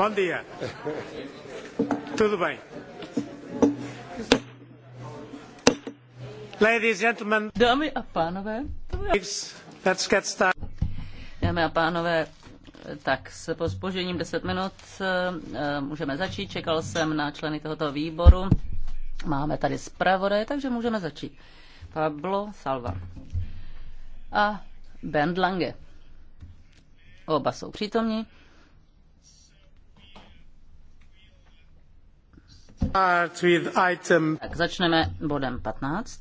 Bom dia. Tudo bem. Ladies and gentlemen. Dámy a pánové. Let's get started. Dámy a pánové, tak s pospožením 10 minut eh, eh, můžeme začít. Čekal jsem na členy tohoto výboru. Máme tady zpravodaje, takže můžeme začít. Pablo Salva a Bernd Lange. Oba jsou přítomní. Tak začneme bodem 15.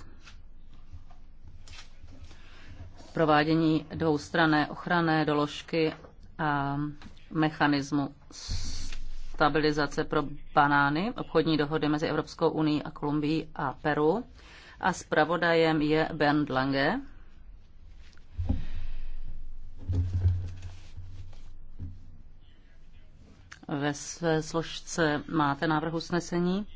Provádění dvoustranné ochranné doložky a mechanismu stabilizace pro banány, obchodní dohody mezi Evropskou unii a Kolumbií a Peru. A zpravodajem je Bernd Lange. Ve své složce máte návrh usnesení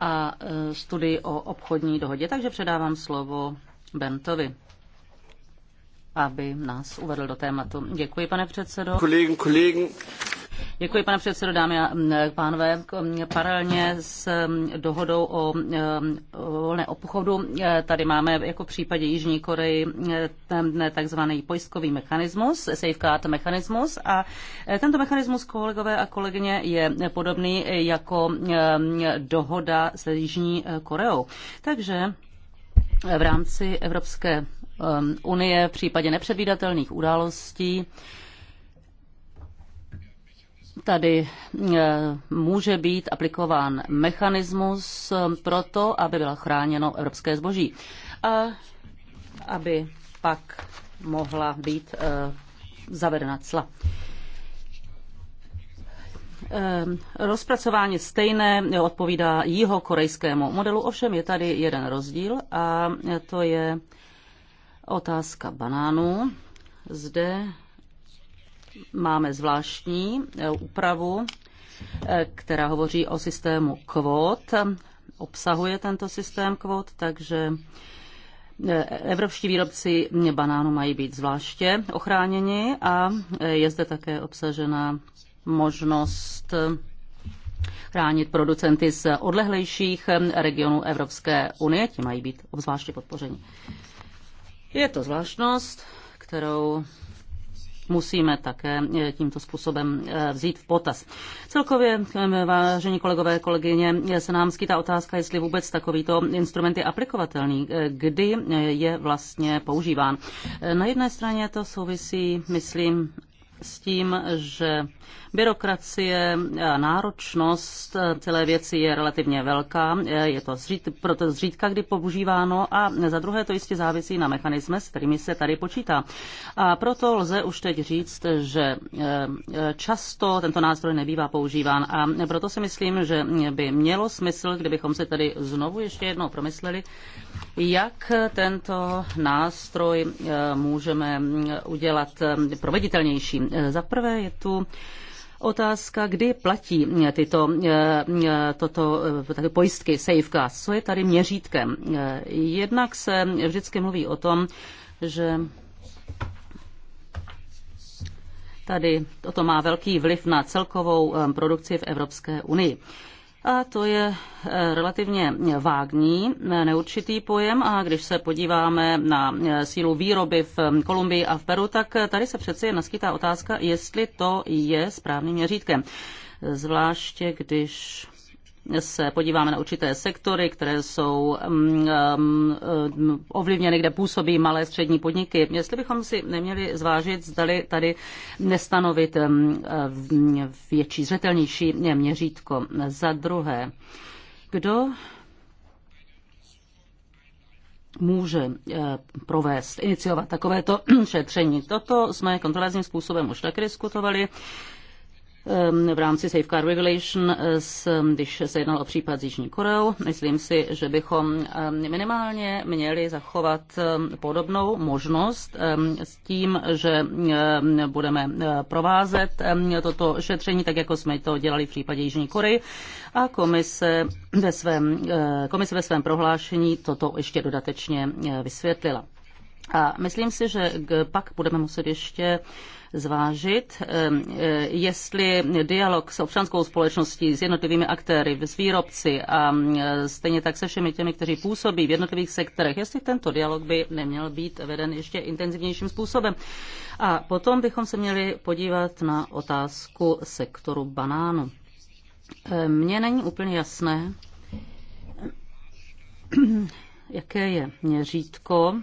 a e, studii o obchodní dohodě, takže předávám slovo Bentovi aby nás uvedl do tématu. Děkuji, pane předsedo. Kolegen, kolegen. Děkuji, pane předsedo, dámy a pánové. Paralelně s dohodou o volné obchodu e, tady máme jako v případě Jižní Koreji e, e, takzvaný pojistkový mechanismus, safeguard mechanismus a tento mechanismus, kolegové a kolegyně, je podobný jako dohoda s Jižní Koreou. Takže v rámci Evropské unie v případě nepředvídatelných událostí tady eh, může být aplikován mechanismus eh, pro to, aby bylo chráněno evropské zboží a aby pak mohla být eh, zavedena cla rozpracování stejné odpovídá jeho korejskému modelu, ovšem je tady jeden rozdíl a to je otázka banánů. Zde máme zvláštní eh, úpravu, eh, která hovoří o systému kvót. Obsahuje tento systém kvót, takže eh, Evropští výrobci banánů mají být zvláště ochráněni a je zde také obsažena možnost chránit producenty z odlehlejších regionů Evropské unie. Ti mají být obzvláště podpořeni. Je to zvláštnost, kterou musíme také eh, tímto způsobem eh, vzít v potaz. Celkově, eh, vážení kolegové, kolegyně, se nám skýtá otázka, jestli vůbec takovýto instrument je aplikovatelný, kdy je vlastně používán. Na jedné straně to souvisí, myslím, s tím, že Byrokracie náročnost celé věci je relativně velká, je to zřít, proto zřídka kdy používáno a za druhé to jistě závisí na mechanismech, s kterými se tady počítá. A proto lze už teď říct, že e, často tento nástroj nebývá používán a proto si myslím, že by mělo smysl, kdybychom se tady znovu ještě jednou promysleli, jak tento nástroj e, můžeme udělat e, proveditelnější. Za prvé je tu Otázka, kdy platí eh, tyto eh, eh, toto, tady pojistky, safeguards, co je tady měřítkem. Jednak se vždycky mluví o tom, že tady toto má velký vliv na celkovou produkci v Evropské unii. A to je eh, relativně vágní, eh, neurčitý pojem a když se podíváme na eh, sílu výroby v Kolumbii a v Peru, tak tady se přece naskytá otázka, jestli to je správným měřítkem. Zvláště když se podíváme na určité sektory, které jsou mm, mm, mm, ovlivněny, kde působí malé střední podniky. Jestli bychom si neměli zvážit, zdali tady nestanovit větší, zřetelnější měřítko. Za druhé, kdo může eh, provést, iniciovat takovéto šetření. Toto jsme kontroverzním způsobem už taky diskutovali. Ehm, v rámci Safeguard Regulation, eh, ehm, když se jednalo o případ s Jižní Koreou. Myslím si, že bychom ehm, minimálně měli zachovat podobnou možnost s tím, že budeme eh, provázet toto šetření, tak jako jsme to dělali v případě Jižní Koreji. A komise ve svém, eh, komise ve svém prohlášení toto ještě dodatečně vysvětlila. A myslím si, že pak budeme muset ještě zvážit, ehm, eh, jestli dialog s občanskou společností, s jednotlivými aktéry, s výrobci a mm, eh, stejně tak se všemi těmi, kteří působí v jednotlivých sektorech, jestli tento dialog by neměl být veden ještě intenzivnějším způsobem. A potom bychom se měli podívat na otázku sektoru banánu. Ehm, mně není úplně jasné, jaké je měřítko,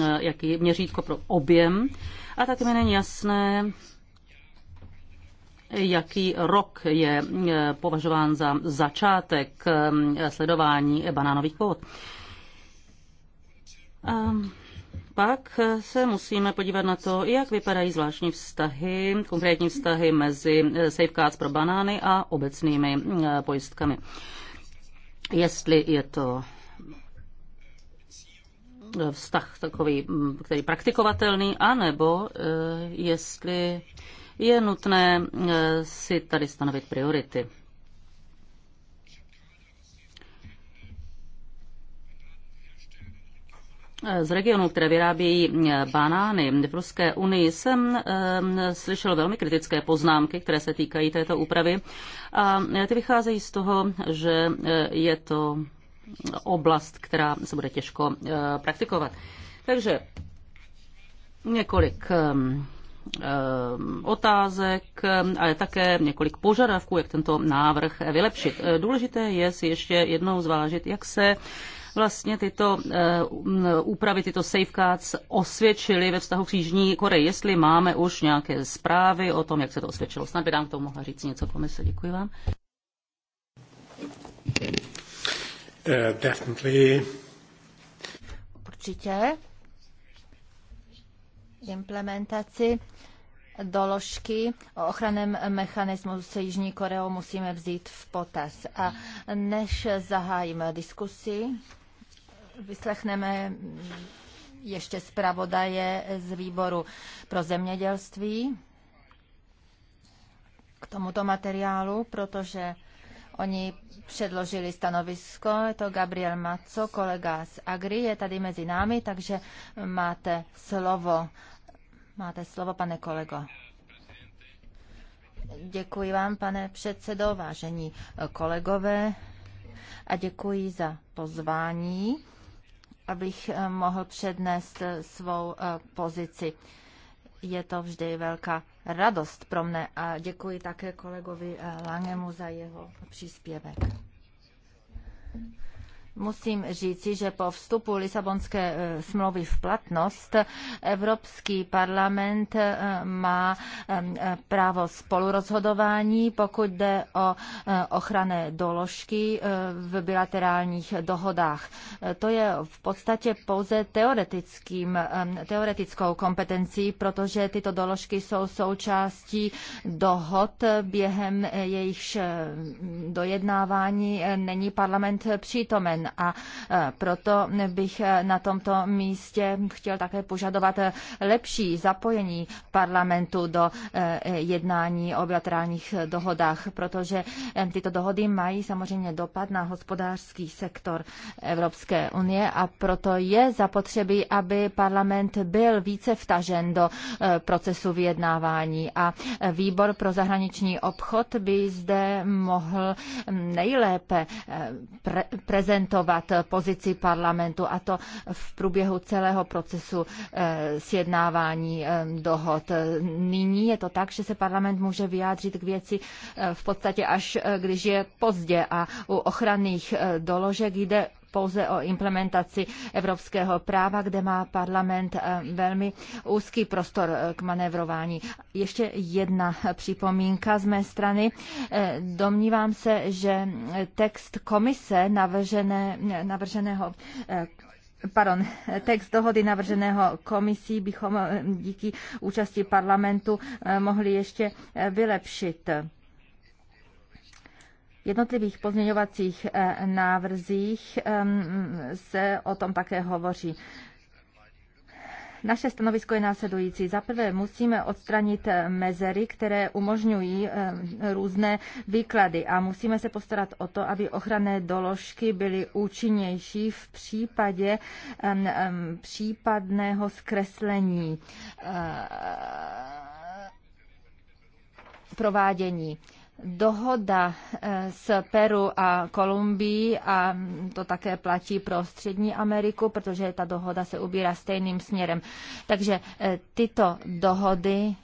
eh, jaký je měřítko pro objem a taky mi není jasné, jaký rok je e, považován za začátek e, sledování banánových kvót. A pak se musíme podívat na to, jak vypadají zvláštní vztahy, konkrétní vztahy mezi e, safeguards pro banány a obecnými pojistkami. Jestli je to vztah takový, mm, který praktikovatelný, anebo eh, jestli je nutné eh, si tady stanovit priority. Eh, z regionů, které vyrábějí banány v Ruské unii, jsem slyšel velmi kritické poznámky, které se týkají této úpravy. A ty vycházejí z toho, že je to oblast, která se bude těžko eh, praktikovat. Takže několik ehm, ehm, otázek, eh, ale také několik požadavků, jak tento návrh vylepšit. Eh, důležité je si ještě jednou zvážit, jak se vlastně tyto úpravy, tyto safeguards osvědčily ve vztahu k Jižní Koreji. Jestli máme už nějaké zprávy o tom, jak se to osvědčilo. Snad by nám k tomu mohla říct něco komise. Děkuji vám. Uh, definitely. Určitě implementaci doložky o ochraném mechanismu s Jižní Koreou musíme vzít v potaz. A než zahájíme diskusi, vyslechneme ještě zpravodaje z výboru pro zemědělství k tomuto materiálu, protože Oni předložili stanovisko, je to Gabriel Maco, kolega z Agri, je tady mezi námi, takže máte slovo. Máte slovo, pane kolego. Děkuji vám, pane předsedo, vážení eh, kolegové, a děkuji za pozvání, abych eh, mohl přednést eh, svou pozici. Je to vždy velká radost pro mne a děkuji také kolegovi eh, Langemu za jeho příspěvek musím říci, že po vstupu Lisabonské eh, smlouvy v platnost Evropský parlament eh, má eh, právo spolurozhodování, pokud jde o ochranné doložky v bilaterálních dohodách. To je v podstatě pouze teoretickým, teoretickou kompetencí, protože tyto doložky jsou součástí dohod, během jejich dojednávání není parlament přítomen a e, proto bych e, na tomto místě chtěl také požadovat e, lepší zapojení parlamentu do jednání o bilaterálních dohodách, protože tyto dohody mají samozřejmě dopad na hospodářský sektor Evropské unie a proto je zapotřebí, aby parlament byl více vtažen do procesu vyjednávání a výbor pro zahraniční obchod by zde mohl nejlépe pre- prezentovat vynucovat pozici parlamentu a to v průběhu celého procesu eh, sjednávání eh, dohod. Nyní je to tak, že se parlament může vyjádřit k věci eh, v podstatě až když je pozdě a u ochranných doložek jde pouze o implementaci evropského práva, kde má parlament eh, velmi úzký prostor eh, k manévrování. Ještě jedna připomínka z mé strany. Eh, domnívám se, že text komise navržené, navrženého pardon, text dohody navrženého komisí bychom díky účasti parlamentu mohli ještě vylepšit jednotlivých pozměňovacích eh, návrzích ehm, se o tom také hovoří. Naše stanovisko je následující. Za prvé musíme odstranit eh, mezery, které umožňují eh, různé výklady a musíme se postarat o to, aby ochranné doložky byly účinnější v případě ehm, ehm, případného zkreslení provádění dohoda eh, s Peru a Kolumbií a to také platí pro Střední Ameriku, protože ta dohoda se ubírá stejným směrem. Takže eh, tyto dohody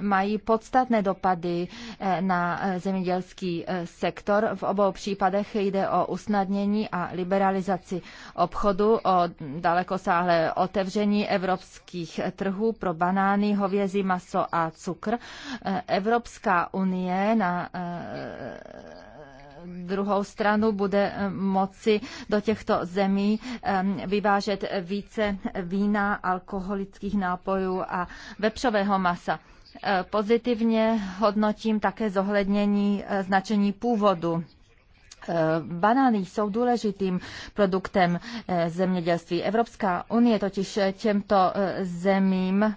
mají podstatné dopady eh, na eh, zemědělský eh, sektor. V obou případech jde o usnadnění a liberalizaci obchodu, o dalekosáhlé otevření evropských trhů pro banány, hovězí maso a cukr. Evropská unie na druhou stranu bude moci do těchto zemí vyvážet více vína, alkoholických nápojů a vepřového masa. Pozitivně hodnotím také zohlednění eh, značení původu. Eh, banány jsou důležitým produktem eh, zemědělství. Evropská unie totiž těmto zemím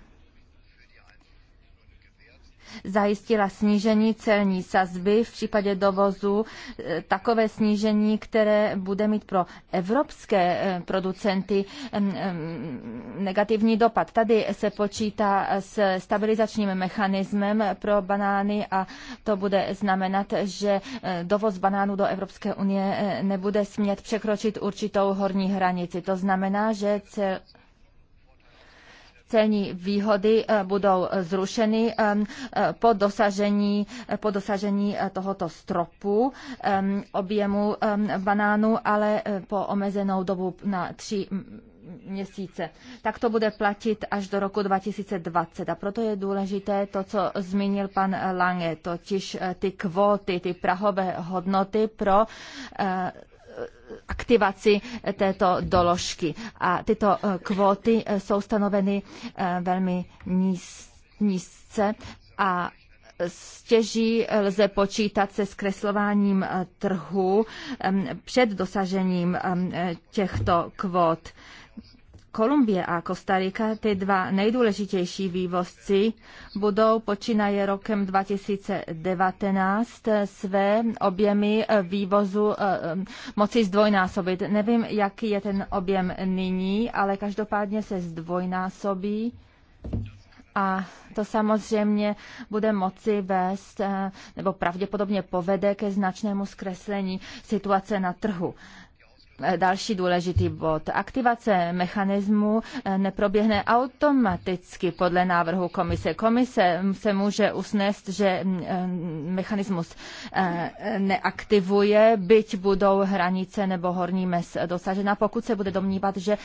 zajistila snížení celní sazby v případě dovozu, e, takové snížení, které bude mít pro evropské e, producenty e, negativní dopad. Tady se počítá s stabilizačním mechanismem pro banány a to bude znamenat, že dovoz banánů do Evropské unie nebude smět překročit určitou horní hranici. To znamená, že cel celní výhody eh, budou eh, zrušeny eh, po dosažení, po dosažení tohoto stropu objemu banánu, ale po omezenou dobu na tři měsíce. Tak to bude platit až do roku 2020. A proto je důležité to, co zmínil pan Lange, totiž ty kvóty, ty prahové hodnoty pro aktivaci této doložky. A tyto eh, kvóty eh, jsou stanoveny eh, velmi nízce a stěží lze počítat se zkreslováním trhu před dosažením těchto kvót. Kolumbie a Kostarika, ty dva nejdůležitější vývozci, budou počínaje rokem 2019 své objemy vývozu eh, eh, moci zdvojnásobit. Nevím, jaký je ten objem nyní, ale každopádně se zdvojnásobí a to samozřejmě bude moci vést, eh, nebo pravděpodobně povede ke značnému zkreslení situace na trhu. Další důležitý bod. Aktivace mechanismu eh, neproběhne automaticky podle návrhu komise. Komise se může usnést, že mm, eh, mechanismus eh, neaktivuje, byť budou hranice nebo horní mez dosažena, pokud se bude domnívat, že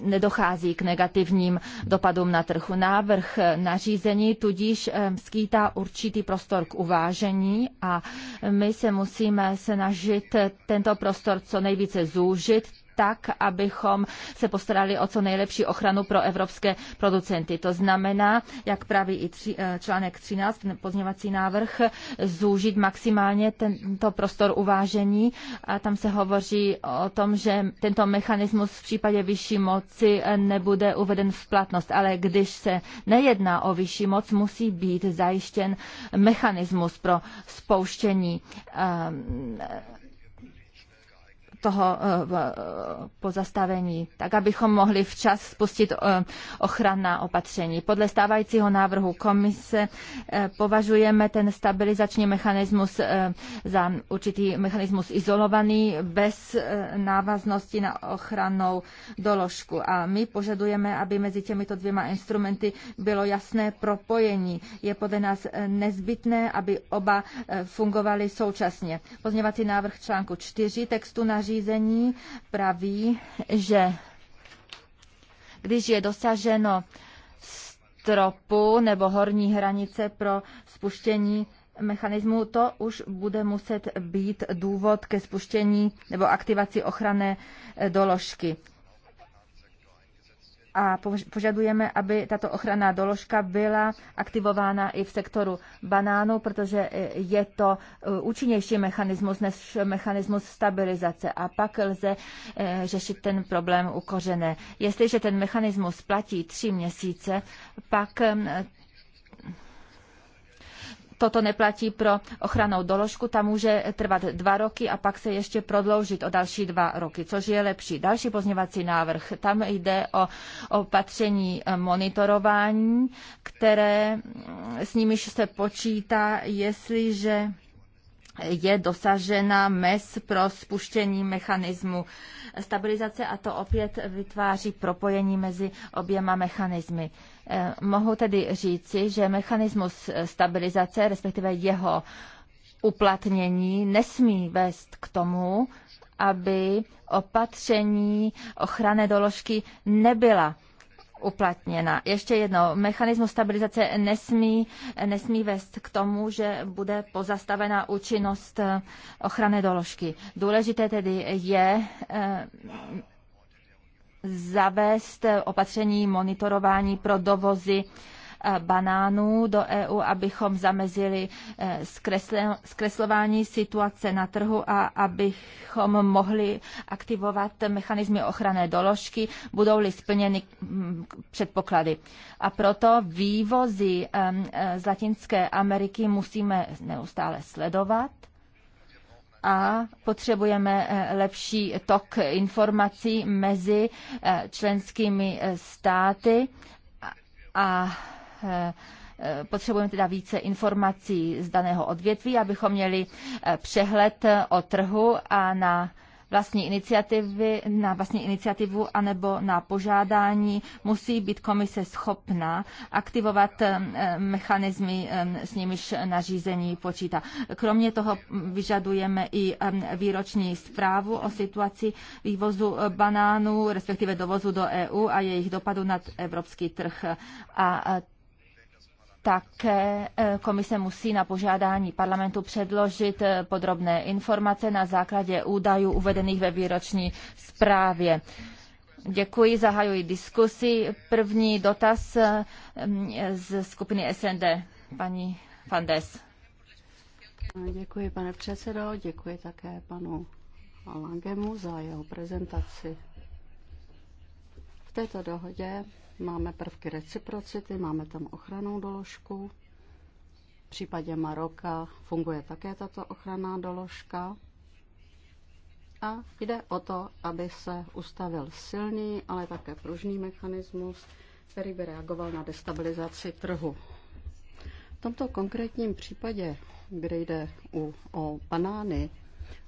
nedochází k negativním dopadům na trhu. Návrh nařízení tudíž skýtá určitý prostor k uvážení a my se musíme snažit tento prostor co nejvíc více zúžit tak, abychom se postarali o co nejlepší ochranu pro evropské producenty. To znamená, jak praví i tři, eh, článek 13, ten pozněvací návrh, zúžit maximálně tento prostor uvážení. A tam se hovoří o tom, že tento mechanismus v případě vyšší moci eh, nebude uveden v platnost, ale když se nejedná o vyšší moc, musí být zajištěn mechanismus pro spouštění um, toho eh, eh, pozastavení, tak abychom mohli včas spustit eh, ochranná opatření. Podle stávajícího návrhu komise považujeme ten stabilizační mechanismus za určitý mechanismus izolovaný bez návaznosti na ochrannou doložku. A my požadujeme, aby mezi těmito dvěma instrumenty bylo jasné propojení. Je podle nás nezbytné, aby oba fungovaly současně. Pozněvací návrh článku 4 textu nařízení nařízení praví, že když je dosaženo stropu nebo horní hranice pro spuštění mechanismu, to už bude muset být důvod ke spuštění nebo aktivaci ochranné doložky a požadujeme, aby tato ochranná doložka byla aktivována i v sektoru banánů, protože e, je to e, účinnější mechanismus než mechanismus stabilizace a pak lze e, řešit ten problém u kořené. Jestliže ten mechanismus platí tři měsíce, pak Toto neplatí pro ochranou doložku, ta může trvat dva roky a pak se ještě prodloužit o další dva roky, což je lepší. Další pozměvací návrh, tam jde o opatření eh, monitorování, které mm, s nimiž se počítá, jestliže je dosažena mez pro spuštění mechanismu stabilizace a to opět vytváří propojení mezi oběma mechanismy. Eh, mohu tedy říci, že mechanismus stabilizace, respektive jeho uplatnění, nesmí vést k tomu, aby opatření ochranné doložky nebyla uplatněna. Ještě jednou, mechanismus stabilizace nesmí, nesmí vést k tomu, že bude pozastavena účinnost eh, ochranné doložky. Důležité tedy je eh, zavést opatření monitorování pro dovozy banánů do EU, abychom zamezili e, zkreslování situace na trhu a abychom mohli aktivovat mechanizmy ochranné doložky, budou-li splněny mm, předpoklady. A proto vývozy e, e, z Latinské Ameriky musíme neustále sledovat a potřebujeme lepší tok informací mezi členskými státy a Eh, eh, potřebujeme teda více informací z daného odvětví, abychom měli eh, přehled o trhu a na vlastní iniciativy, na vlastní iniciativu anebo na požádání musí být komise schopna aktivovat mechanismy, s nimiž nařízení počítá. Kromě toho vyžadujeme i výroční zprávu o situaci vývozu banánů, respektive dovozu do EU a jejich dopadu na evropský trh. A také eh, komise musí na požádání parlamentu předložit eh, podrobné informace na základě údajů uvedených ve výroční zprávě. Děkuji, zahajuji diskusi. První dotaz eh, z skupiny SND, paní Fandes. Děkuji, pane předsedo, děkuji také panu Langemu za jeho prezentaci. V této dohodě máme prvky reciprocity, máme tam ochranou doložku. V případě Maroka funguje také tato ochranná doložka. A jde o to, aby se ustavil silný, ale také pružný mechanismus, který by reagoval na destabilizaci trhu. V tomto konkrétním případě, kde jde u, o banány,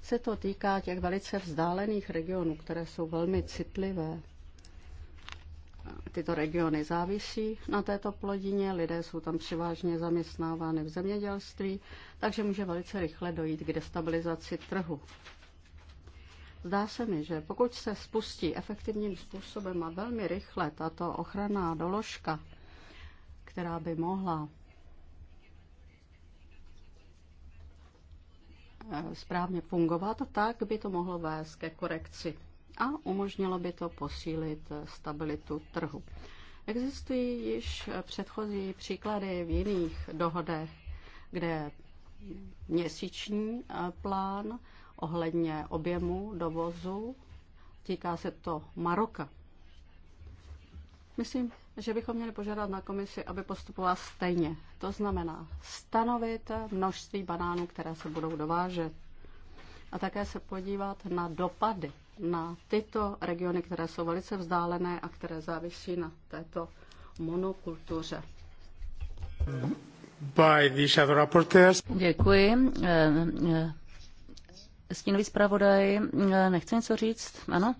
se to týká těch velice vzdálených regionů, které jsou velmi citlivé tyto regiony závisí na této plodině, lidé jsou tam převážně zaměstnávány v zemědělství, takže může velice rychle dojít k destabilizaci trhu. Zdá se mi, že pokud se spustí efektivním způsobem a velmi rychle tato ochranná doložka, která by mohla eh, správně fungovat, tak by to mohlo vést ke korekci a umožnilo by to posílit stabilitu trhu. Existují již předchozí příklady v jiných dohodech, kde měsíční eh, plán ohledně objemu dovozu, týká se to Maroka. Myslím, že bychom měli požádat na komisi, aby postupovala stejně. To znamená stanovit množství banánů, které se budou dovážet. A také se podívat na dopady na tyto regiony, které jsou velice vzdálené a které závisí na této monokultuře. By the shadow rapporteurs. Děkuji. Eh, eh, stínový zpravodaj, eh, nechce něco říct? Ano?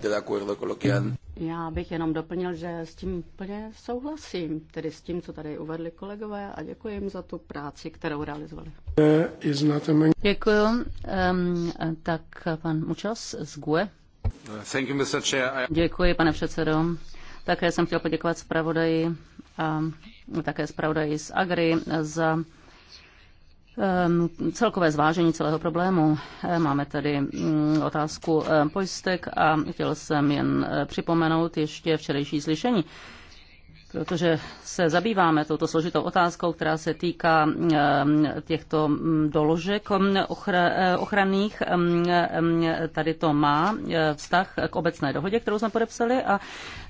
De acuerdo con lo que han já bych jenom doplnil, že s tím plně souhlasím, tedy s tím, co tady uvedli kolegové a děkuji jim za tu práci, kterou realizovali. Děkuji. Um, tak pan Mučas z GUE. Thank you, Mr. Chair. Děkuji, pane předsedo. Také jsem chtěl poděkovat zpravodaji a také zpravodaji z Agri za Ehm, celkové zvážení celého problému. Ehm, máme tady mm, otázku ehm, pojistek a chtěl jsem jen eh, připomenout ještě včerejší slyšení protože se zabýváme touto složitou otázkou, která se týká těchto mm, doložek mm, eh, ochranných. Tady to má eh, vztah k obecné dohodě, kterou jsme podepsali a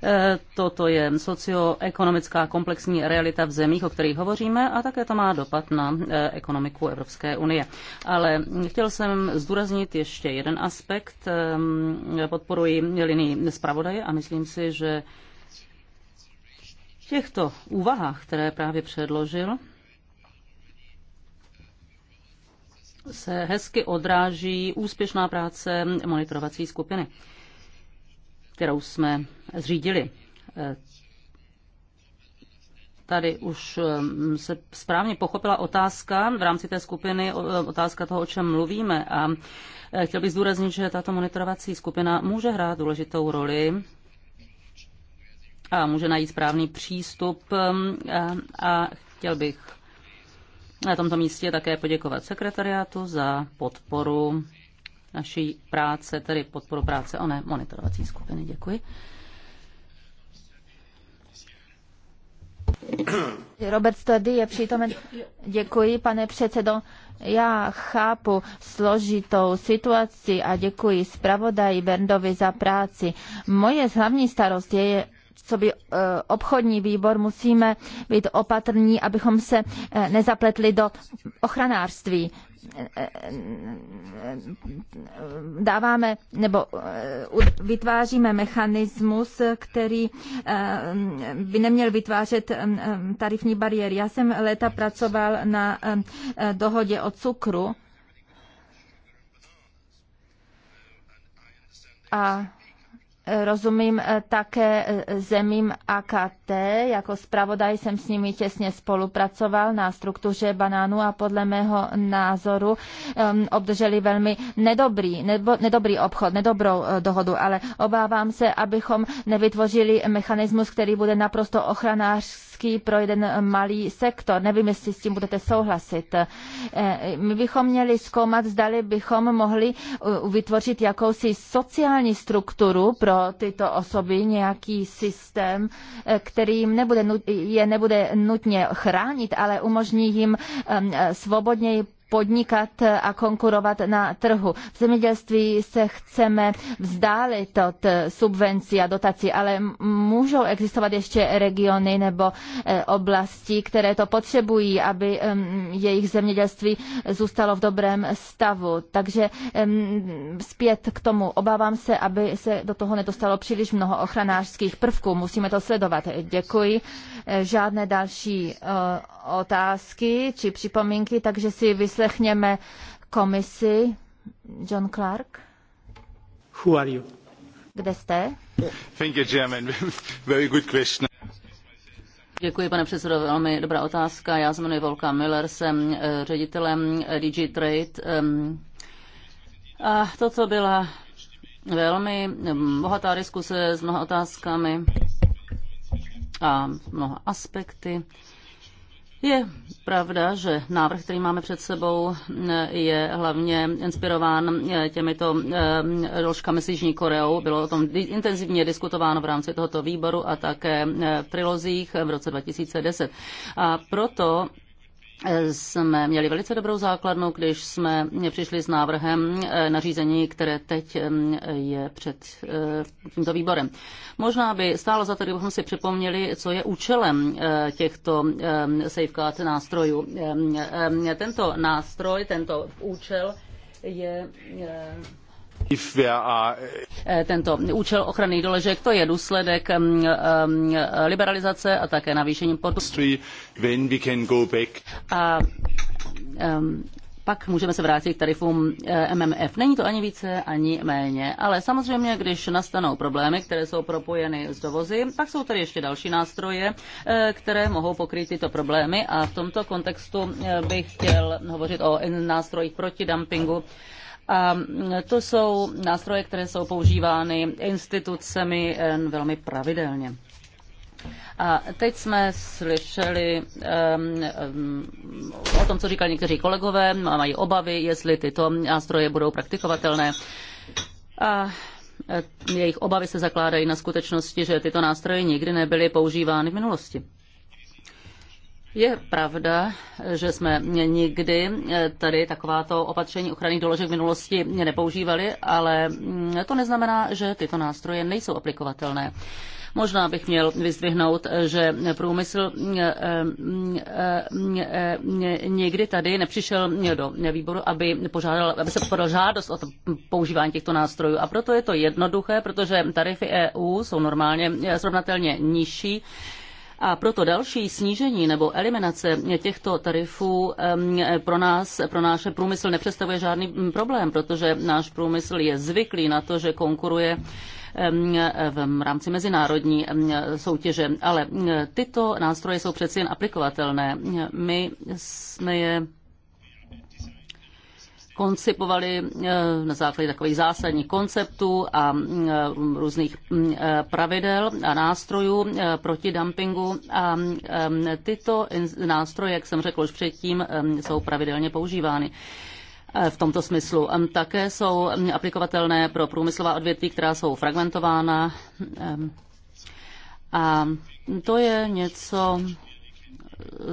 eh, toto je socioekonomická komplexní realita v zemích, o kterých hovoříme a také to má dopad na ekonomiku Evropské unie. Ale chtěl jsem zdůraznit ještě jeden aspekt. Podporuji linii zpravodaje a myslím si, že těchto úvahách, které právě předložil, se hezky odráží úspěšná práce monitorovací skupiny, kterou jsme zřídili. Tady už mm, se správně pochopila otázka v rámci té skupiny, otázka toho, o čem mluvíme. A e, chtěl bych zdůraznit, že tato monitorovací skupina může hrát důležitou roli a může najít správný přístup. Um, a chtěl bych na tomto místě také poděkovat sekretariátu za podporu naší práce, tedy podporu práce oné monitorovací skupiny. Děkuji. Robert Stady je přítomen. Děkuji, pane předsedo. Já chápu složitou situaci a děkuji zpravodaji Berndovi za práci. Moje hlavní starost je co by eh, obchodní výbor, musíme být opatrní, abychom se eh, nezapletli do ochranářství. Dáváme nebo eh, vytváříme mechanismus, který by neměl vytvářet tarifní bariéry. Já jsem léta pracoval na dohodě o cukru a Rozumím eh, také eh, zemím AKT, jako zpravodaj jsem s nimi těsně spolupracoval na struktuře banánu a podle mého názoru um, obdrželi velmi nedobrý, nebo, nedobrý obchod, nedobrou uh, dohodu, ale obávám se, abychom nevytvořili mechanismus, který bude naprosto ochranářský obrovský pro jeden malý sektor. Nevím, jestli s tím budete souhlasit. E, my bychom měli zkoumat, zdali bychom mohli e, vytvořit jakousi sociální strukturu pro tyto osoby, nějaký systém, e, který jim nebude, je nebude nutně chránit, ale umožní jim svobodněji podnikat a konkurovat na trhu. V zemědělství se chceme vzdálit od eh, subvencí a dotací, ale můžou existovat ještě regiony nebo eh, oblasti, které to potřebují, aby jejich zemědělství zůstalo v dobrém stavu. Takže zpět k tomu. Obávám se, aby se do toho nedostalo příliš mnoho ochranářských prvků. Musíme to sledovat. Děkuji. Eh, žádné další otázky či připomínky, takže si vys poslechněme komisi. John Clark. Who are you? Kde jste? Thank you, Chairman. Very good question. Děkuji, pane předsedo, velmi dobrá otázka. Já se jmenuji Volka Miller, jsem eh, ředitelem eh, DG Trade. Ehm, a co byla velmi ehm, bohatá diskuse s mnoha otázkami a mnoha aspekty. Je pravda, že návrh, který máme před sebou, je hlavně inspirován eh, těmito eh, doložkami s Jižní Koreou. Bylo o tom intenzivně diskutováno v rámci tohoto výboru a také eh, v trilozích v roce 2010. A proto jsme měli velice dobrou základnu, když jsme přišli s návrhem eh, nařízení, které teď je před eh, tímto výborem. Možná by stálo za to, kdybychom si připomněli, co je účelem eh, těchto safeguard nástrojů. Tento nástroj, tento účel je Eh, tento účel ochrany doložek to je důsledek mm, mm, liberalizace a také navýšení A um, pak můžeme se vrátit k tarifům eh, MMF. Není to ani více, ani méně. Ale samozřejmě, když nastanou problémy, které jsou propojeny s dovozy, pak jsou tady ještě další nástroje, eh, které mohou pokrýt tyto problémy. A v tomto kontextu bych chtěl hovořit o nástrojích proti dumpingu a to jsou nástroje, které jsou používány institucemi velmi pravidelně. A teď jsme slyšeli um, um, o tom, co říkali někteří kolegové, mají obavy, jestli tyto nástroje budou praktikovatelné. A e, jejich obavy se zakládají na skutečnosti, že tyto nástroje nikdy nebyly používány v minulosti. Je pravda, že jsme nikdy eh, tady takováto opatření ochranných doložek v minulosti nepoužívali, ale mm, to neznamená, že tyto nástroje nejsou aplikovatelné. Možná bych měl vyzdvihnout, že průmysl eh, eh, někdy tady nepřišel do výboru, aby, požádal, aby se podal žádost o používání těchto nástrojů. A proto je to jednoduché, protože tarify EU jsou normálně srovnatelně nižší a proto další snížení nebo eliminace těchto tarifů pro nás, pro náš průmysl nepředstavuje žádný mm, problém, protože náš průmysl je zvyklý na to, že konkuruje v rámci mezinárodní soutěže. Ale tyto nástroje jsou přeci jen aplikovatelné. My jsme je koncipovali eh, na základě takových zásadních konceptů a mm, eh, různých mm, eh, pravidel a nástrojů proti dumpingu. A mm, tyto nástroje, jak jsem řekl už předtím, jsou pravidelně používány v tomto smyslu. Také jsou aplikovatelné pro průmyslová odvětví, která jsou fragmentována. A to je něco,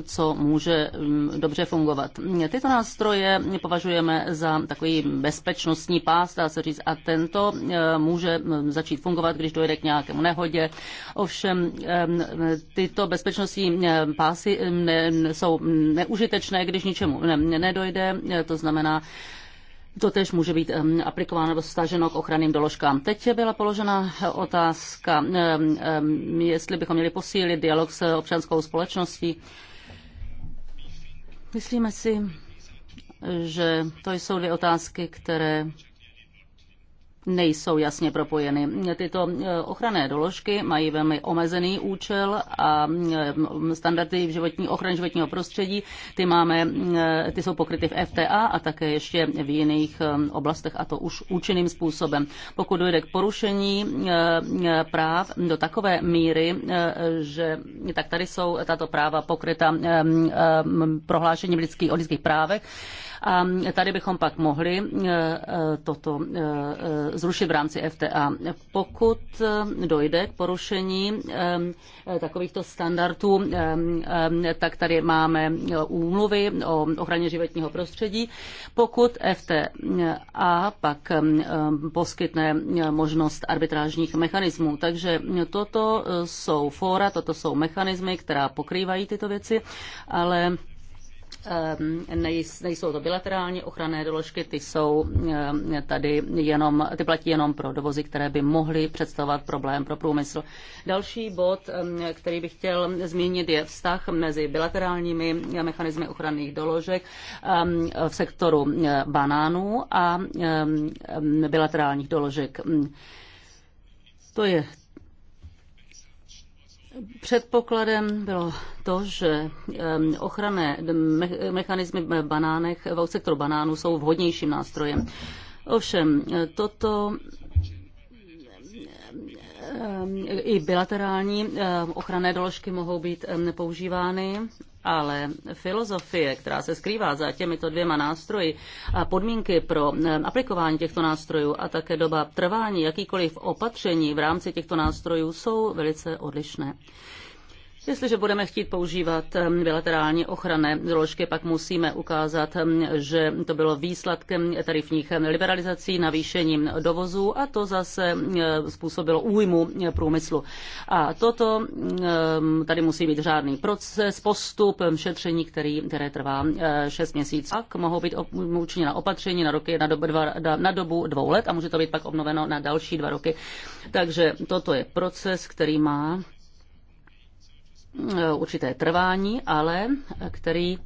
co může mm, dobře fungovat. Tyto nástroje považujeme za takový bezpečnostní pás, dá se říct, a tento eh, může mm, začít fungovat, když dojde k nějakému nehodě. Ovšem eh, tyto bezpečnostní eh, pásy mm, jsou neužitečné, když ničemu nedojde, to znamená, to tež může být aplikováno nebo staženo k ochranným doložkám. Teď byla položena otázka, jestli bychom měli posílit dialog s občanskou společností. Myslíme si, že to jsou dvě otázky, které nejsou jasně propojeny. Tyto eh, ochranné doložky mají velmi omezený účel a eh, standardy v životní, ochrany životního prostředí, ty, máme, eh, ty jsou pokryty v FTA a také ještě v jiných oblastech a to už účinným způsobem. Pokud dojde k porušení práv do takové míry, že tak tady jsou tato práva pokryta prohlášením lidských, o lidských právech, a tady bychom pak mohli e, e, toto e, zrušit v rámci FTA. Pokud dojde k porušení takovýchto standardů, tak tady máme úmluvy o ochraně životního prostředí. Pokud FTA pak poskytne možnost arbitrážních mechanismů. Takže toto jsou fóra, toto jsou mechanismy, která pokrývají tyto věci, ale Ehm, nejsou to bilaterální ochranné doložky, ty jsou ehm, tady jenom, ty platí jenom pro dovozy, které by mohly představovat problém pro průmysl. Další bod, ehm, který bych chtěl zmínit, je vztah mezi bilaterálními mechanismy ochranných doložek v sektoru e, banánů a bilaterálních doložek. To je Předpokladem bylo to, že ochranné mechanismy v banánech, v sektoru banánů jsou vhodnějším nástrojem. Ovšem, toto i bilaterální ochranné doložky mohou být používány ale filozofie, která se skrývá za těmito dvěma nástroji a podmínky pro eh, aplikování těchto nástrojů a také doba trvání jakýkoliv opatření v rámci těchto nástrojů jsou velice odlišné. Jestliže budeme chtít používat bilaterální ochranné doložky, pak musíme ukázat, že to bylo výsledkem tarifních liberalizací, navýšením dovozů a to zase způsobilo újmu průmyslu. A toto tady musí být řádný proces, postup, šetření, který, které trvá 6 měsíců. Pak mohou být učiněna opatření na, roky, na, dobu, dva, na dobu dvou let a může to být pak obnoveno na další dva roky. Takže toto je proces, který má Eh, určité trvání, ale který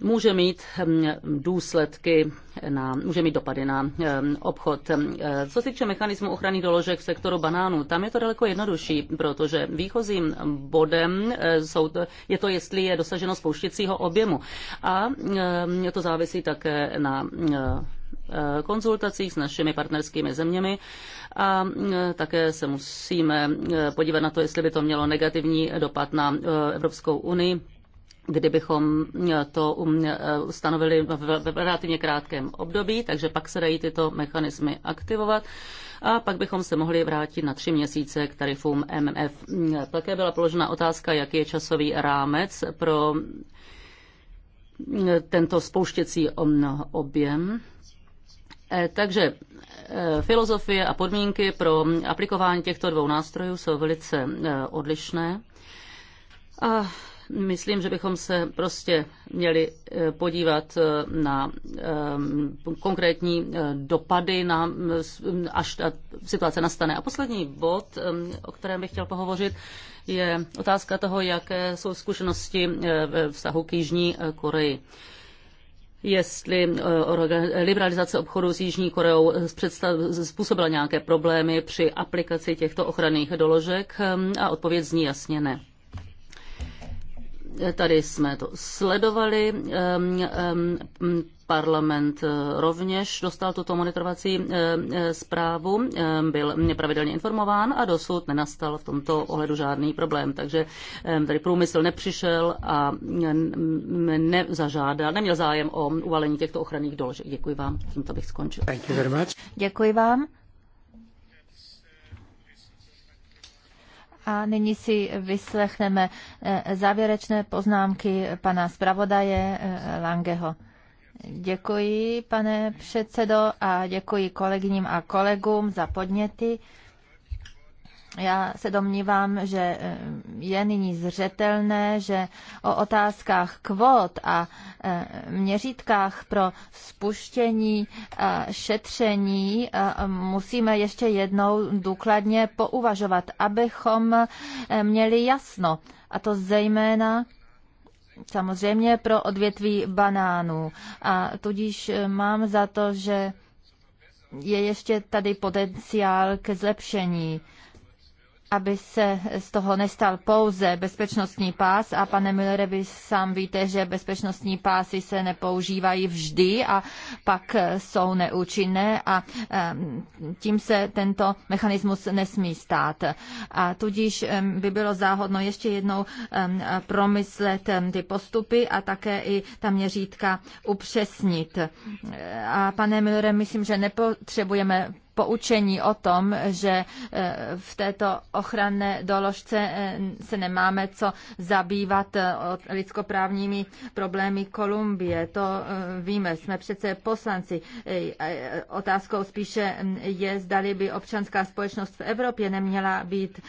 může mít hm, důsledky, na, může mít dopady na hm, obchod. Hm, eh, co se týče mechanismu ochrany doložek v sektoru banánů, tam je to daleko jednodušší, protože výchozím bodem eh, jsou, je to, jestli je dosaženo spouštěcího objemu. A to závisí také na konzultacích s našimi partnerskými zeměmi a e, také se musíme e, podívat na to, jestli by to mělo negativní dopad na e, Evropskou unii kdybychom to um, stanovili v relativně krátkém období, takže pak se dají tyto mechanismy aktivovat a pak bychom se mohli vrátit na tři měsíce k tarifům MMF. Také byla položena otázka, jaký je časový rámec pro tento spouštěcí um, objem. Eh, takže eh, filozofie a podmínky pro aplikování těchto dvou nástrojů jsou velice eh, odlišné. A myslím, že bychom se prostě měli podívat na konkrétní dopady, na, až ta situace nastane. A poslední bod, o kterém bych chtěl pohovořit, je otázka toho, jaké jsou zkušenosti ve vztahu k Jižní Koreji jestli eh, liberalizace obchodu s Jižní Koreou eh, způsobila nějaké problémy při aplikaci těchto ochranných doložek eh, a odpověď zní jasně ne. Tady jsme to sledovali. Parlament eh, rovněž dostal tuto monitorovací eh, eh, zprávu, byl pravidelně informován a dosud nenastal v tomto ohledu žádný problém. Takže tady průmysl nepřišel a nezažádal, neměl zájem o uvalení těchto ochranných doložek. Děkuji vám. Tímto bych skončil. Děkuji vám. A nyní si vyslechneme eh, závěrečné poznámky pana zpravodaje eh, Langeho. Děkuji, pane předsedo, a děkuji kolegyním a kolegům za podněty. Já se domnívám, že eh, je nyní zřetelné, že o otázkách kvót a eh, měřítkách pro spuštění šetření eh, musíme ještě jednou důkladně pouvažovat, abychom měli jasno. A to zejména samozřejmě pro odvětví banánů. A tudíž mám za to, že je ještě tady potenciál ke zlepšení aby se z toho nestal pouze bezpečnostní pás a pane Millere, vy sám víte, že bezpečnostní pásy se nepoužívají vždy a pak jsou neúčinné a tím se tento mechanismus nesmí stát. A tudíž by bylo záhodno ještě jednou promyslet ty postupy a také i ta měřítka upřesnit. A pane Millere, myslím, že nepotřebujeme poučení o tom, že eh, v této ochranné doložce eh, se nemáme co zabývat eh, lidskoprávními problémy Kolumbie. To víme, jsme přece poslanci. Otázkou spíše hm, je, zdali by občanská společnost v Evropě neměla být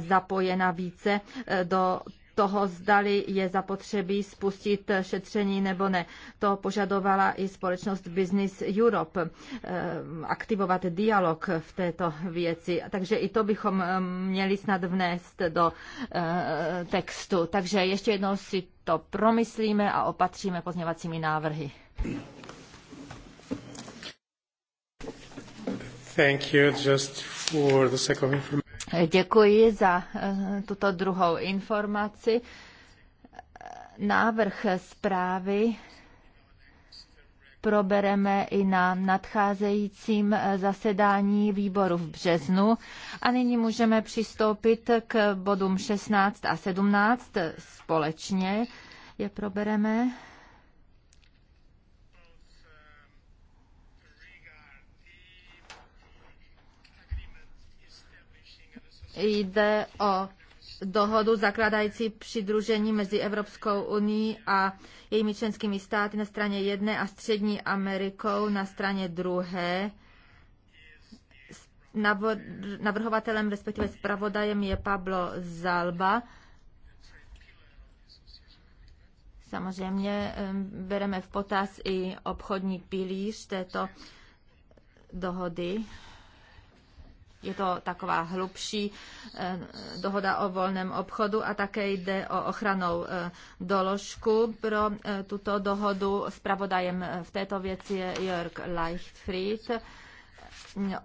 zapojena více do toho, zdali je zapotřebí spustit šetření nebo ne. To požadovala i společnost Business Europe eh, aktivovat dialog v této věci. Takže i to bychom eh, měli snad vnést do eh, textu. Takže ještě jednou si to promyslíme a opatříme pozněvacími návrhy. Thank you. Just for the sake of information. Děkuji za eh, tuto druhou informaci. Návrh zprávy probereme i na nadcházejícím eh, zasedání výboru v březnu. A nyní můžeme přistoupit k bodům 16 a 17 společně. Je probereme. Jde o dohodu zakládající přidružení mezi Evropskou unii a jejími členskými státy na straně jedné a Střední Amerikou na straně druhé. Navrhovatelem, respektive zpravodajem je Pablo Zalba. Samozřejmě bereme v potaz i obchodní pilíř této dohody. Je to taková hlubší eh, dohoda o volném obchodu a také jde o ochranou eh, doložku pro eh, tuto dohodu. Spravodajem v této věci je Jörg Leichtfried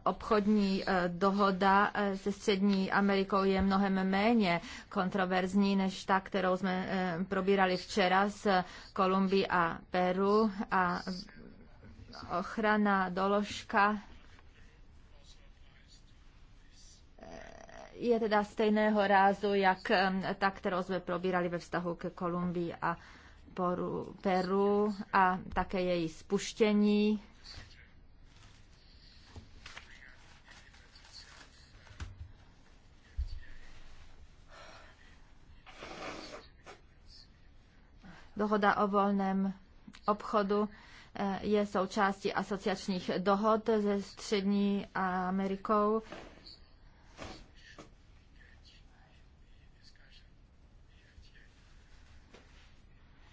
obchodní dohoda se Střední Amerikou je mnohem méně kontroverzní než ta, kterou jsme probírali včera s Kolumbií a Peru a ochrana doložka je teda stejného rázu, jak ta, kterou jsme probírali ve vztahu ke Kolumbii a Poru, Peru a také její spuštění. Dohoda o volném obchodu eh, je součástí asociačních dohod se Střední Amerikou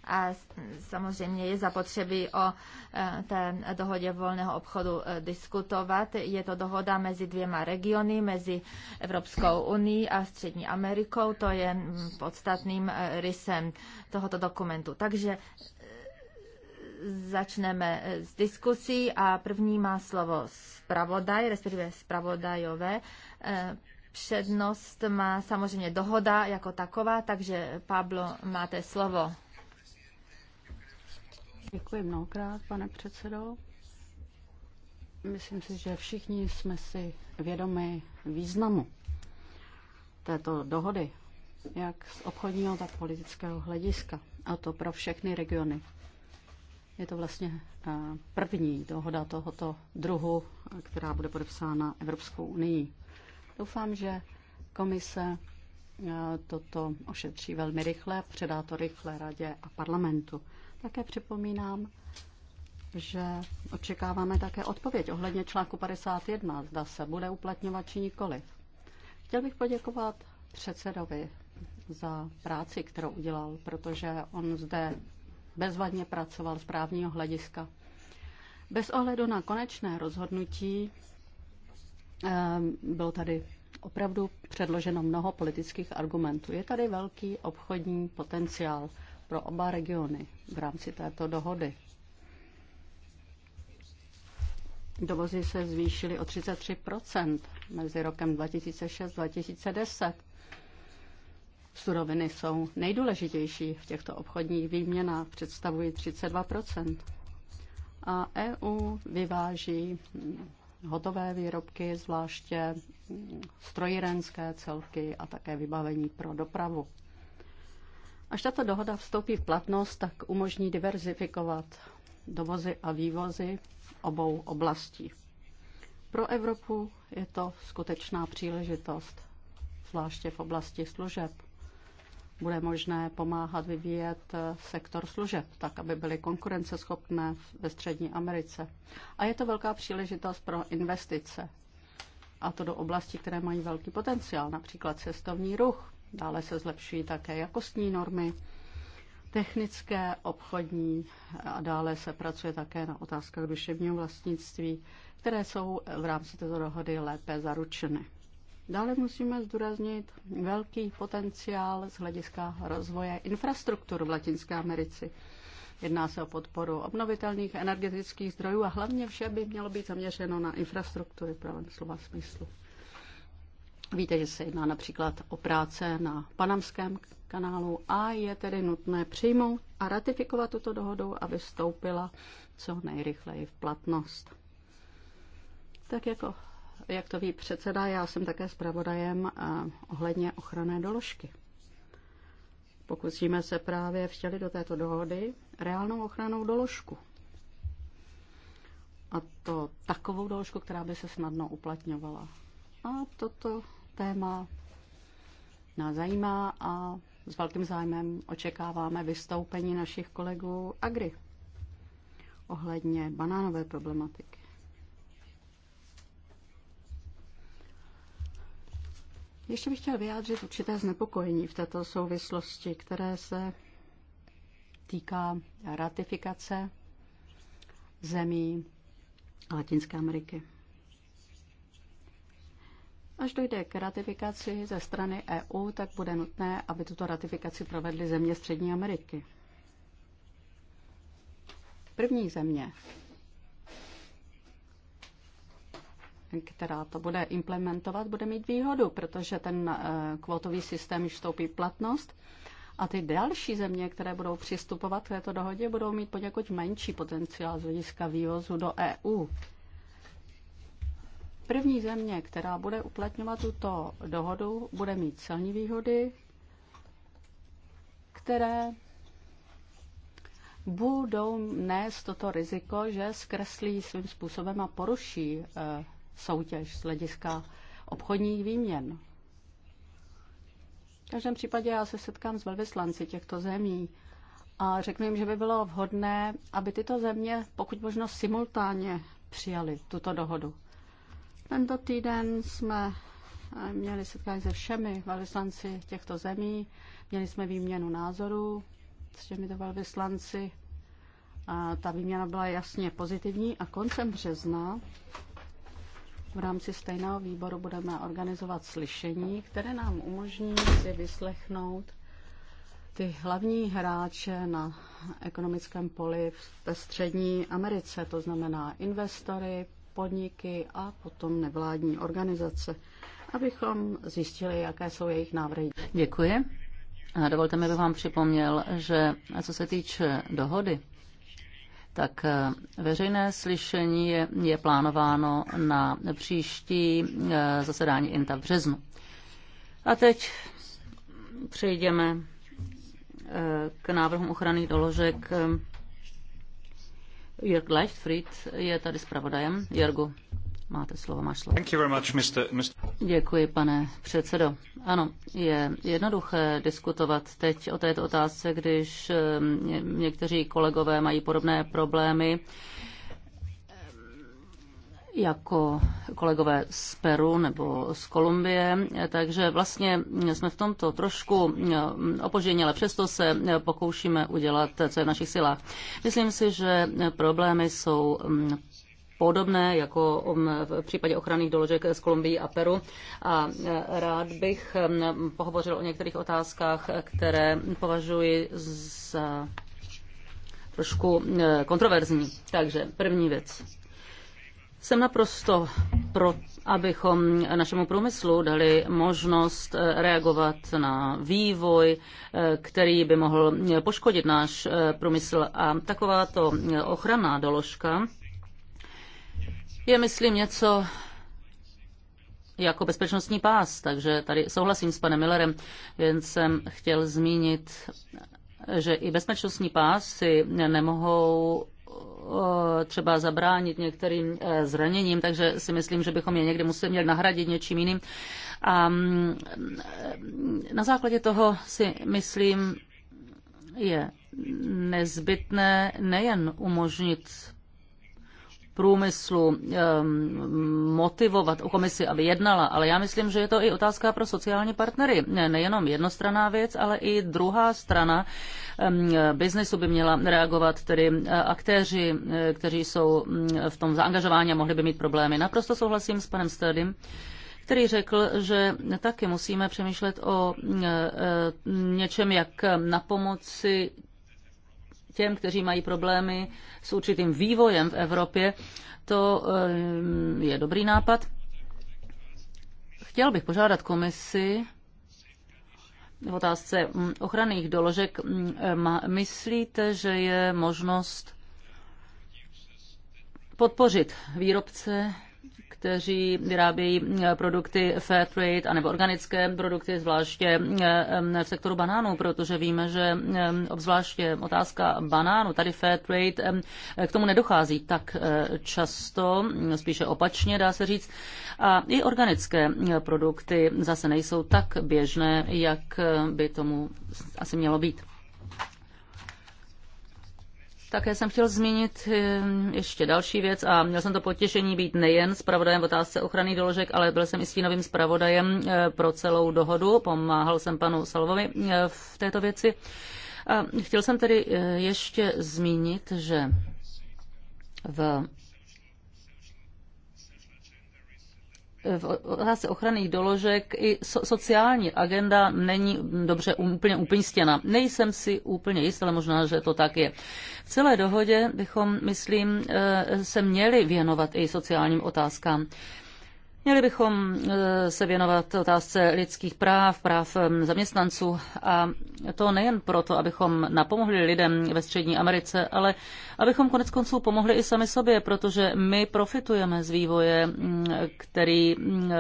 a samozřejmě je zapotřebí o e, té dohodě volného obchodu e, diskutovat. Je to dohoda mezi dvěma regiony, mezi Evropskou unii a Střední Amerikou. To je podstatným e, rysem tohoto dokumentu. Takže začneme s diskusí a první má slovo zpravodaj, respektive zpravodajové. Přednost má samozřejmě dohoda jako taková, takže Pablo, máte slovo. Děkuji mnohokrát, pane předsedo. Myslím si, že všichni jsme si vědomi významu této dohody, jak z obchodního, tak politického hlediska, a to pro všechny regiony. Je to vlastně eh, první dohoda tohoto druhu, která bude podepsána Evropskou unii. Doufám, že komise eh, toto ošetří velmi rychle, předá to rychle radě a parlamentu. Také připomínám, že očekáváme také odpověď ohledně článku 51, zda se bude uplatňovat či nikoliv. Chtěl bych poděkovat předsedovi za práci, kterou udělal, protože on zde bezvadně pracoval z právního hlediska. Bez ohledu na konečné rozhodnutí eh, bylo tady opravdu předloženo mnoho politických argumentů. Je tady velký obchodní potenciál pro oba regiony v rámci této dohody. Dovozy se zvýšily o 33 mezi rokem 2006-2010. Suroviny jsou nejdůležitější v těchto obchodních výměnách, představují 32 A EU vyváží hotové výrobky, zvláště strojírenské celky a také vybavení pro dopravu. Až tato dohoda vstoupí v platnost, tak umožní diverzifikovat dovozy a vývozy obou oblastí. Pro Evropu je to skutečná příležitost, zvláště v oblasti služeb. Bude možné pomáhat vyvíjet sektor služeb, tak aby byly konkurenceschopné ve Střední Americe. A je to velká příležitost pro investice. A to do oblastí, které mají velký potenciál, například cestovní ruch, Dále se zlepšují také jakostní normy, technické, obchodní a dále se pracuje také na otázkách duševního vlastnictví, které jsou v rámci této dohody lépe zaručeny. Dále musíme zdůraznit velký potenciál z hlediska rozvoje infrastruktur v Latinské Americe. Jedná se o podporu obnovitelných energetických zdrojů a hlavně vše by mělo být zaměřeno na infrastruktury v pravém slova smyslu. Víte, že se jedná například o práce na Panamském kanálu a je tedy nutné přijmout a ratifikovat tuto dohodu, aby vstoupila co nejrychleji v platnost. Tak jako, jak to ví předseda, já jsem také zpravodajem eh, ohledně ochranné doložky. Pokusíme se právě vtělit do této dohody reálnou ochranou doložku. A to takovou doložku, která by se snadno uplatňovala a toto téma nás zajímá a s velkým zájmem očekáváme vystoupení našich kolegů Agri ohledně banánové problematiky. Ještě bych chtěl vyjádřit určité znepokojení v této souvislosti, které se týká ratifikace zemí Latinské Ameriky. Až dojde k ratifikaci ze strany EU, tak bude nutné, aby tuto ratifikaci provedly země Střední Ameriky. První země, která to bude implementovat, bude mít výhodu, protože ten eh, kvotový systém již vstoupí platnost a ty další země, které budou přistupovat k této dohodě, budou mít poněkud menší potenciál z hlediska vývozu do EU. První země, která bude uplatňovat tuto dohodu, bude mít celní výhody, které budou nést toto riziko, že zkreslí svým způsobem a poruší eh, soutěž z hlediska obchodních výměn. V každém případě já se setkám s velvyslanci těchto zemí a řeknu jim, že by bylo vhodné, aby tyto země pokud možno simultánně přijali tuto dohodu. Tento týden jsme eh, měli setkání se všemi velvyslanci těchto zemí, měli jsme výměnu názorů s těmito velvyslanci. A ta výměna byla jasně pozitivní a koncem března v rámci stejného výboru budeme organizovat slyšení, které nám umožní si vyslechnout ty hlavní hráče na ekonomickém poli ve střední Americe, to znamená investory, podniky a potom nevládní organizace, abychom zjistili, jaké jsou jejich návrhy. Děkuji. A dovolte mi, bych vám připomněl, že co se týče dohody, tak eh, veřejné slyšení je, je plánováno na příští eh, zasedání INTA v březnu. A teď přejdeme eh, k návrhům ochranných doložek Jörg Leichtfried je tady zpravodajem. Jörgu, máte slovo, máš slovo. Thank you very much, Mr. Mr. Děkuji, pane předsedo. Ano, je jednoduché diskutovat teď o této otázce, když eh, někteří kolegové mají podobné problémy jako kolegové z Peru nebo z Kolumbie, takže vlastně jsme v tomto trošku opoždění, ale přesto se pokoušíme udělat, co je v našich silách. Myslím si, že problémy jsou mm, podobné jako mm, v případě ochranných doložek z Kolumbii a Peru. A e, rád bych mm, pohovořil o některých otázkách, které považuji za trošku e, kontroverzní. Takže první věc jsem naprosto pro, abychom našemu průmyslu dali možnost eh, reagovat na vývoj, eh, který by mohl poškodit náš eh, průmysl. A takováto ochranná doložka je, myslím, něco jako bezpečnostní pás, takže tady souhlasím s panem Millerem, jen jsem chtěl zmínit, že i bezpečnostní pásy nemohou třeba zabránit některým e, zraněním, takže si myslím, že bychom je někde museli měli nahradit něčím jiným. A mm, e, na základě toho si myslím, je nezbytné nejen umožnit průmyslu ehm, motivovat komisi, aby jednala, ale já myslím, že je to i otázka pro sociální partnery. Nejenom jednostraná věc, ale i druhá strana ehm, biznesu by měla reagovat, tedy eh, aktéři, eh, kteří jsou mm, v tom zaangažování, a mohli by mít problémy. Naprosto souhlasím s panem Sterdym který řekl, že taky musíme přemýšlet o mm, eh, něčem, jak na pomoci těm, kteří mají problémy s určitým vývojem v Evropě. To eh, je dobrý nápad. Chtěl bych požádat komisi, v otázce hm, ochranných doložek, hm, eh, myslíte, že je možnost podpořit výrobce kteří vyrábějí eh, produkty fair trade anebo organické produkty, zvláště eh, v sektoru banánů, protože víme, že obzvláště otázka banánu, tady fair trade, k tomu nedochází tak eh, často, mm, spíše opačně dá se říct. A i organické produkty zase nejsou tak běžné, jak by tomu asi mělo být. Také jsem chtěl zmínit eh, ještě další věc a měl jsem to potěšení být nejen zpravodajem v otázce ochrany doložek, ale byl jsem i stínovým zpravodajem eh, pro celou dohodu. Pomáhal jsem panu Salvovi eh, v této věci. A chtěl jsem tedy ještě zmínit, že v v otázce ochranných doložek i so, sociální agenda není dobře um, úplně upinstěna. Nejsem si úplně jist, ale možná, že to tak je. V celé dohodě bychom, myslím, eh, se měli věnovat i sociálním otázkám. Měli bychom eh, se věnovat otázce lidských práv, práv eh, zaměstnanců a to nejen proto, abychom napomohli lidem ve Střední Americe, ale abychom konec konců pomohli i sami sobě, protože my profitujeme z vývoje, mm, který mm,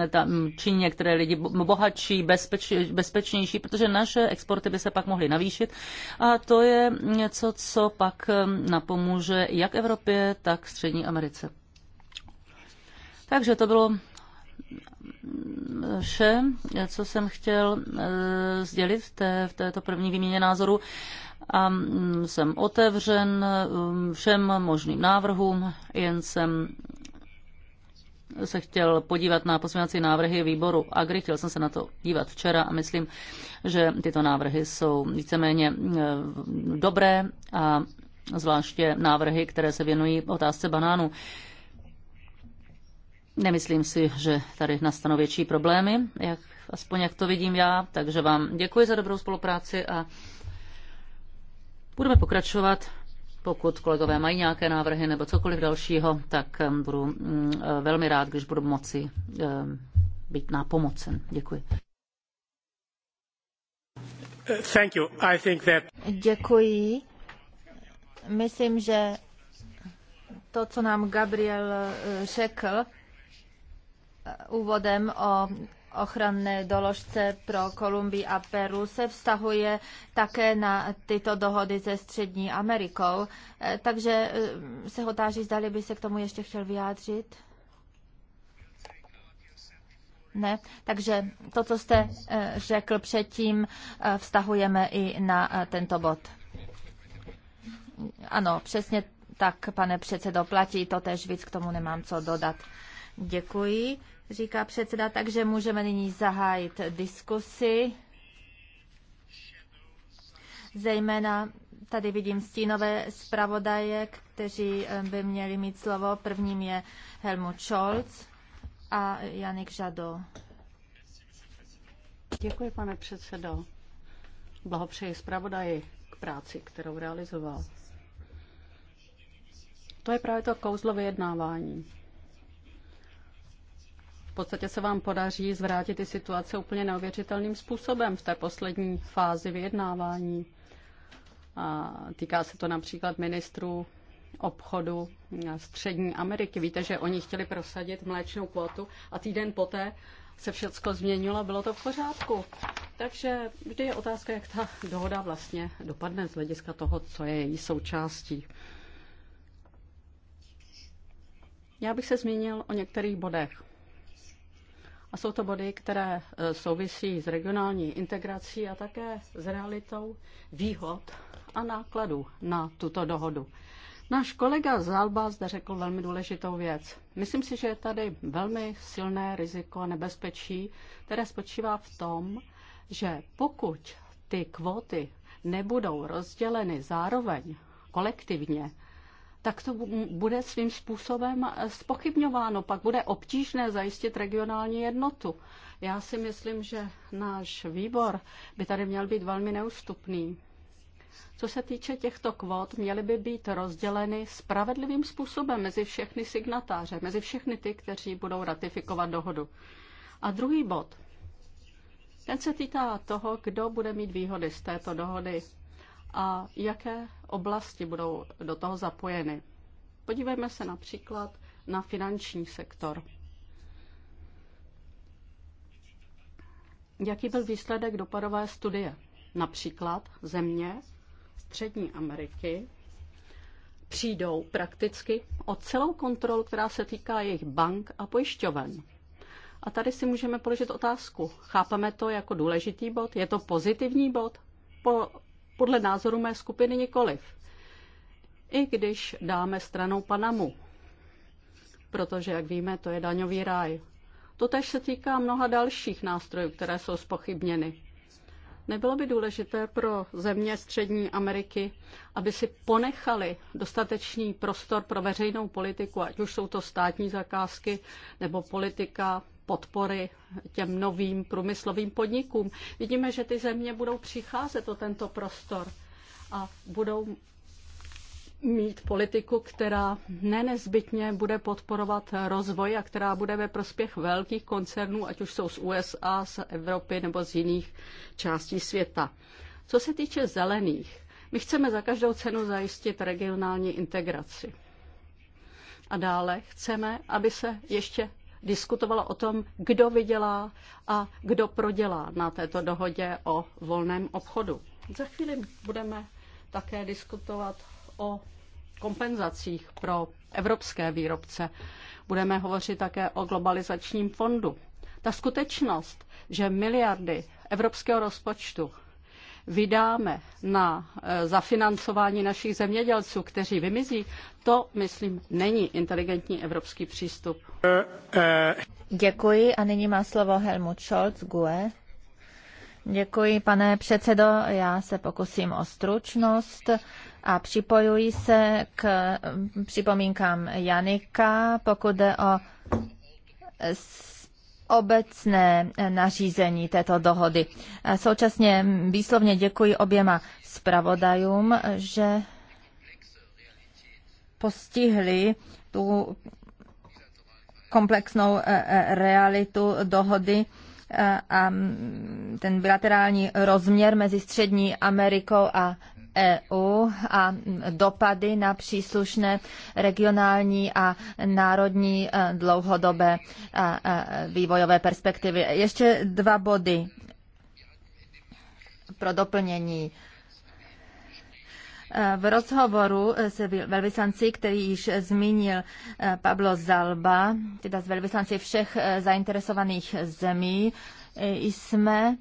eh, tam činí některé lidi bohatší, bezpeč, bezpečnější, protože naše exporty by se pak mohly navýšit a to je něco, co pak napomůže jak Evropě, tak Střední Americe. Takže to bylo vše, co jsem chtěl eh, sdělit v, té, v této první výměně názoru. A mm, jsem otevřen eh, všem možným návrhům, jen jsem se chtěl podívat na pozměňovací návrhy výboru Agri. Chtěl jsem se na to dívat včera a myslím, že tyto návrhy jsou víceméně eh, dobré a zvláště návrhy, které se věnují otázce banánů. Nemyslím si, že tady nastanou větší problémy, jak, aspoň jak to vidím já, takže vám děkuji za dobrou spolupráci a budeme pokračovat. Pokud kolegové mají nějaké návrhy nebo cokoliv dalšího, tak um, budu um, velmi rád, když budu moci um, být nápomocen. Děkuji. Thank you. I think that... Děkuji. Myslím, že to, co nám Gabriel uh, řekl, úvodem o ochranné doložce pro Kolumbii a Peru se vztahuje také na tyto dohody se Střední Amerikou. Eh, takže eh, se ho táží, zdali by se k tomu ještě chtěl vyjádřit. Ne, takže to, co jste eh, řekl předtím, vztahujeme i na tento bod. Ano, přesně tak, pane předsedo, platí to tež víc, k tomu nemám co dodat. Děkuji říká předseda, takže můžeme nyní zahájit diskusy. Zejména tady vidím stínové zpravodaje, kteří eh, by měli mít slovo. Prvním je Helmut Scholz a Janik Žado. Děkuji, pane předsedo. Blahopřeji zpravodaji k práci, kterou realizoval. To je právě to kouzlo vyjednávání. V podstatě se vám podaří zvrátit ty situace úplně neuvěřitelným způsobem v té poslední fázi vyjednávání. A týká se to například ministrů obchodu Střední Ameriky. Víte, že oni chtěli prosadit mléčnou kvotu a týden poté se všechno změnilo, bylo to v pořádku. Takže vždy je otázka, jak ta dohoda vlastně dopadne z hlediska toho, co je její součástí. Já bych se zmínil o některých bodech. A jsou to body, které e, souvisí s regionální integrací a také s realitou výhod a nákladů na tuto dohodu. Náš kolega Zalba zde řekl velmi důležitou věc. Myslím si, že je tady velmi silné riziko a nebezpečí, které spočívá v tom, že pokud ty kvóty nebudou rozděleny zároveň kolektivně, tak to bude svým způsobem eh, spochybňováno. Pak bude obtížné zajistit regionální jednotu. Já si myslím, že náš výbor by tady měl být velmi neústupný. Co se týče těchto kvot, měly by být rozděleny spravedlivým způsobem mezi všechny signatáře, mezi všechny ty, kteří budou ratifikovat dohodu. A druhý bod. Ten se týká toho, kdo bude mít výhody z této dohody a jaké oblasti budou do toho zapojeny. Podívejme se například na finanční sektor. Jaký byl výsledek dopadové studie? Například země Střední Ameriky přijdou prakticky o celou kontrolu, která se týká jejich bank a pojišťoven. A tady si můžeme položit otázku. Chápeme to jako důležitý bod? Je to pozitivní bod? Po podle názoru mé skupiny nikoliv. I když dáme stranou Panamu, protože, jak víme, to je daňový ráj. Totež se týká mnoha dalších nástrojů, které jsou spochybněny. Nebylo by důležité pro země Střední Ameriky, aby si ponechali dostatečný prostor pro veřejnou politiku, ať už jsou to státní zakázky nebo politika podpory těm novým průmyslovým podnikům. Vidíme, že ty země budou přicházet o tento prostor a budou mít politiku, která nenezbytně bude podporovat rozvoj a která bude ve prospěch velkých koncernů, ať už jsou z USA, z Evropy nebo z jiných částí světa. Co se týče zelených, my chceme za každou cenu zajistit regionální integraci. A dále chceme, aby se ještě diskutovala o tom, kdo vydělá a kdo prodělá na této dohodě o volném obchodu. Za chvíli budeme také diskutovat o kompenzacích pro evropské výrobce. Budeme hovořit také o globalizačním fondu. Ta skutečnost, že miliardy evropského rozpočtu vydáme na eh, zafinancování našich zemědělců, kteří vymizí, to, myslím, není inteligentní evropský přístup. Děkuji a nyní má slovo Helmut Scholz, GUE. Děkuji, pane předsedo. Já se pokusím o stručnost a připojuji se k eh, připomínkám Janika, pokud jde o obecné nařízení této dohody. Současně výslovně děkuji oběma zpravodajům, že postihli tu komplexnou e, e, realitu dohody e, a ten bilaterální rozměr mezi Střední Amerikou a EU a dopady na příslušné regionální a národní e, dlouhodobé e, e, vývojové perspektivy. Ještě dva body pro doplnění. V rozhovoru s velvyslanci, který již zmínil Pablo Zalba, teda s velvyslanci všech zainteresovaných zemí, jsme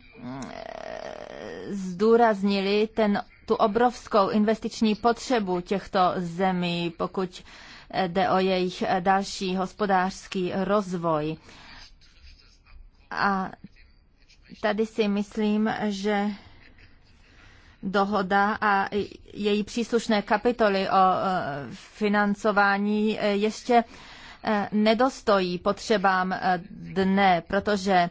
zdůraznili ten tu obrovskou investiční potřebu těchto zemí, pokud eh, jde o jejich eh, další hospodářský rozvoj. A tady si myslím, že dohoda a její příslušné kapitoly o eh, financování ještě nedostojí potřebám dne, protože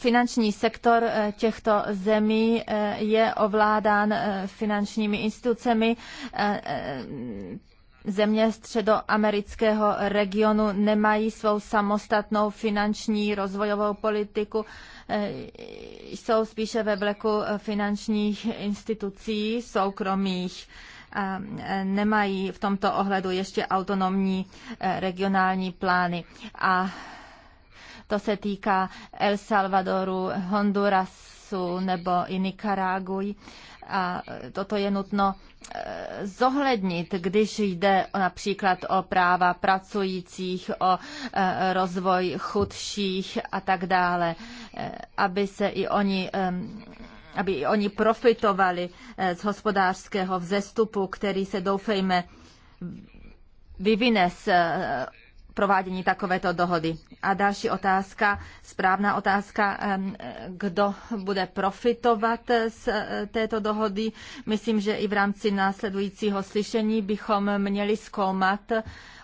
finanční sektor eh, těchto zemí eh, je ovládán eh, finančními institucemi. Země středoamerického regionu nemají svou samostatnou finanční rozvojovou politiku, jsou spíše ve vleku finančních institucí soukromých nemají v tomto ohledu ještě autonomní regionální plány. A to se týká El Salvadoru, Hondurasu nebo i Nicaraguj. A toto je nutno eh, zohlednit, když jde například o práva pracujících, o eh, rozvoj chudších a tak dále, eh, aby se i oni aby i oni profitovali z hospodářského vzestupu, který se doufejme vyvine z provádění takovéto dohody. A další otázka, správná otázka, kdo bude profitovat z eh, této dohody. Myslím, že i v rámci následujícího slyšení bychom měli zkoumat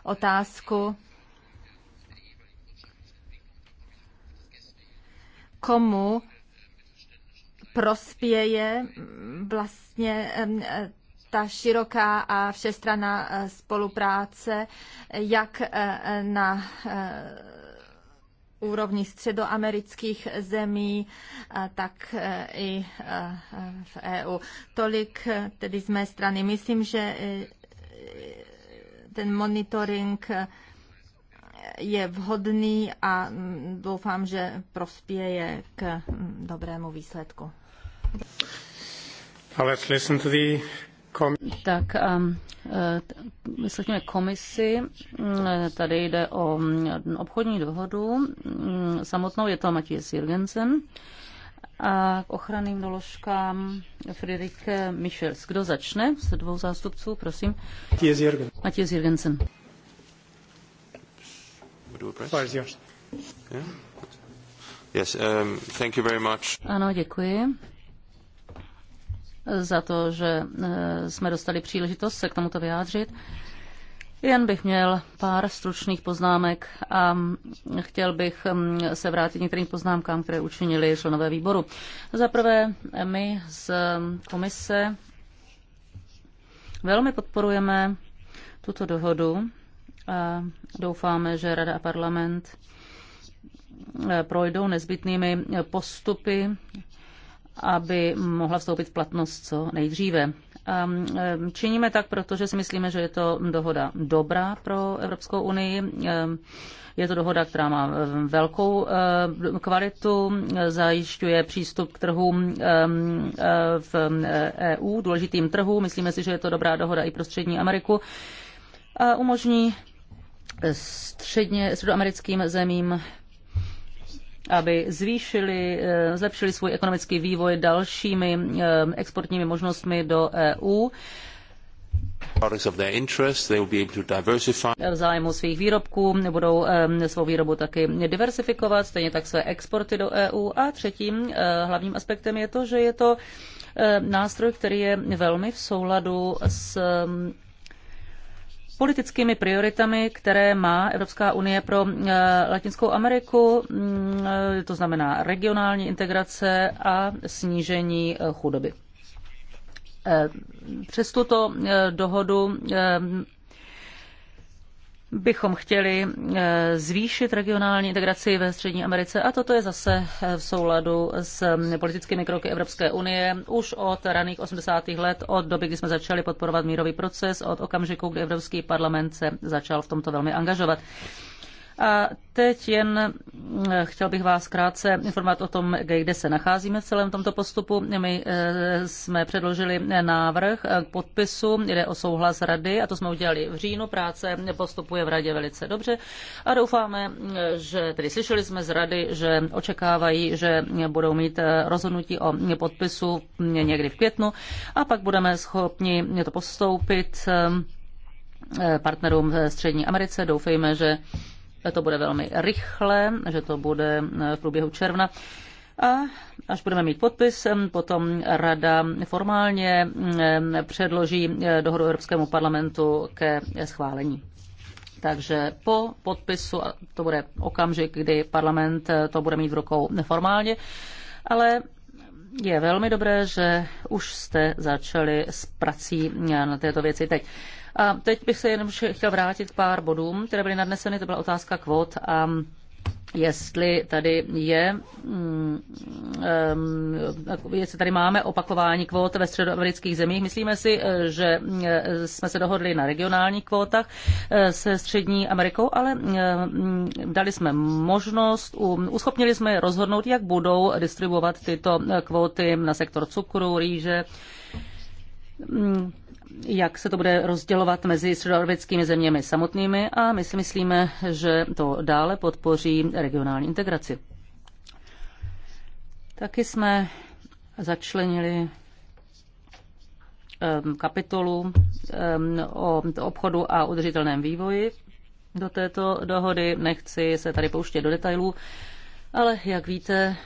otázku, komu prospěje mm, vlastně ta široká a všestranná eh, spolupráce, jak eh, na eh, úrovni středoamerických zemí, tak i v EU. Tolik tedy z mé strany. Myslím, že ten monitoring je vhodný a mm, doufám, že prospěje k mm, dobrému výsledku. Now let's listen to the tak um, eh, vyslechněme komisi. Eh, tady jde o mm, obchodní dohodu. Mm, samotnou je to Matías Jürgensen. A k ochranným doložkám Friedrich Michels. Kdo začne se dvou zástupců, prosím? Matías Jürgensen. Yes, um, thank you very much. Ano, děkuji za to, že e, jsme dostali příležitost se k tomuto vyjádřit. Jen bych měl pár stručných poznámek a chtěl bych se vrátit některým poznámkám, které učinili členové výboru. Za prvé, my z komise velmi podporujeme tuto dohodu a doufáme, že Rada a parlament e, projdou nezbytnými postupy aby mohla vstoupit v platnost co nejdříve. Ehm, ehm, činíme tak, protože si myslíme, že je to dohoda dobrá pro Evropskou unii. Ehm, je to dohoda, která má velkou kvalitu, zajišťuje přístup k trhům v EU, e důležitým trhu. Myslíme si, že je to dobrá dohoda i pro Střední Ameriku. A umožní e, středně, středoamerickým zemím aby zvýšili, eh, zlepšili svůj ekonomický vývoj dalšími eh, exportními možnostmi do EU v zájmu svých výrobků, budou eh, svou výrobu taky diversifikovat, stejně tak své exporty do EU. A třetím hlavním aspektem je to, že je to nástroj, který je velmi v souladu s politickými prioritami, které má Evropská unie pro eh, Latinskou Ameriku, mm, to znamená regionální integrace a snížení eh, chudoby. Eh, přes tuto dohodu bychom chtěli eh, zvýšit regionální integraci ve Střední Americe a toto je zase eh, v souladu s mm, politickými kroky Evropské unie už od raných 80. let, od doby, kdy jsme začali podporovat mírový proces, od okamžiku, kdy Evropský parlament se začal v tomto velmi angažovat. A teď jen mm, chtěl bych vás krátce informovat o tom, kde se nacházíme v celém tomto postupu. My eh, jsme předložili návrh k podpisu, jde o souhlas rady a to jsme udělali v říjnu. Práce postupuje v radě velice dobře a doufáme, eh, že tedy slyšeli jsme z rady, že očekávají, že budou mít eh, rozhodnutí o podpisu někdy v květnu a pak budeme schopni to postoupit partnerům v Střední Americe. Doufejme, že to bude velmi rychle, že to bude eh, v průběhu června. A až budeme mít podpis, potom Rada formálně předloží eh, dohodu Evropskému parlamentu ke schválení. Takže po podpisu, to bude okamžik, kdy parlament eh, to bude mít v rukou neformálně, ale je velmi dobré, že už jste začali s prací na této věci teď. A teď bych se jenom chtěl vrátit k pár bodům, které byly nadneseny. To byla otázka kvot a jestli tady je, mm, eh, jestli tady máme opakování kvót ve středoamerických zemích. Myslíme si, eh, že eh, jsme se dohodli na regionálních kvótách se Střední Amerikou, ale mm, dali jsme možnost, uschopnili jsme je rozhodnout, jak budou distribuovat tyto kvóty na sektor cukru, rýže, mm jak se to bude rozdělovat mezi středoevropskými zeměmi samotnými a my si myslíme, že to dále podpoří regionální integraci. Taky jsme začlenili ehm, kapitolu ehm, o obchodu a udržitelném vývoji do této dohody. Nechci se tady pouštět do detailů, ale jak víte,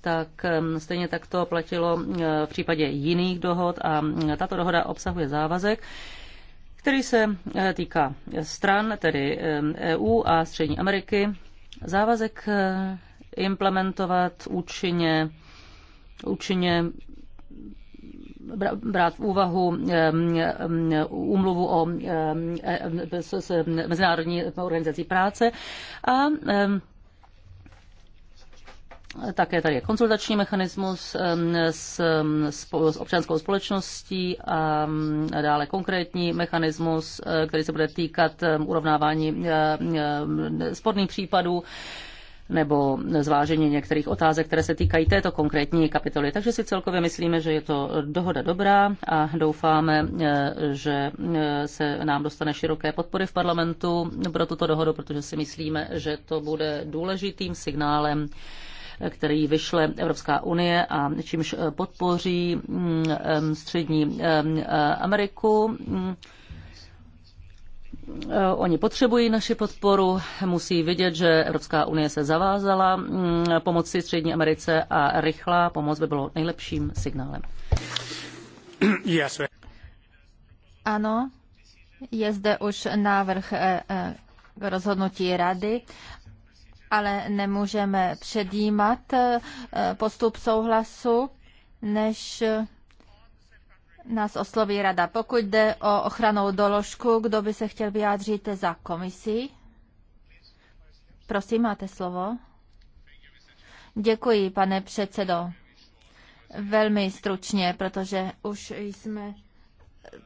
tak stejně tak to platilo eh, v případě jiných dohod a eh, tato dohoda obsahuje závazek, který se eh, týká stran, tedy EU e a Střední Ameriky. Závazek implementovat účinně, účinně brát v úvahu úmluvu o e, mezinárodní organizaci práce a také tady je konzultační mechanismus s, s občanskou společností a dále konkrétní mechanismus, eh, který se bude týkat urovnávání eh, sporných případů nebo zvážení některých otázek, které se týkají této konkrétní kapitoly. Takže si celkově myslíme, že je to dohoda dobrá a doufáme, eh, že se nám dostane široké podpory v parlamentu pro tuto dohodu, protože si myslíme, že to bude důležitým signálem který vyšle Evropská unie a čímž eh, podpoří mm, eh, střední eh, Ameriku. Oni potřebují naši podporu, musí vidět, že Evropská unie se zavázala mm, pomoci Střední Americe a rychlá pomoc by bylo nejlepším signálem. Yes. Ano, je zde už návrh rozhodnutí rady ale nemůžeme předjímat eh, postup souhlasu, než eh, nás osloví rada. Pokud jde o ochranou doložku, kdo by se chtěl vyjádřit za komisi? Prosím, máte slovo. Děkuji, pane předsedo. Velmi stručně, protože už jsme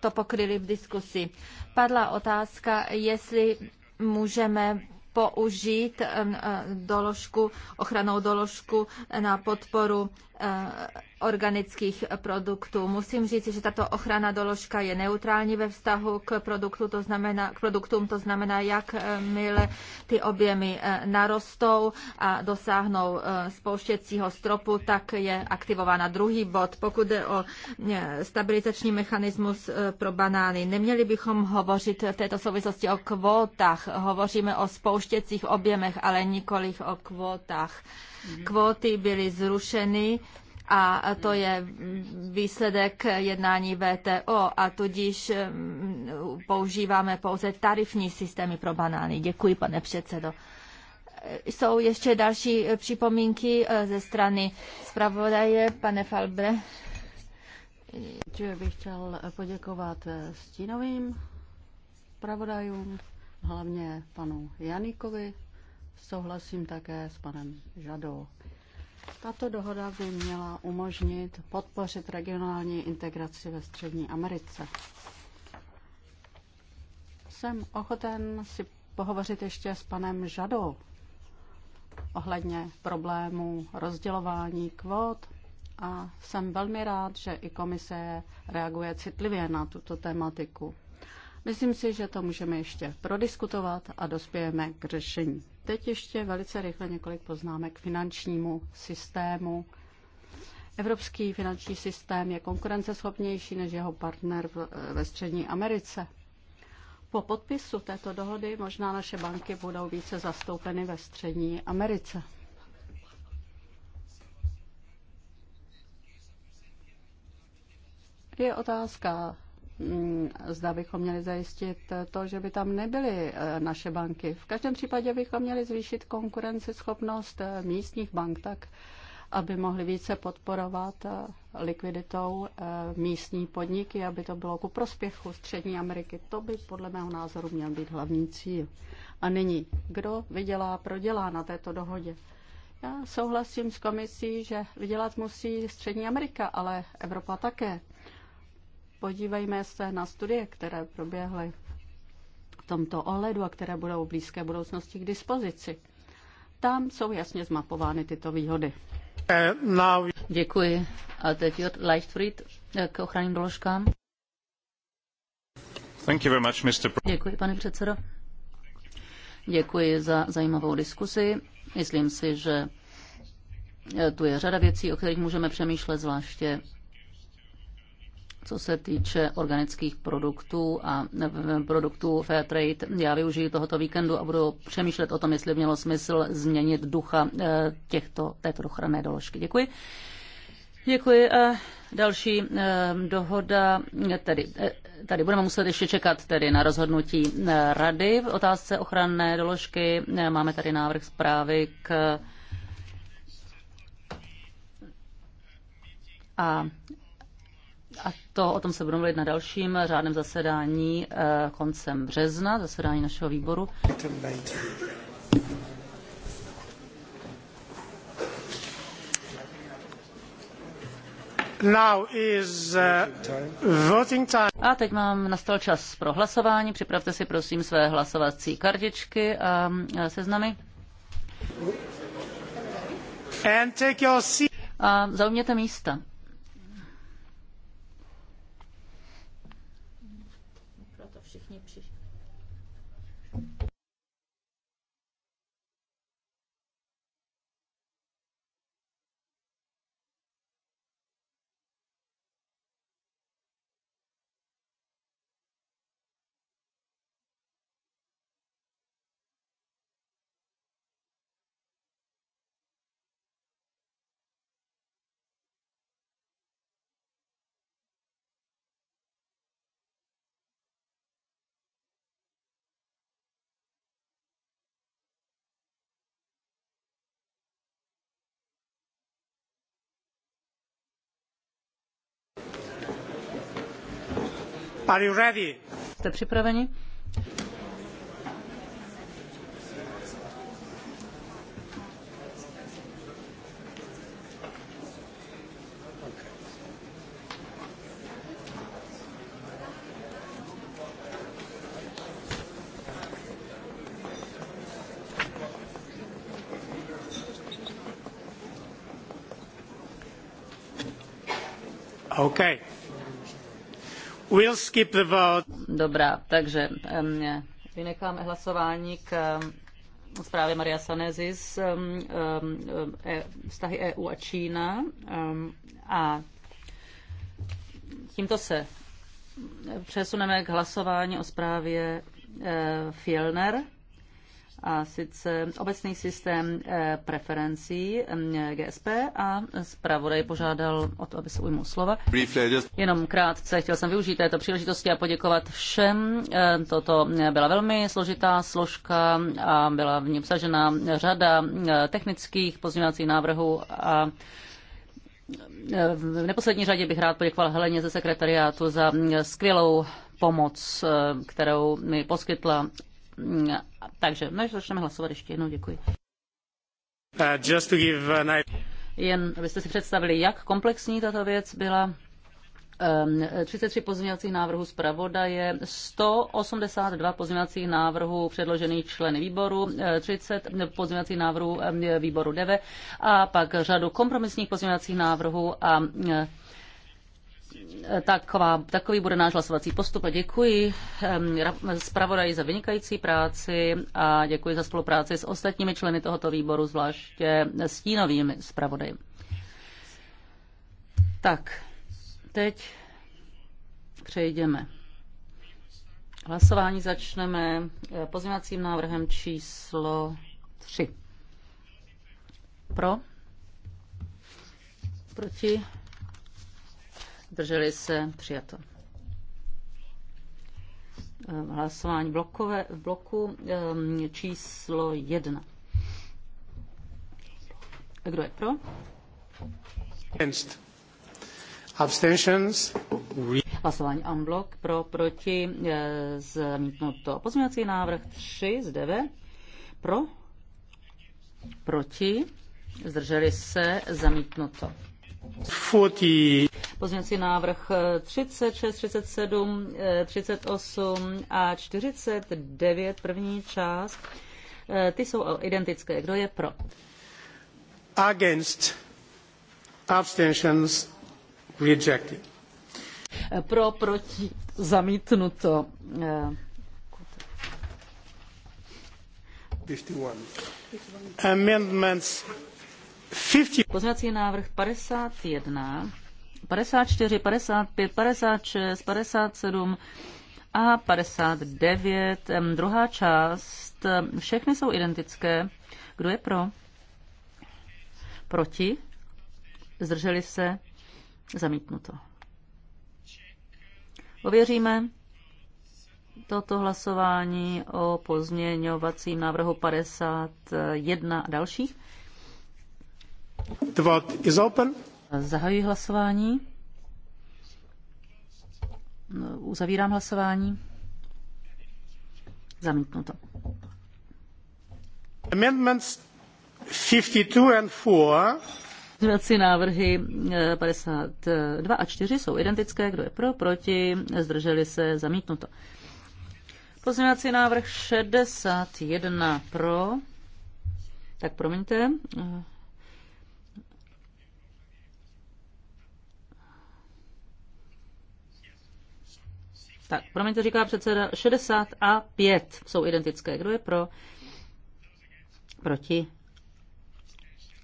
to pokryli v diskusi. Padla otázka, jestli můžeme použít e, doložku, ochranou doložku na podporu Eh, organických produktů. Musím říct, že tato ochrana doložka je neutrální ve vztahu k, produktu, to znamená, k produktům, to znamená, jak eh, mile ty objemy eh, narostou a dosáhnou spouštěcího stropu, tak je aktivována druhý bod. Pokud jde o stabilizační mechanismus pro banány, neměli bychom hovořit v této souvislosti o kvótách. Hovoříme o spouštěcích objemech, ale nikoliv o kvótách. Mhm. kvóty byly zrušeny a to je výsledek jednání VTO a tudíž mm, používáme pouze tarifní systémy pro banány. Děkuji, pane předsedo. Jsou ještě další připomínky eh, ze strany zpravodaje, pane Falbre. Čili bych chtěl eh, poděkovat eh, stínovým zpravodajům, hlavně panu Janíkovi Souhlasím také s panem Žadou. Tato dohoda by měla umožnit podpořit regionální integraci ve Střední Americe. Jsem ochoten si pohovořit ještě s panem Žadou ohledně problémů rozdělování kvót a jsem velmi rád, že i komise reaguje citlivě na tuto tématiku. Myslím si, že to můžeme ještě prodiskutovat a dospějeme k řešení. Teď ještě velice rychle několik poznámek k finančnímu systému. Evropský finanční systém je konkurenceschopnější než jeho partner ve Střední Americe. Po podpisu této dohody možná naše banky budou více zastoupeny ve Střední Americe. Je otázka, Mm, zda bychom měli zajistit to, že by tam nebyly eh, naše banky. V každém případě bychom měli zvýšit konkurenceschopnost eh, místních bank tak, aby mohli více podporovat eh, likviditou místní podniky, aby to bylo ku prospěchu Střední Ameriky. To by podle mého názoru měl být hlavní cíl. A nyní, kdo vydělá, prodělá na této dohodě? Já souhlasím s komisí, že vydělat musí Střední Amerika, ale Evropa také. Podívejme se na studie, které proběhly v tomto ohledu a které budou v blízké budoucnosti k dispozici. Tam jsou jasně zmapovány tyto výhody. Děkuji. A teď Leichtfried k ochranným doložkám. Děkuji, pane předsedo. Děkuji za zajímavou diskusi. Myslím si, že tu je řada věcí, o kterých můžeme přemýšlet, zvláště co se týče organických produktů a eh, produktů fair trade, já využiju tohoto víkendu a budu přemýšlet o tom, jestli mělo smysl změnit ducha eh, těchto, této ochranné doložky. Děkuji. Děkuji. A další eh, dohoda, tedy tady budeme muset ještě čekat tedy na rozhodnutí rady v otázce ochranné doložky. Máme tady návrh zprávy k a a to o tom se budeme mluvit na dalším řádném zasedání eh, koncem března, zasedání našeho výboru. Now is, uh, voting time. A teď mám nastal čas pro hlasování. Připravte si prosím své hlasovací kartičky a eh, seznamy. And take your seat. A zaujměte místa. Jste připraveni? We'll skip the vote. Dobrá, takže um, vynecháme hlasování k zprávě Maria Sanezis, um, um, e, vztahy EU a Čína. Um, a tímto se přesuneme k hlasování o zprávě e, Fielner a sice obecný systém eh, preferencí mm, GSP a zpravodaj požádal o to, aby se ujmul slova. Jenom krátce, chtěl jsem využít této příležitosti a poděkovat všem. Eh, toto eh, byla velmi složitá složka a byla v ní obsažena řada technických pozměňovacích návrhů a v neposlední řadě bych rád poděkoval Heleně ze sekretariátu za mm, skvělou pomoc, kterou mi poskytla takže než no, začneme hlasovat, ještě jednou děkuji. Uh, uh, Jen abyste si představili, jak komplexní tato věc byla. 33 um, pozměňovacích návrhů zpravodaje, 182 pozměňovacích návrhů předložených členy výboru, 30 uh, pozměňovacích návrhů um, výboru DEVE a pak řadu kompromisních pozměňovacích návrhů a taková, takový bude náš hlasovací postup a děkuji zpravodaji za vynikající práci a děkuji za spolupráci s ostatními členy tohoto výboru, zvláště stínovými zpravodaji. Tak, teď přejdeme. Hlasování začneme eh, pozměňovacím návrhem číslo 3. Pro? Proti? zdrželi se, přijato. Ehm, hlasování blokové, v bloku ehm, číslo jedna. Kdo je pro? Against. Abstentions. Hlasování unblock pro, proti, zamítnuto. Pozměňovací návrh 3 z 9. Pro, proti, zdrželi se, zamítnuto. 40 pozměňovací návrh 36, 37, 38 a 49, první část. Eh, ty jsou identické. Kdo je pro? Against. Abstentions. Rejected. Eh, pro, proti, zamítnuto. 51. Eh, Amendments 50. Pozměňovací návrh 51. 54, 55, 56, 57 a 59. Druhá část. Všechny jsou identické. Kdo je pro? Proti? Zdrželi se? Zamítnuto. Ověříme toto hlasování o pozměňovacím návrhu 51 a dalších. The vote is open. Zahajuji hlasování. Uzavírám hlasování. Zamítnuto. Amendments 52 and 4. Pozměňovací návrhy 52 eh, a 4 jsou identické. Kdo je pro, proti, zdrželi se, zamítnuto. Pozměňovací návrh 61 pro. Tak promiňte, eh, Tak, promiňte, říká předseda, 60 a 5 jsou identické. Kdo je pro? Proti?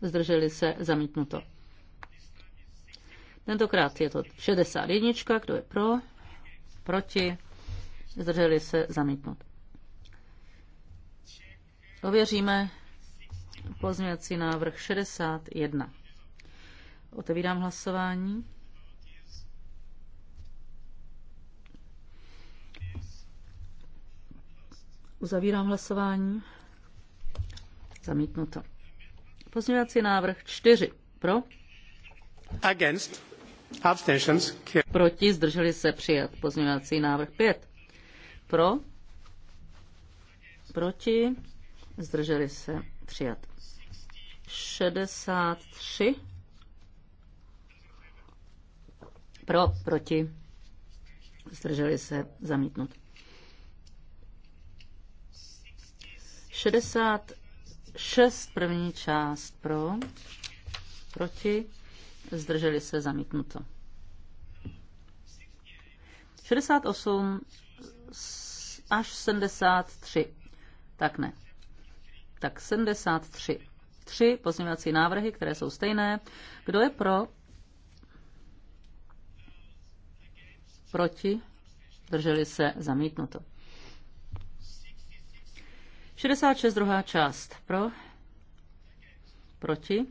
Zdrželi se zamítnuto. Tentokrát je to 61. Kdo je pro? Proti? Zdrželi se zamítnut. Ověříme pozměňovací návrh 61. Otevírám hlasování. Uzavírám hlasování. Zamítnuto. Pozměňovací návrh 4. Pro? Against. Abstentions. Proti zdrželi se přijat. Pozměňovací návrh 5. Pro? Proti zdrželi se přijat. 63. Pro, proti, zdrželi se, zamítnut. 66 první část pro, proti, zdrželi se zamítnuto. 68 až 73. Tak ne. Tak 73. Tři pozměňovací návrhy, které jsou stejné. Kdo je pro? Proti? Drželi se zamítnuto. 66 druhá část pro, proti,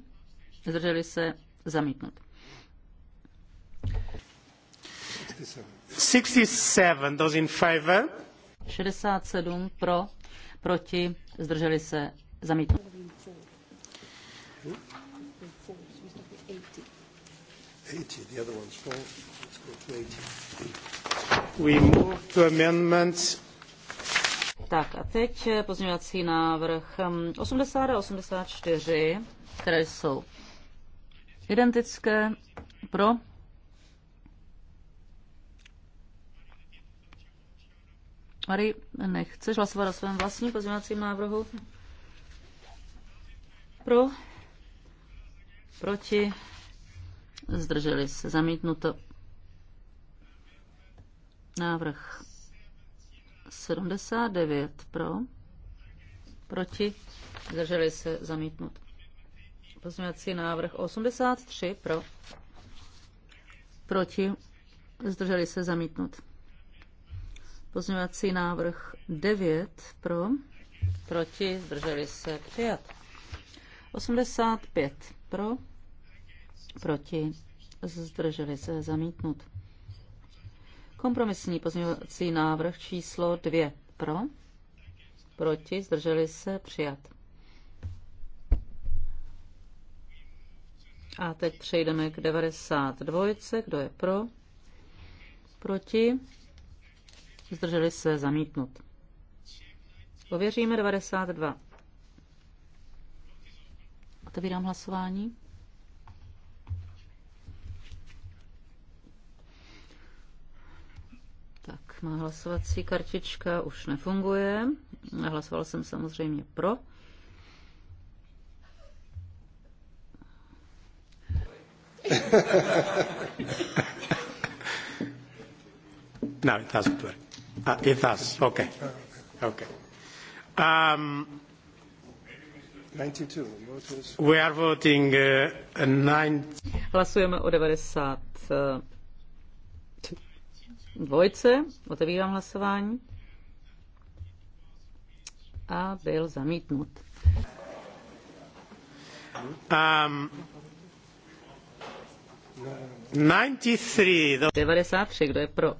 zdrželi se zamítnout. 67 those in favor. 67 pro, proti, zdrželi se zamítnout. 80, the other one's 80. We move to amendments tak a teď eh, pozměňovací návrh 80 hm, a 84, které jsou identické pro. Mary, nechceš hlasovat o svém vlastním pozměňovacím návrhu? Pro? Proti? Zdrželi se. Zamítnuto. Návrh 79 pro, proti, zdrželi se zamítnout. Pozměňovací návrh 83 pro, proti, zdrželi se zamítnout. Pozměňovací návrh 9 pro, proti, zdrželi se přijat. 85 pro, proti, zdrželi se zamítnout. Kompromisní pozměňovací návrh číslo 2. Pro? Proti? Zdrželi se? Přijat. A teď přejdeme k 92. Kdo je pro? Proti? Zdrželi se? Zamítnut. Ověříme 92. Otevírám hlasování. Má hlasovací kartička už nefunguje. Hlasoval jsem samozřejmě pro. no, it doesn't work. Uh, it does. Okay. Okay. Um, 92. We are voting uh, nine... Hlasujeme o 90. Uh, eh, dvojce, otevírám hlasování a byl zamítnut. Um, 93, kdo je pro?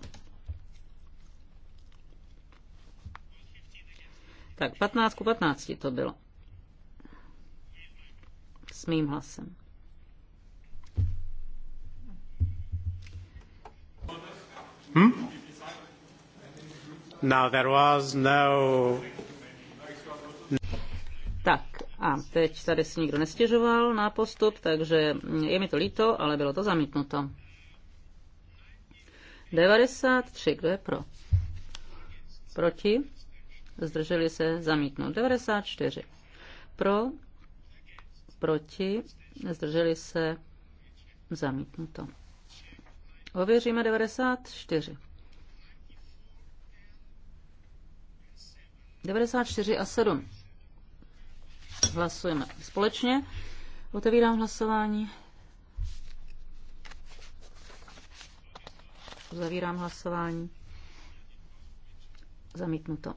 Tak 15 ku 15 to bylo. S mým hlasem. Hmm? Now there was no... Tak a teď tady si nikdo nestěžoval na postup, takže je mi to líto, ale bylo to zamítnuto. 93, kdo je pro? Proti? Zdrželi se zamítnout. 94. Pro? Proti? Zdrželi se zamítnuto. Ověříme 94. 94 a 7. Hlasujeme společně. Otevírám hlasování. Zavírám hlasování. Zamítnuto.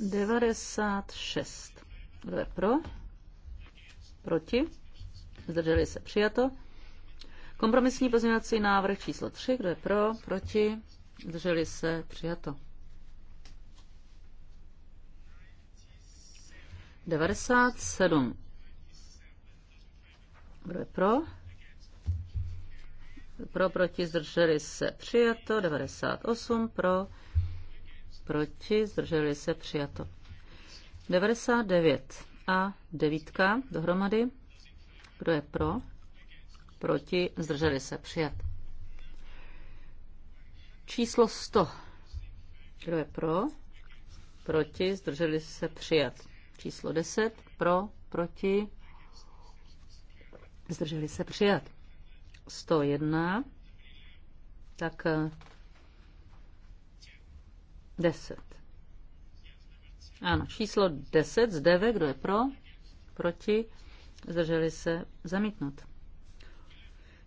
Devadesát šest. Kdo je pro? Proti? Zdrželi se přijato. Kompromisní pozměňovací návrh číslo 3. Kdo je pro? Proti? Zdrželi se přijato. 97. Kdo je pro? Pro, proti, zdrželi se, přijato. 98 pro, proti, zdrželi se, přijato. 99 a devítka dohromady. Kdo je pro? Proti? Zdrželi se. Přijat. Číslo 100. Kdo je pro? Proti? Zdrželi se. Přijat. Číslo 10. Pro? Proti? Zdrželi se. Přijat. 101. Tak 10. Eh, ano, číslo 10 z DV, kdo je pro, proti, zdrželi se, zamítnout.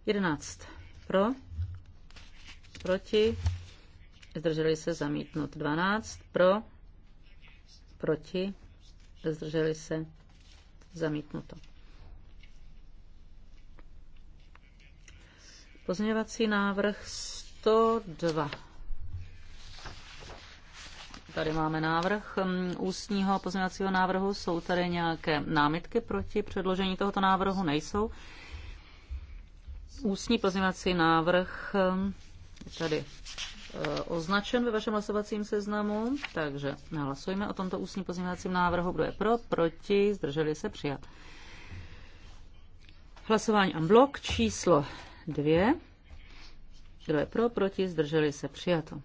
11 pro, proti, zdrželi se, zamítnout. 12 pro, proti, zdrželi se, zamítnuto. Pozměňovací návrh 102. Tady máme návrh hm, ústního pozměňovacího návrhu. Jsou tady nějaké námitky proti předložení tohoto návrhu? Nejsou. Ústní pozměňovací návrh hm, je tady eh, označen ve vašem hlasovacím seznamu, takže hlasujeme o tomto ústním pozměňovacím návrhu. Kdo je pro, proti, zdrželi se přijat. Hlasování a blok číslo dvě. Kdo je pro, proti, zdrželi se přijato.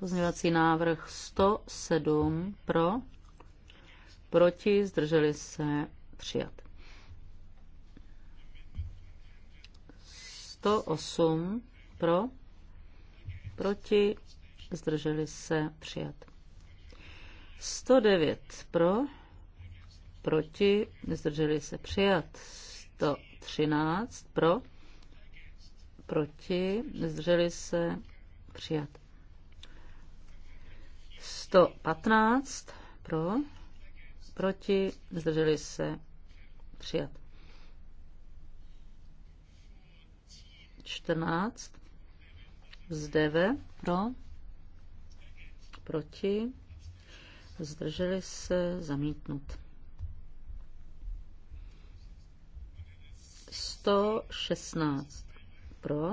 Pozměňovací návrh 107 pro, proti, zdrželi se, přijat. 108 pro, proti, zdrželi se, přijat. 109 pro, proti, zdrželi se, přijat. 113 pro, proti, zdrželi se, přijat. 115 pro, proti, zdrželi se, přijat. 14 z 9 pro, proti, zdrželi se, zamítnut. 116 pro,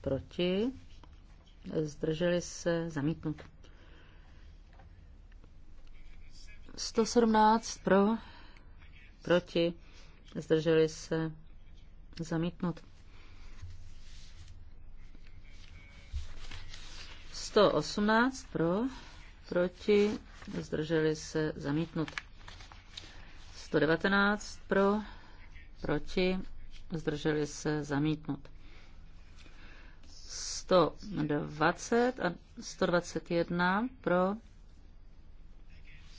proti, zdrželi se, zamítnout. 117 pro, proti, zdrželi se, zamítnout. 118 pro, proti, zdrželi se, zamítnout. 119 pro, proti, zdrželi se, zamítnout. 120 a 121 pro,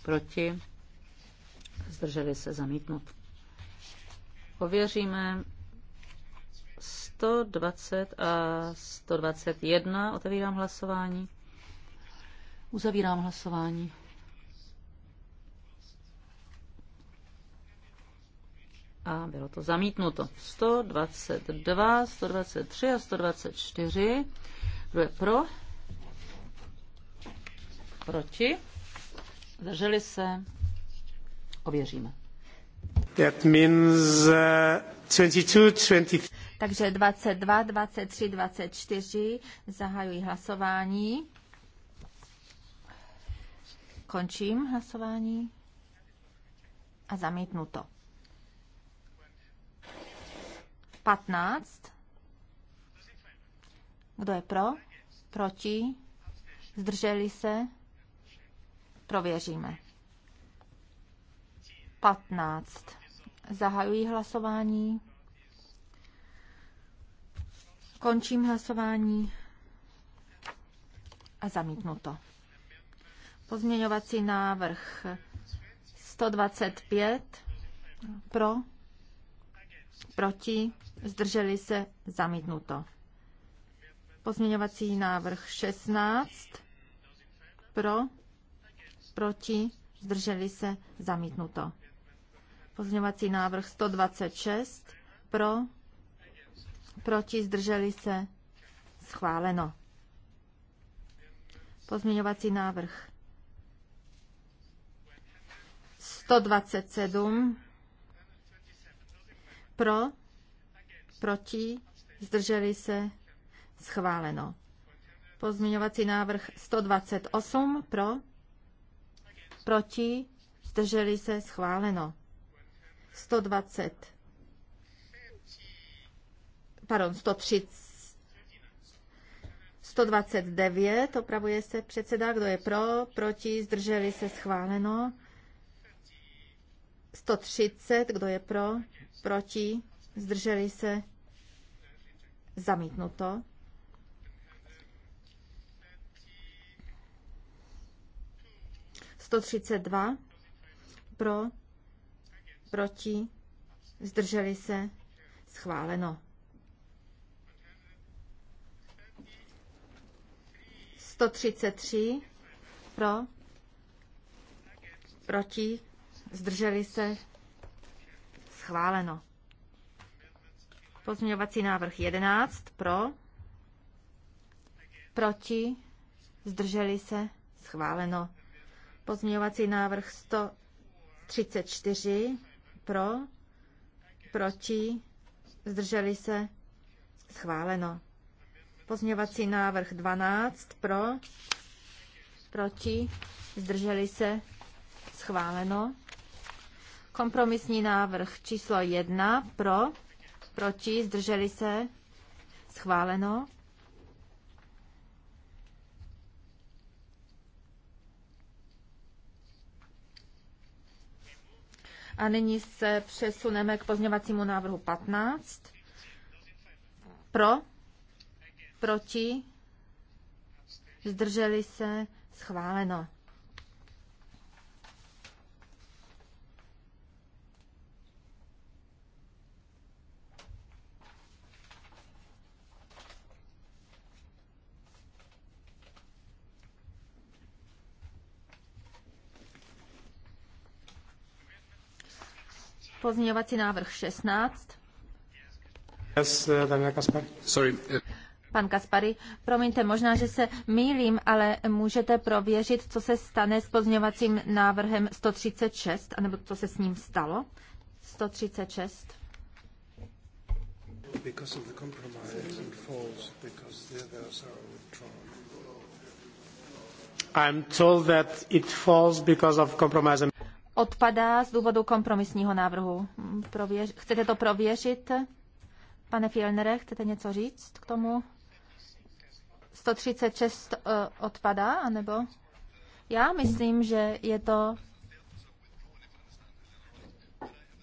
proti, zdrželi se zamítnout. Ověříme 120 a 121. Otevírám hlasování. Uzavírám hlasování. a bylo to zamítnuto. 122, 123 a 124. Kdo je pro? Proti? Zdrželi se? Ověříme. That means, uh, 22, 23. Takže 22, 23, 24 zahajují hlasování. Končím hlasování a zamítnu to. 15. Kdo je pro? Proti? Zdrželi se? Prověříme. 15. Zahajuji hlasování. Končím hlasování a zamítnu to. Pozměňovací návrh 125 pro, proti, zdrželi se, zamítnuto. Pozměňovací návrh 16, pro, proti, zdrželi se, zamítnuto. Pozměňovací návrh 126, pro, proti, zdrželi se, schváleno. Pozměňovací návrh 127, pro, proti, zdrželi se, schváleno. Pozměňovací návrh 128 pro, proti, zdrželi se, schváleno. 120, pardon, 130, 129, opravuje se předseda, kdo je pro, proti, zdrželi se, schváleno. 130, kdo je pro, proti, zdrželi se, zamítnuto. Sto třicet dva pro, proti, zdrželi se, schváleno. Sto třicet tři pro, proti, zdrželi se, schváleno. Pozměňovací návrh 11 pro, proti, zdrželi se, schváleno. Pozměňovací návrh 134 pro, proti, zdrželi se, schváleno. Pozměňovací návrh 12 pro, proti, zdrželi se, schváleno. Kompromisní návrh číslo 1 pro, proti, zdrželi se, schváleno. A nyní se přesuneme k pozměňovacímu návrhu 15. Pro, proti, zdrželi se, schváleno. Pozměňovací návrh 16. Yes, uh, Sorry. Pan Kaspary, promiňte, možná, že se mýlím, ale můžete prověřit, co se stane s pozměňovacím návrhem 136, anebo co se s ním stalo? 136. I'm told that it falls because of compromise odpadá z důvodu kompromisního návrhu. Mm, prověř, chcete to prověřit? Pane Fielnere, chcete něco říct k tomu? 136 eh, odpadá, anebo? Já myslím, že je to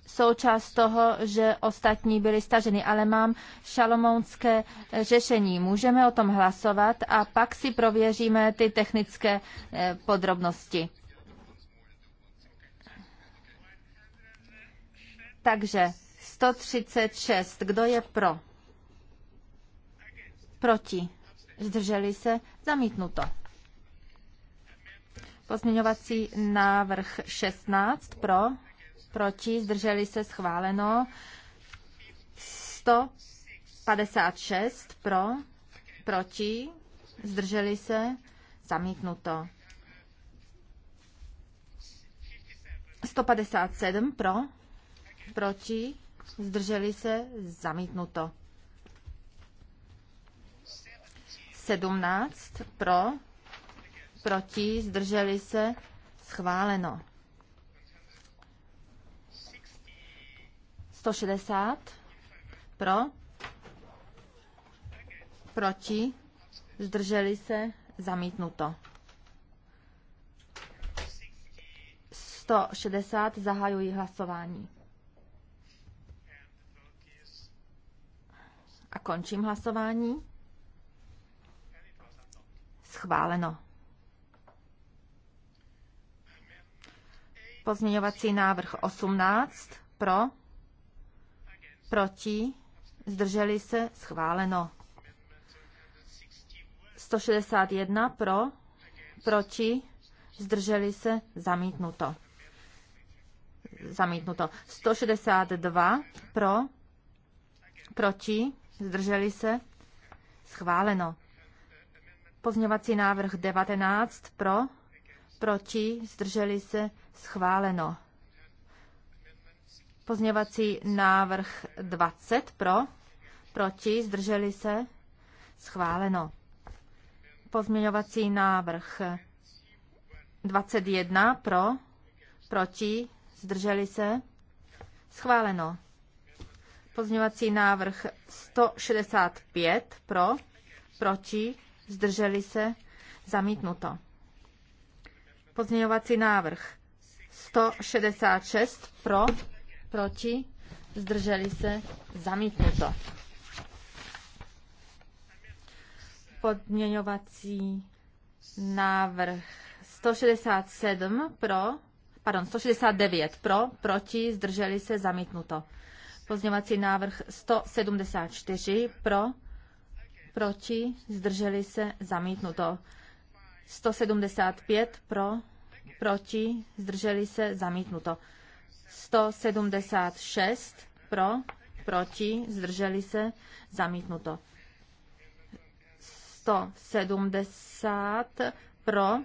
součást toho, že ostatní byly staženy, ale mám šalomonské eh, řešení. Můžeme o tom hlasovat a pak si prověříme ty technické eh, podrobnosti. Takže 136. Kdo je pro? Proti. Zdrželi se? Zamítnuto. Pozměňovací návrh 16 pro, proti, zdrželi se schváleno. 156 pro, proti, zdrželi se, zamítnuto. 157 pro, proti, zdrželi se, zamítnuto. 17 pro, proti, zdrželi se, schváleno. 160 pro, proti, zdrželi se, zamítnuto. 160 zahajují hlasování. A končím hlasování. Schváleno. Pozměňovací návrh 18 pro, proti, zdrželi se, schváleno. 161 pro, proti, zdrželi se, zamítnuto. Zamítnuto. 162 pro, proti, Zdrželi se? Schváleno. Pozňovací návrh 19 pro, proti, zdrželi se, schváleno. Pozňovací návrh 20 pro, proti, zdrželi se, schváleno. Pozměňovací návrh 21 pro, proti, zdrželi se, schváleno. Pozměňovací návrh 165 pro, proti, zdrželi se, zamítnuto. Pozměňovací návrh 166 pro, proti, zdrželi se, zamítnuto. Podměňovací návrh 167 pro, pardon, 169 pro, proti, zdrželi se, zamítnuto. Pozměňovací návrh 174 pro, proti, zdrželi se, zamítnuto. 175 pro, proti, zdrželi se, zamítnuto. 176 pro, proti, zdrželi se, zamítnuto. 170 pro,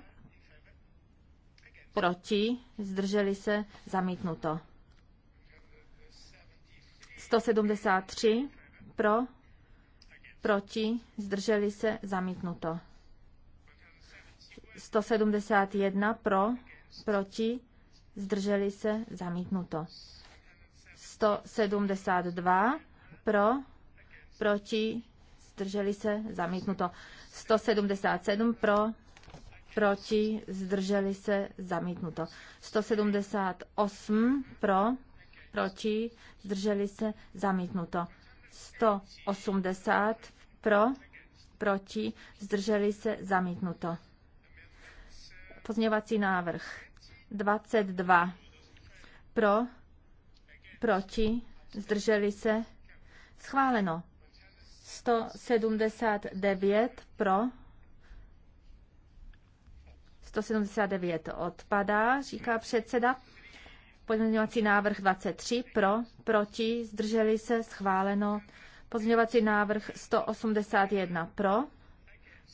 proti, zdrželi se, zamítnuto. 173 pro, proti, zdrželi se, zamítnuto. 171 pro, proti, zdrželi se, zamítnuto. 172 pro, proti, zdrželi se, zamítnuto. 177 pro, proti, zdrželi se, zamítnuto. 178 pro, proti, zdrželi se, zamítnuto. 180 pro, proti, zdrželi se, zamítnuto. Pozměňovací návrh 22 pro, proti, zdrželi se, schváleno. 179 pro, 179 odpadá, říká předseda. Pozměňovací návrh 23 pro, proti, zdrželi se, schváleno. Pozměňovací návrh 181 pro,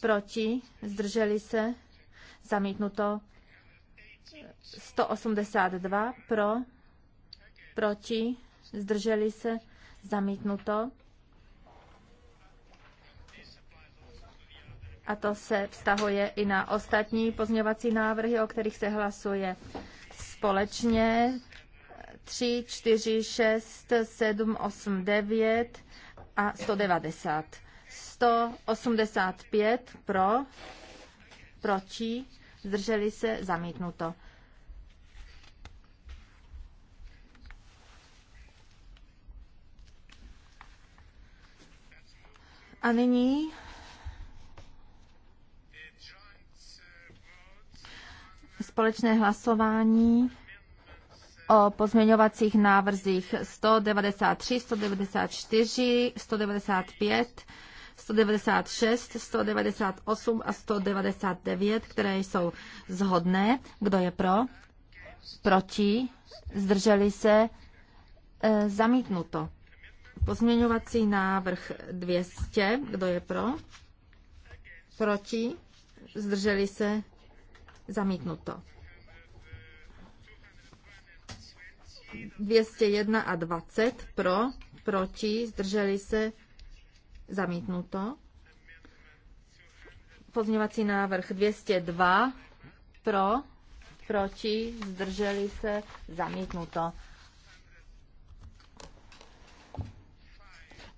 proti, zdrželi se, zamítnuto. 182 pro, proti, zdrželi se, zamítnuto. A to se vztahuje i na ostatní pozměňovací návrhy, o kterých se hlasuje společně 3, 4, 6, 7, 8, 9 a 190. 185 pro, proti, zdrželi se, zamítnuto. A nyní společné hlasování o pozměňovacích návrzích 193, 194, 195, 196, 198 a 199, které jsou zhodné. Kdo je pro? Proti? Zdrželi se? E, zamítnuto. Pozměňovací návrh 200. Kdo je pro? Proti? Zdrželi se? Zamítnuto. 201 a 20 pro, proti, zdrželi se, zamítnuto. Pozměvací návrh 202 pro, proti, zdrželi se, zamítnuto.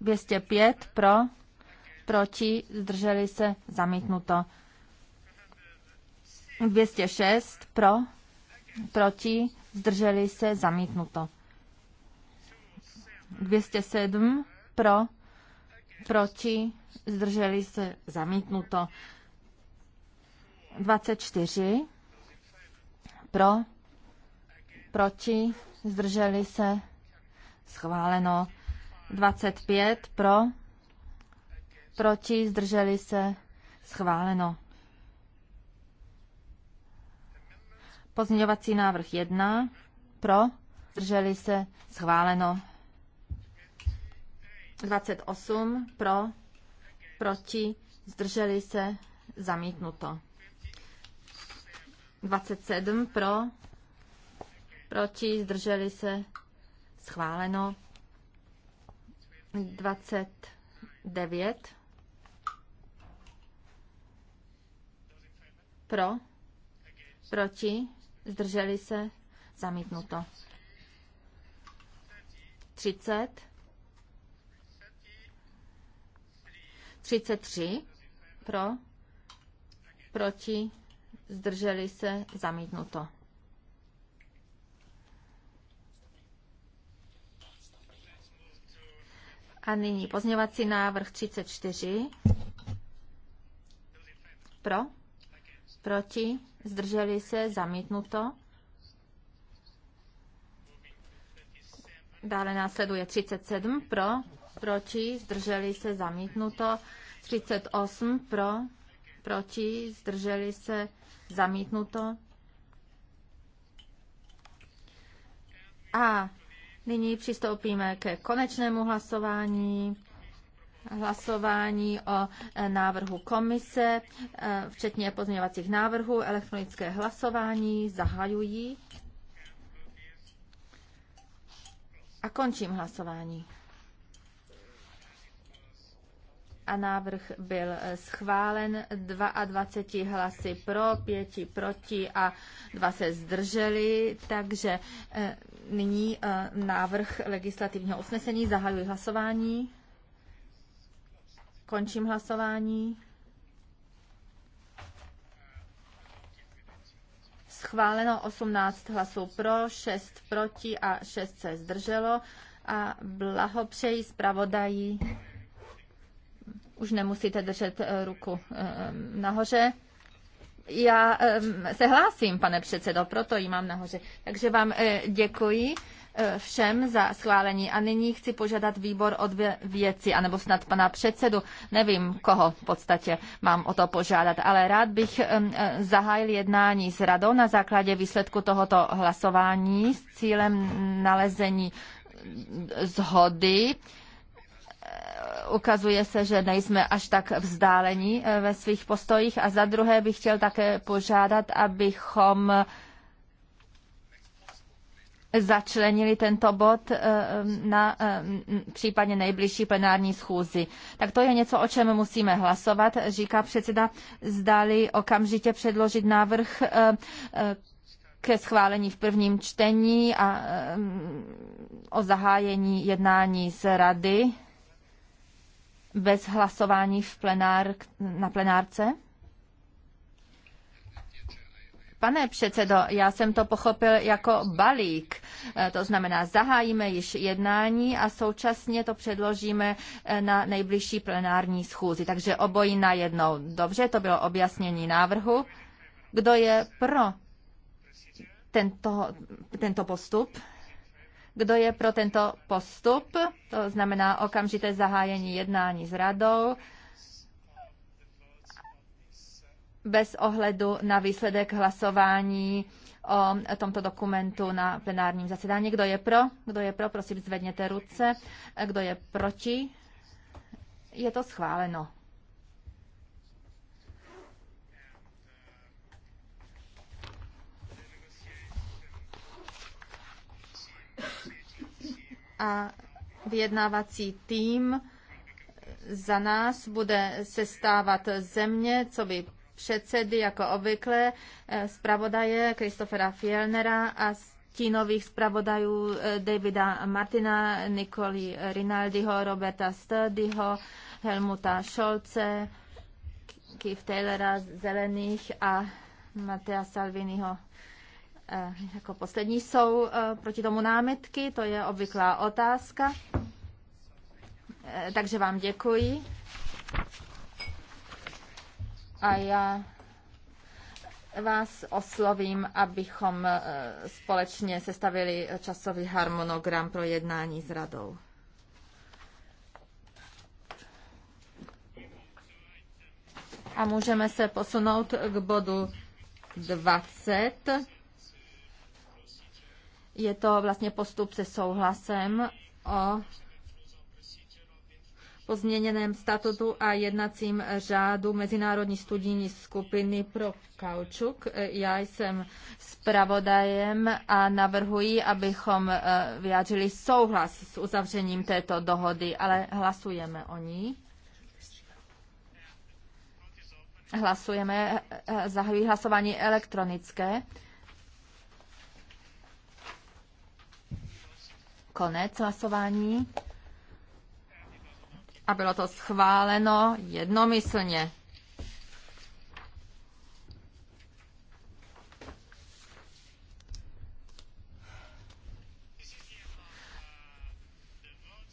205 pro, proti, zdrželi se, zamítnuto. 206 pro, proti, zdrželi se, zamítnuto. 207 pro, proti, zdrželi se, zamítnuto. 24 pro, proti, zdrželi se, schváleno. 25 pro, proti, zdrželi se, schváleno. Pozměňovací návrh 1 pro, zdrželi se, schváleno. 28 pro, proti, zdrželi se, zamítnuto. 27 pro, proti, zdrželi se, schváleno. 29 pro, proti, zdrželi se, zamítnuto. 30, 33 pro, proti, zdrželi se, zamítnuto. A nyní pozněvací návrh 34. Pro? Proti? zdrželi se, zamítnuto. Dále následuje 37 pro, proti, zdrželi se, zamítnuto. 38 pro, proti, zdrželi se, zamítnuto. A nyní přistoupíme ke konečnému hlasování hlasování o e, návrhu komise, e, včetně pozměňovacích návrhů, elektronické hlasování, zahajují a končím hlasování. A návrh byl e, schválen 22 hlasy pro, 5 proti a 2 se zdrželi, takže nyní návrh legislativního usnesení zahajuji hlasování. Končím hlasování. Schváleno 18 hlasů pro, 6 proti a 6 se zdrželo. A blahopřeji zpravodají. Už nemusíte držet eh, ruku eh, nahoře. Já eh, se hlásím, pane předsedo, proto ji mám nahoře. Takže vám děkuji všem za schválení. A nyní chci požádat výbor o dvě věci, anebo snad pana předsedu, nevím koho v podstatě mám o to požádat, ale rád bych zahájil jednání s radou na základě výsledku tohoto hlasování s cílem nalezení zhody ukazuje se, že nejsme až tak vzdálení eh, ve svých postojích. A za druhé bych chtěl také požádat, abychom začlenili tento bod eh, na eh, případně nejbližší plenární schůzi. Tak to je něco, o čem musíme hlasovat, říká předseda, zdali okamžitě předložit návrh eh, ke schválení v prvním čtení a o zahájení jednání z rady bez hlasování v plenár, na plenárce? Pane předsedo, já jsem to pochopil jako balík. E, to znamená, zahájíme již jednání a současně to předložíme e, na nejbližší plenární schůzi. Takže obojí na najednou. Dobře, to bylo objasnění návrhu. Kdo je pro tento, tento postup? Kdo je pro tento postup? To znamená okamžité zahájení jednání s radou bez ohledu na výsledek hlasování o tomto dokumentu na plenárním zasedání. Kdo je pro? Kdo je pro? Prosím, zvedněte ruce. Kdo je proti? Je to schváleno. A vyjednávací tým za nás bude sestávat země, co by předsedy, jako obvykle, eh, zpravodaje Kristofera Fielnera a stínových zpravodajů eh, Davida Martina, Nikoli Rinaldiho, Roberta Sturdyho, Helmuta Scholze, Keith Taylora Zelených a Matea Salviniho eh, jako poslední jsou proti tomu námitky, to je obvyklá otázka. Takže vám děkuji a já vás oslovím, abychom eh, společně sestavili časový harmonogram pro jednání s radou. A můžeme se posunout k bodu 20. Je to vlastně postup se souhlasem o po změněném statutu a jednacím řádu Mezinárodní studijní skupiny pro kaučuk. Já jsem zpravodajem a navrhuji, abychom eh, vyjádřili souhlas s uzavřením této dohody, ale hlasujeme o ní. Hlasujeme, eh, eh, zahajují hlasování elektronické. Konec hlasování a bylo to schváleno jednomyslně.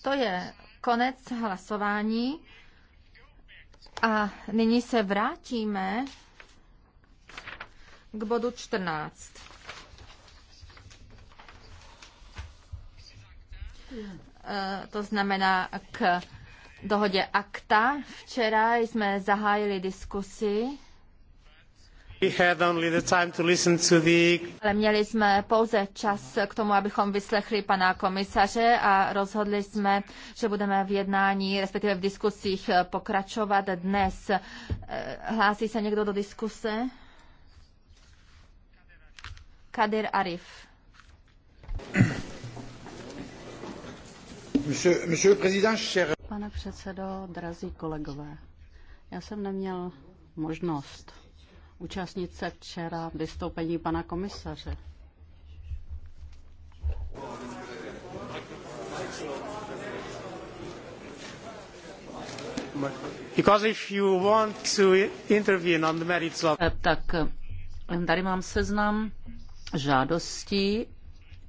To je konec hlasování a nyní se vrátíme k bodu 14. Eh, to znamená k dohodě akta. Včera jsme zahájili diskusi. Ale měli jsme pouze čas k tomu, abychom vyslechli pana komisaře a rozhodli jsme, že budeme v jednání, respektive v diskusích pokračovat dnes. Eh, hlásí se někdo do diskuse? Kadir Arif. Monsieur, monsieur le Président, cher Pane předsedo, drazí kolegové, já jsem neměl možnost účastnit se včera vystoupení pana komisaře. Because if you want to intervene on the merits of... Eh, tak eh, tady mám seznam žádostí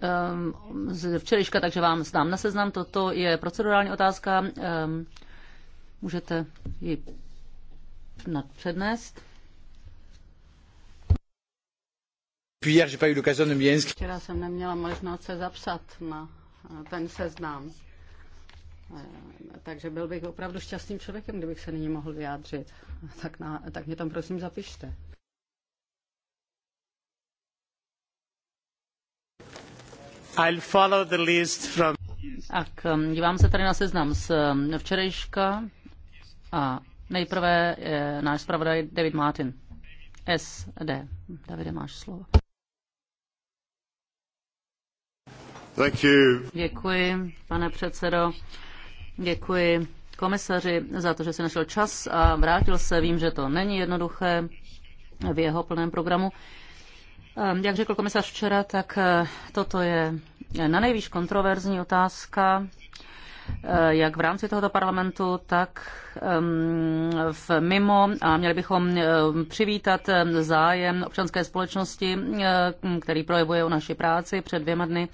um, z včerejška, takže vám znám na seznam. Toto je procedurální otázka. Ehm, můžete ji přednést. Včera jsem neměla možnost se zapsat na eh, ten seznam. Eh, takže byl bych opravdu šťastným člověkem, kdybych se nyní mohl vyjádřit. Tak, na, tak mě tam prosím zapište. Tak, um, dívám se tady na seznam z um, včerejška a nejprve je eh, náš zpravodaj David Martin. SD. Davide, máš slovo. Thank you. Děkuji, pane předsedo. Děkuji komisaři za to, že si našel čas a vrátil se. Vím, že to není jednoduché v jeho plném programu. Ehm, jak řekl komisař včera, tak eh, toto je na nejvýš kontroverzní otázka eh, jak v rámci tohoto parlamentu, tak ehm, v mimo a měli bychom ehm, přivítat zájem občanské společnosti, který projevuje o naši práci před dvěma dny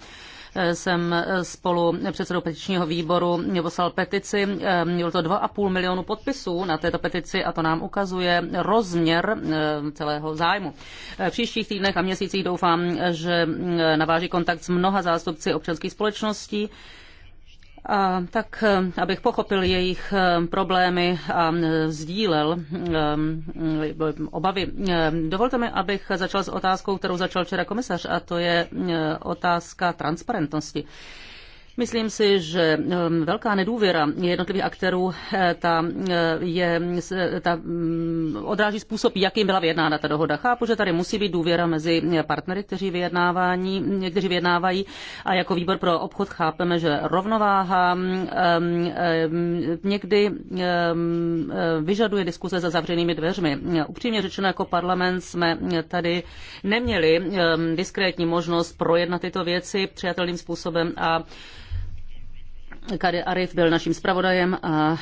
jsem spolu předsedou petičního výboru poslal petici. Bylo to 2,5 milionu podpisů na této petici a to nám ukazuje rozměr eh, celého zájmu. Eh, v příštích týdnech a měsících doufám, že eh, naváží kontakt s mnoha zástupci občanských společností a tak, eh, abych pochopil jejich eh, problémy a eh, sdílel obavy, dovolte mi, abych začal s otázkou, kterou začal včera komisař, a to je otázka transparentnosti. Myslím si, že um, velká nedůvěra jednotlivých aktérů eh, ta eh, je, ta mm, odráží způsob, jakým byla vyjednána ta dohoda. Chápu, že tady musí být důvěra mezi partnery, kteří, vyjednávání, kteří vyjednávají a jako výbor pro obchod chápeme, že rovnováha mm, eh, někdy vyžaduje diskuze za zavřenými dveřmi. Upřímně řečeno, jako parlament jsme tady neměli diskrétní možnost projednat tyto věci přijatelným způsobem a Kadir Arif byl naším zpravodajem a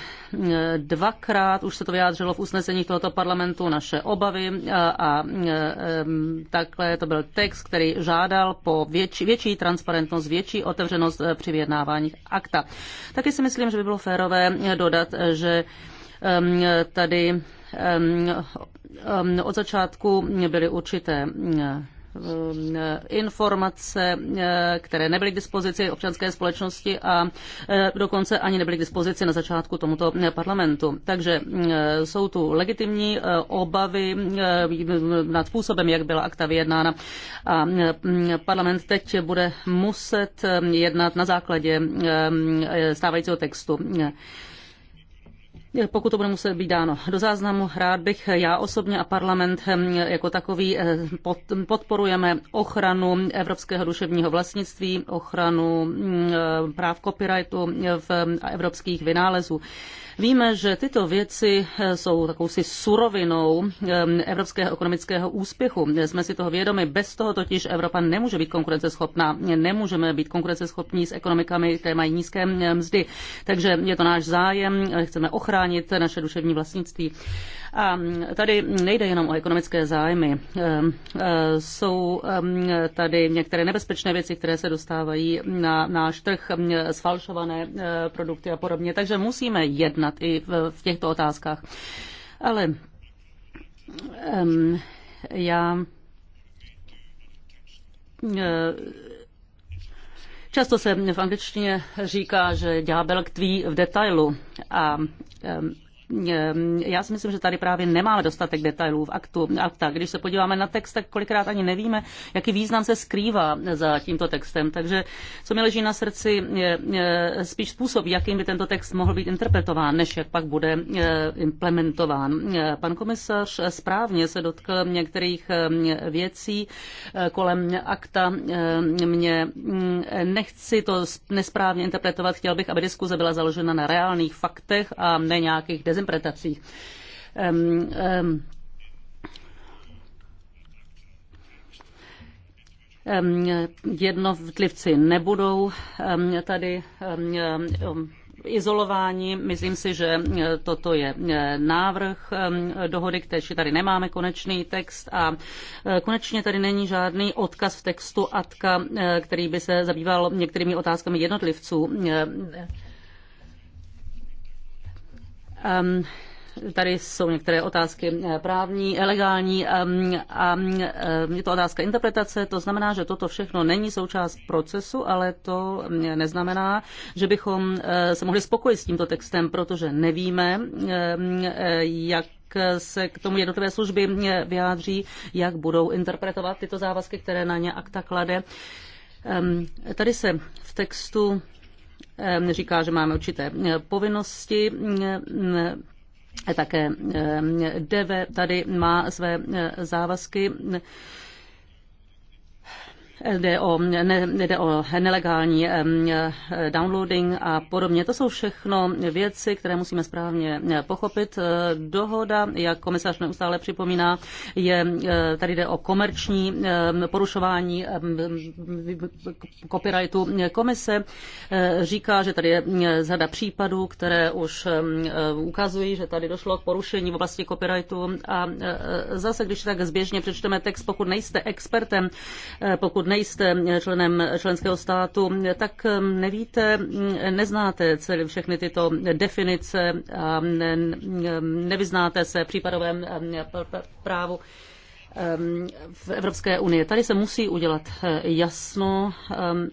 e, dvakrát už se to vyjádřilo v usnesení tohoto parlamentu naše obavy a, a e, takhle to byl text, který žádal po větší, větší transparentnost, větší otevřenost e, při vyjednáváních akta. Taky si myslím, že by bylo férové dodat, že tady od začátku byly určité Um, informace, eh, které nebyly k dispozici občanské společnosti a eh, dokonce ani nebyly k dispozici na začátku tomuto eh, parlamentu. Takže jsou tu legitimní obavy nad způsobem, jak byla akta vyjednána a mm, parlament teď bude muset jednat na základě stávajícího textu. Pokud to bude muset být dáno do záznamu, rád bych já osobně a parlament eh, jako takový eh, podporujeme ochranu evropského duševního vlastnictví, ochranu mm, eh, práv copyrightu v evropských vynálezů. Víme, že tyto věci eh, jsou si surovinou eh, evropského ekonomického úspěchu. Jsme si toho vědomi. Bez toho totiž Evropa nemůže být konkurenceschopná. Nemůžeme být konkurenceschopní s ekonomikami, které mají nízké eh, mzdy. Takže je to náš zájem. Chceme ochránit naše duševní vlastnictví. A tady nejde jenom o ekonomické zájmy. E, e, jsou tady některé nebezpečné věci, které se dostávají na náš trh, sfalšované e, produkty a podobně. Takže musíme jednat i v těchto otázkách. Ale já Často se v angličtině říká, že ďábel tví v detailu a Ehm, já si myslím, že tady právě nemáme dostatek detailů v aktu. Akta. Když se podíváme na text, tak kolikrát ani nevíme, jaký význam se skrývá za tímto textem. Takže co mi leží na srdci, je spíš způsob, jakým by tento text mohl být interpretován, než jak pak bude e, implementován. E, pan komisař správně se dotkl některých e, věcí kolem akta. Mě mm, nechci to nesprávně interpretovat, chtěl bych, aby diskuze byla založena na reálných faktech a ne nějakých dezinformacích interpretacích. Um, um, jednotlivci nebudou tady izolování. Myslím si, že toto je návrh dohody, který tady nemáme konečný text a e, konečně tady není žádný odkaz v textu ATKA, e, který by se zabýval některými otázkami jednotlivců. E, Um, Tady jsou některé otázky eh, právní, eh, legální ehm, a ehm, je to otázka interpretace. To znamená, že toto všechno není součást procesu, ale to eh, neznamená, že bychom se mohli spokojit s tímto textem, protože nevíme, jak se k tomu jednotlivé služby vyjádří, jak budou interpretovat tyto závazky, které na ně akta klade. Tady se v textu říká, že máme určité povinnosti také DV tady má své závazky jde o, ne, jde o nelegální downloading a podobně. To jsou všechno věci, které musíme správně eh, pochopit. Eh, dohoda, jak komisař neustále připomíná, je, eh, tady jde o komerční porušování copyrightu komise. Říká, že tady je zada případů, které už ukazují, že tady došlo k porušení v oblasti copyrightu a zase, když tak zběžně přečteme text, pokud nejste expertem, pokud nejste členem členského státu, tak mm, nevíte, mm, neznáte celé všechny tyto definice a mm, nevyznáte se případovém právu v Evropské unii. Tady se musí udělat eh, jasno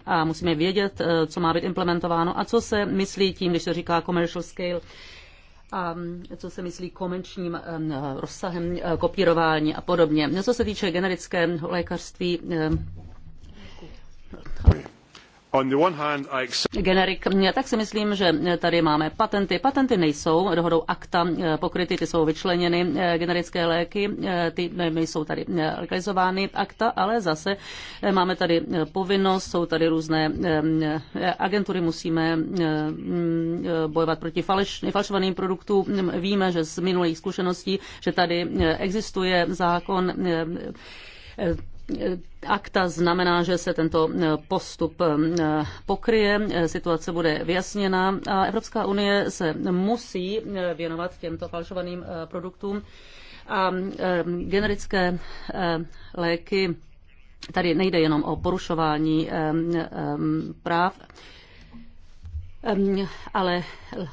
a musíme vědět, eh, co má být implementováno a co se myslí tím, když se říká commercial scale a co se myslí komenčním rozsahem eh, kopírování a podobně. Co se týče generického lékařství, generik, tak si myslím, že tady máme patenty. Patenty nejsou dohodou akta eh, pokryty, ty jsou vyčleněny eh, generické léky, eh, ty nejsou tady legalizovány akta, ale zase máme tady povinnost, jsou tady různé agentury, musíme mm, bojovat proti faleš, falšovaným produktům. Víme, že z minulých zkušeností, že tady existuje zákon akta znamená, že se tento eh, postup eh, pokryje, eh, situace bude vyjasněna a Evropská unie se musí věnovat těmto falšovaným produktům a generické léky Tady nejde jenom o porušování práv, ale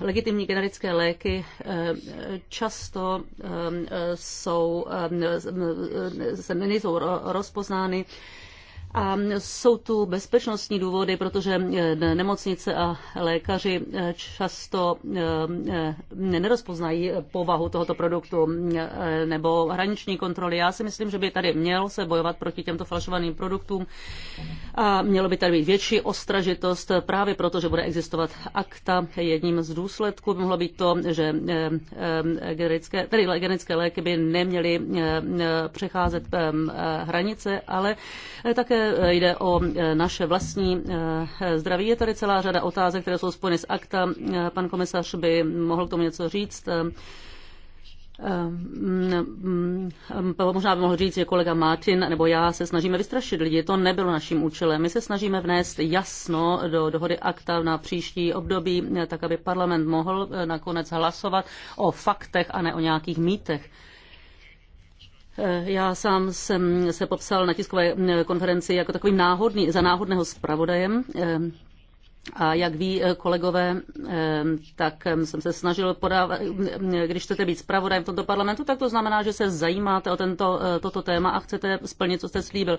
legitimní generické léky eh, často eh, jsou, se nejsou rozpoznány a jsou tu bezpečnostní důvody, protože eh, nemocnice a lékaři eh, často eh, nerozpoznají povahu tohoto produktu nebo hraniční kontroly. Já si myslím, že by tady měl se bojovat proti těmto falšovaným produktům a mělo by tady být větší ostražitost právě proto, že bude existovat akta. Jedním z důsledků by mohlo být to, že generické, tedy generické léky by neměly přecházet hranice, ale také Eh, jde o eh, naše vlastní eh, zdraví. Je tady celá řada otázek, které jsou spojeny s akta. Pan komisař by mohl k tomu něco říct. Mm, mm, možná by mohl říct, že kolega Martin nebo já se snažíme vystrašit lidi. To nebylo naším účelem. My se snažíme vnést jasno do dohody akta na příští období, tak aby parlament mohl nakonec hlasovat o faktech a ne o nějakých mýtech. Eh, já sám jsem se popsal na tiskové eh, konferenci jako takový náhodný, za náhodného zpravodajem. Eh, a jak ví kolegové, tak jsem se snažil podávat, když chcete být zpravodajem v tomto parlamentu, tak to znamená, že se zajímáte o tento, toto téma a chcete splnit, co jste slíbil.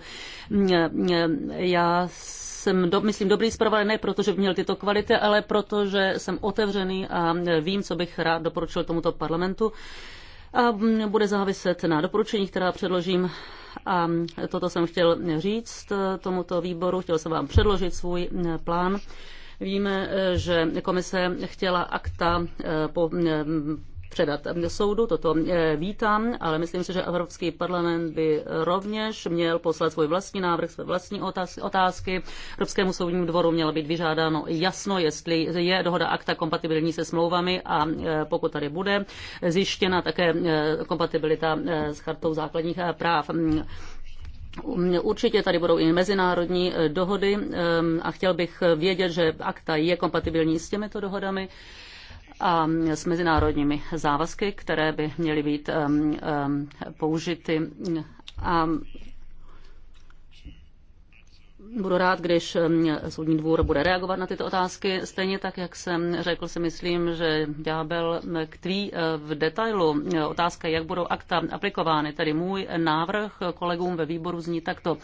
Mm, mm, já jsem, do, myslím, dobrý zpravodaj, ne protože by měl tyto kvality, ale protože jsem otevřený a vím, co bych rád doporučil tomuto parlamentu a mm, bude záviset na doporučení, která předložím. A mm, toto jsem chtěl říct eh, tomuto výboru, chtěl jsem vám předložit svůj eh, plán. Víme, eh, že komise chtěla akta po předat soudu. Toto eh, vítám, ale myslím si, že Evropský parlament by rovněž měl poslat svůj vlastní návrh, své vlastní otázky. Evropskému soudnímu dvoru mělo být vyžádáno jasno, jestli je dohoda akta kompatibilní se smlouvami a eh, pokud tady bude zjištěna také eh, kompatibilita s chartou základních práv. Určitě tady budou i mezinárodní dohody a chtěl bych vědět, že akta je kompatibilní s těmito dohodami a s mezinárodními závazky, které by měly být um, um, použity. A budu rád, když um, soudní dvůr bude reagovat na tyto otázky. Stejně tak, jak jsem řekl, si myslím, že ďábel ktví uh, v detailu. Otázka, jak budou akta aplikovány. Tedy můj návrh kolegům ve výboru zní takto.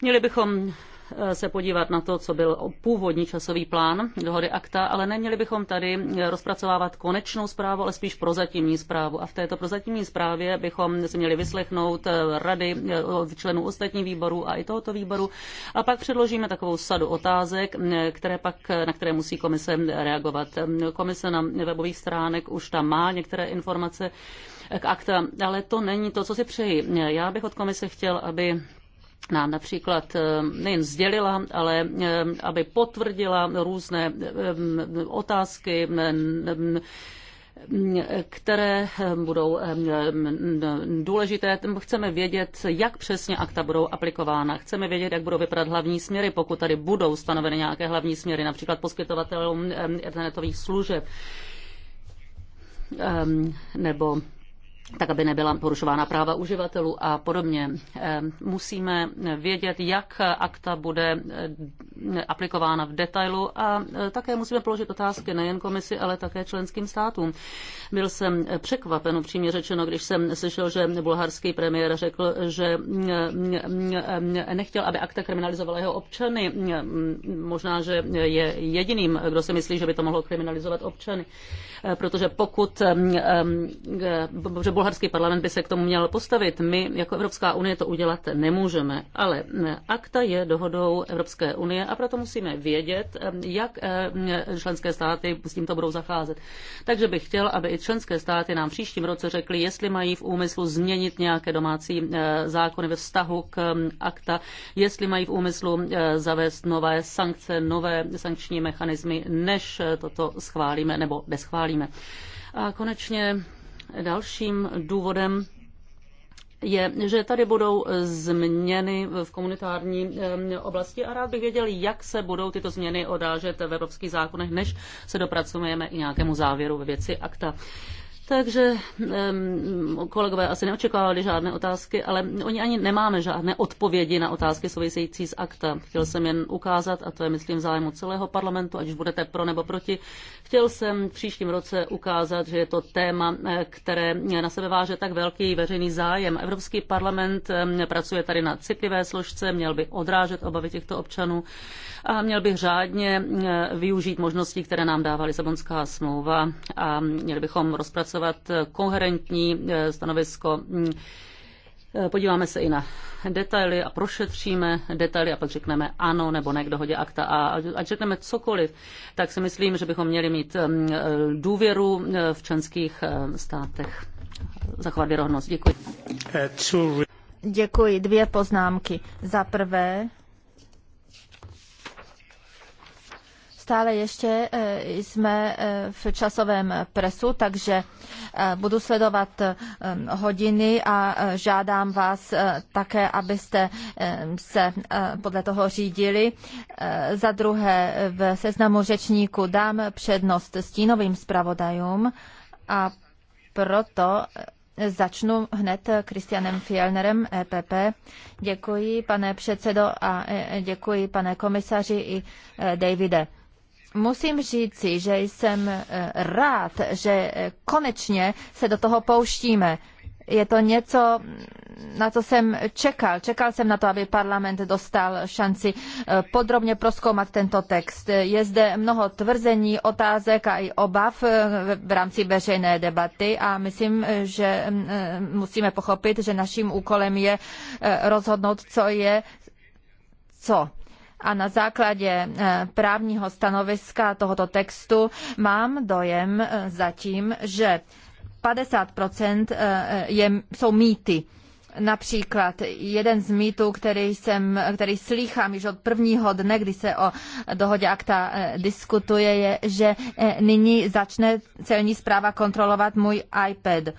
Měli bychom Eh, se podívat na to, co byl původní časový plán dohody akta, ale neměli bychom tady eh, rozpracovávat konečnou zprávu, ale spíš prozatímní zprávu. A v této prozatímní zprávě bychom si měli vyslechnout eh, rady členů ostatních výborů a i tohoto výboru a pak předložíme takovou sadu otázek, které pak, na které musí komise reagovat. Komise na webových stránek už tam má některé informace k akta, ale to není to, co si přeji. Já bych od komise chtěl, aby nám například eh, nejen sdělila, ale eh, aby potvrdila různé eh, otázky, které budou důležité. Chceme vědět, jak přesně akta budou aplikována. Chceme vědět, jak budou vypadat hlavní směry, pokud tady budou stanoveny nějaké hlavní směry, například poskytovatelům internetových služeb nebo tak aby nebyla porušována práva uživatelů a podobně. Eh, musíme vědět, jak akta bude eh, aplikována v detailu a eh, také musíme položit otázky nejen komisi, ale také členským státům. Byl jsem překvapen, upřímně řečeno, když jsem slyšel, že bulharský premiér řekl, že nechtěl, aby akta kriminalizovala jeho občany. Možná, že je jediným, kdo si myslí, že by to mohlo kriminalizovat občany protože pokud že bulharský parlament by se k tomu měl postavit, my jako Evropská unie to udělat nemůžeme. Ale akta je dohodou Evropské unie a proto musíme vědět, jak členské státy s tímto budou zacházet. Takže bych chtěl, aby i členské státy nám příštím roce řekly, jestli mají v úmyslu změnit nějaké domácí zákony ve vztahu k akta, jestli mají v úmyslu zavést nové sankce, nové sankční mechanismy, než eh, toto schválíme nebo neschválíme schválíme. A konečně dalším důvodem je, že tady budou změny v komunitární oblasti a rád bych věděl, jak se budou tyto změny odážet v evropských zákonech, než se dopracujeme i nějakému závěru ve věci akta. Takže kolegové asi neočekávali žádné otázky, ale oni ani nemáme žádné odpovědi na otázky související z akta. Chtěl jsem jen ukázat, a to je myslím zájem zájmu celého parlamentu, ať už budete pro nebo proti, chtěl jsem v příštím roce ukázat, že je to téma, eh, které na sebe váže tak velký veřejný zájem. Evropský parlament pracuje tady na citlivé složce, měl by odrážet obavy těchto občanů a měl bych řádně eh, využít možnosti, které nám dává Lisabonská smlouva a měli bychom rozpracovat eh, koherentní eh, stanovisko mm, Podíváme se i na detaily a prošetříme detaily a pak řekneme ano nebo ne k dohodě akta. A ať řekneme cokoliv, tak si myslím, že bychom měli mít mm, důvěru v členských státech. Zachovat věrohodnost. Děkuji. Děkuji. Dvě poznámky. Za prvé, stále ještě eh, jsme eh, v časovém presu, takže eh, budu sledovat hodiny a žádám vás také, abyste se podle toho řídili. Za druhé, v seznamu řečníku dám přednost stínovým zpravodajům a proto Začnu hned Kristianem Fielnerem, EPP. Děkuji, pane předsedo, a děkuji, pane komisaři i Davide. Musím říci, že jsem eh, rád, že eh, konečně se do toho pouštíme. Je to něco, mm, na co jsem čekal. Čekal jsem na to, aby parlament dostal šanci eh, podrobně proskoumat tento text. Je zde mnoho tvrzení, otázek a i obav v rámci veřejné debaty a myslím, že mm, musíme pochopit, že naším úkolem je rozhodnout, co je co a na základě eh, právního stanoviska tohoto textu mám dojem eh, zatím, že 50% eh, je, jsou mýty. Například jeden z mýtů, který, jsem, který slýchám již od prvního dne, kdy se o dohodě akta diskutuje, je, že nyní začne celní zpráva kontrolovat můj iPad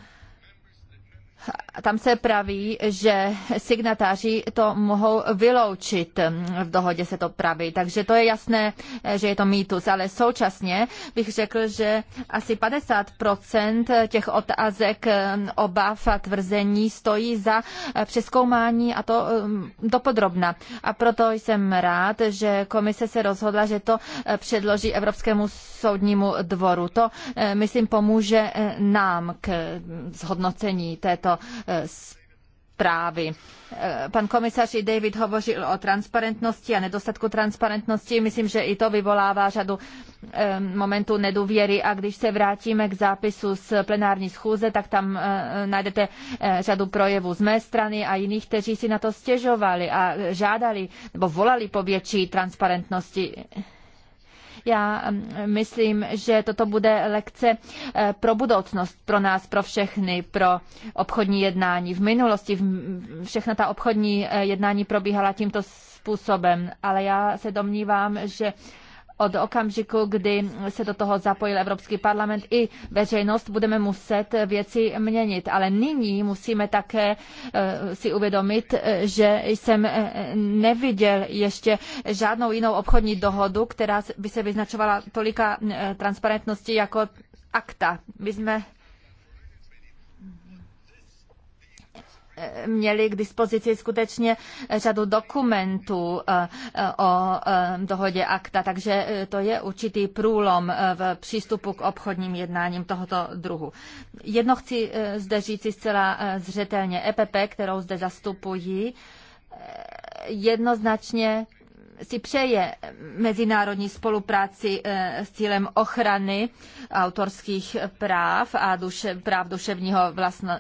tam se praví, že signatáři to mohou vyloučit. V dohodě se to praví. Takže to je jasné, že je to mýtus. Ale současně bych řekl, že asi 50% těch otázek, obav a tvrzení stojí za přeskoumání a to mm, dopodrobna. A proto jsem rád, že komise se rozhodla, že to eh, předloží Evropskému soudnímu dvoru. To, eh, myslím, pomůže eh, nám k mm, zhodnocení této Správy. Eh, eh, pan komisař i David hovořil o transparentnosti a nedostatku transparentnosti. Myslím, že i to vyvolává řadu eh, momentů nedůvěry a když se vrátíme k zápisu z plenární schůze, tak tam najdete řadu projevů z mé strany a jiných, kteří si na to stěžovali a žádali nebo volali po větší transparentnosti. Já mm, myslím, že toto bude lekce eh, pro budoucnost, pro nás, pro všechny, pro obchodní jednání. V minulosti všechna ta obchodní eh, jednání probíhala tímto způsobem, ale já se domnívám, že od okamžiku, kdy se do toho zapojil Evropský parlament i veřejnost, budeme muset věci měnit. Ale nyní musíme také eh, si uvědomit, eh, že jsem eh, neviděl ještě žádnou jinou obchodní dohodu, která by se vyznačovala tolika transparentnosti jako akta. My jsme měli k dispozici skutečně řadu dokumentů eh, eh, o eh, dohodě akta, takže to je určitý průlom v přístupu k obchodním jednáním tohoto druhu. Jedno chci zde říci zcela zřetelně. EPP, kterou zde zastupují, jednoznačně si přeje mezinárodní spolupráci eh, s cílem ochrany autorských práv a duše, práv duševního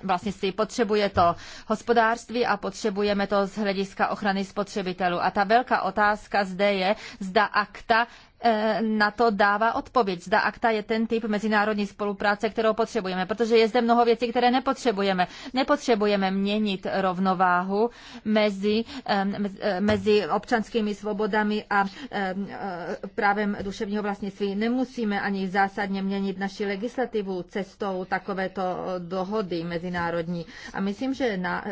vlastnictví. Potřebuje to hospodářství a potřebujeme to z hlediska ochrany spotřebitelů. A ta velká otázka zde je, zda akta E, na to dává odpověď. Zda akta je ten typ mezinárodní spolupráce, kterou potřebujeme, protože je zde mnoho věcí, které nepotřebujeme. Nepotřebujeme měnit rovnováhu mezi, e, e, mezi občanskými svobodami a právem duševního vlastnictví. Nemusíme ani zásadně měnit naši legislativu cestou takovéto dohody mezinárodní. A myslím, že na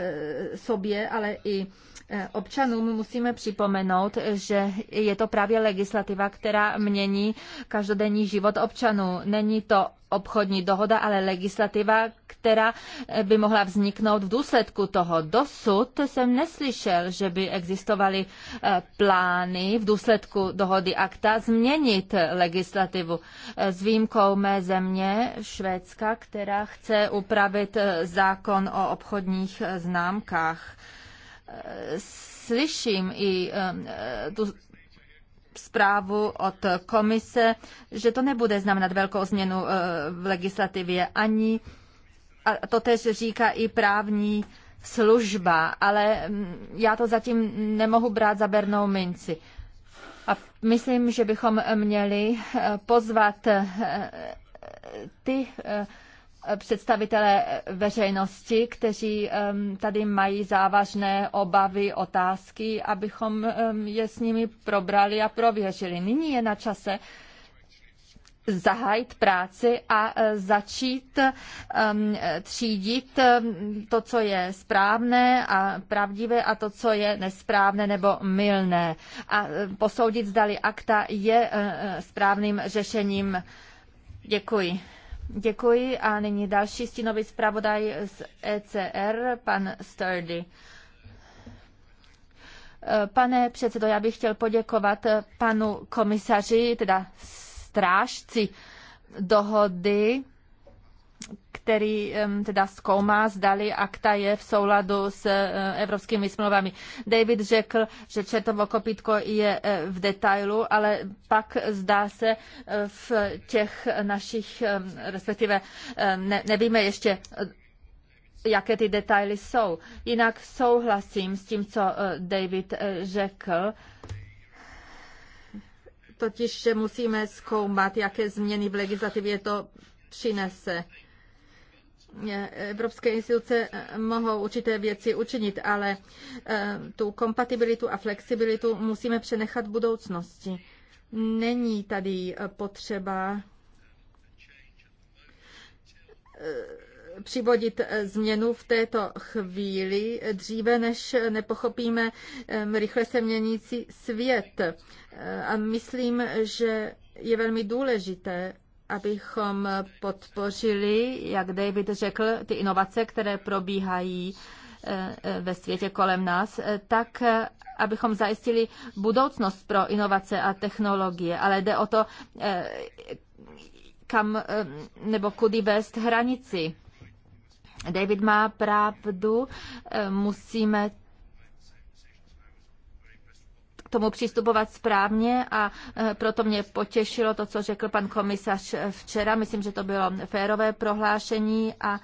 sobě, ale i Eh, občanům musíme připomenout, že je to právě legislativa, která mění každodenní život občanů. Není to obchodní dohoda, ale legislativa, která eh, by mohla vzniknout v důsledku toho. Dosud jsem neslyšel, že by existovaly eh, plány v důsledku dohody akta změnit legislativu. S výjimkou mé země, Švédska, která chce upravit zákon o obchodních známkách slyším i e, tu zprávu od komise, že to nebude znamenat velkou změnu e, v legislativě ani, a to tež říká i právní služba, ale já to zatím nemohu brát za bernou minci. A myslím, že bychom měli e, pozvat ty Eh, představitelé veřejnosti, kteří tady mají závažné obavy, otázky, abychom je s nimi probrali a prověřili. Nyní je na čase zahájit práci a eh, začít třídit to, co je správné a pravdivé a to, co je nesprávné nebo mylné a eh, posoudit, zdali akta je správným řešením. Děkuji. Děkuji a nyní další stínový zpravodaj z ECR, pan Sturdy. Pane předsedo, já bych chtěl poděkovat panu komisaři, teda strážci dohody který teda zkoumá, zdali akta je v souladu s e, evropskými smlouvami. David řekl, že četovo kopítko je e, v detailu, ale pak zdá se e, v těch našich, respektive ne, nevíme ještě jaké ty detaily jsou. Jinak souhlasím s tím, co David řekl totiž, že musíme zkoumat, jaké změny v legislativě to přinese. Eh, evropské instituce eh, mohou určité věci učinit, ale eh, tu kompatibilitu a flexibilitu musíme přenechat budoucnosti. Není tady potřeba přivodit změnu v této chvíli, dříve než nepochopíme rychle se měnící svět. A myslím, že je velmi důležité abychom podpořili, jak David řekl, ty inovace, které probíhají eh, eh, ve světě kolem nás, eh, tak abychom zajistili budoucnost pro inovace a technologie. Ale jde o to, kam nebo kudy vést hranici. David má pravdu, musíme tomu přistupovat správně a e, proto mě potěšilo to, co řekl pan komisař včera. Myslím, že to bylo férové prohlášení a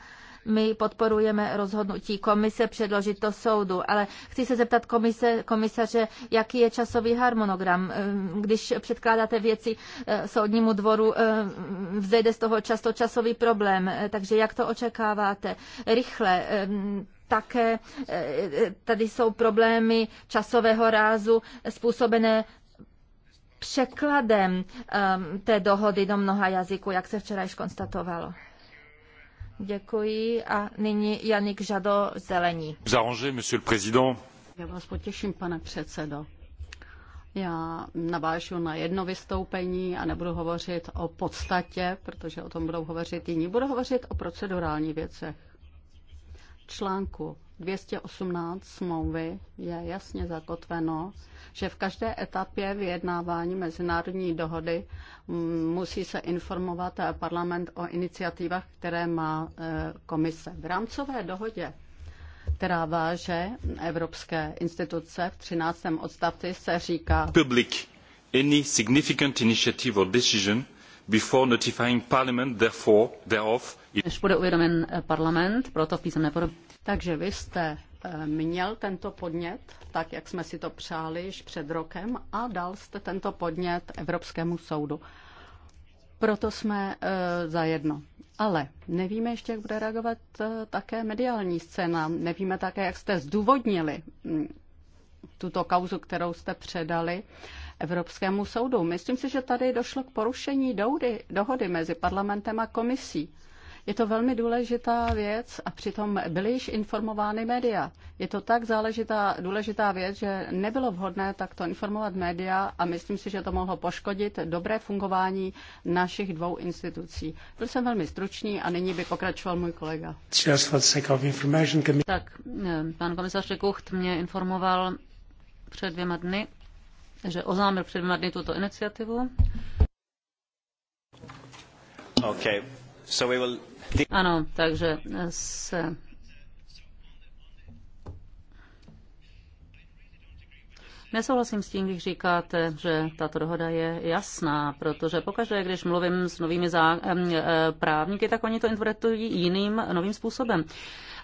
my podporujeme rozhodnutí komise předložit to soudu, ale chci se zeptat komise, komisaře, jaký je časový harmonogram. E, když předkládáte věci e, soudnímu dvoru, vzejde z toho často časový problém, takže jak to očekáváte? Rychle také eh, tady jsou problémy časového rázu způsobené překladem ehm, té dohody do mnoha jazyků, jak se včera již konstatovalo. Děkuji a nyní Janik Žado Zelení. Zarangé, monsieur le président. Já vás potěším, pane předsedo. Já navážu na jedno vystoupení a nebudu hovořit o podstatě, protože o tom budou hovořit jiní. Budu hovořit o procedurální věcech článku 218 smlouvy je jasně zakotveno, že v každé etapě vyjednávání mezinárodní dohody mm, musí se informovat eh, parlament o iniciativách, které má eh, komise. V rámcové dohodě která váže evropské instituce v 13. odstavci se říká Public any significant initiative or decision before notifying parliament thereof. Než bude uvědomen eh, parlament, proto v písemné podobě. Takže vy jste eh, měl tento podnět, tak jak jsme si to přáli již před rokem, a dal jste tento podnět Evropskému soudu. Proto jsme e, eh, zajedno. Ale nevíme ještě, jak bude reagovat také mediální scéna. Nevíme také, jak jste zdůvodnili m, mm, tuto kauzu, kterou jste předali. Evropskému soudu. Myslím si, že tady došlo k porušení doudy, dohody mezi parlamentem a komisí. Je to velmi důležitá věc a přitom byly již informovány média. Je to tak záležitá, důležitá věc, že nebylo vhodné takto informovat média a myslím si, že to mohlo poškodit dobré fungování našich dvou institucí. Byl jsem velmi stručný a nyní by pokračoval můj kolega. Tak, eh, pan komisař Kucht mě informoval před dvěma dny, že oznámil před dvěma dny tuto iniciativu. Okay. So we will... Ano, takže se Nesouhlasím s tím, když říkáte, že tato dohoda je jasná, protože pokaždé, když mluvím s novými zá, e, právníky, tak oni to interpretují jiným, novým způsobem.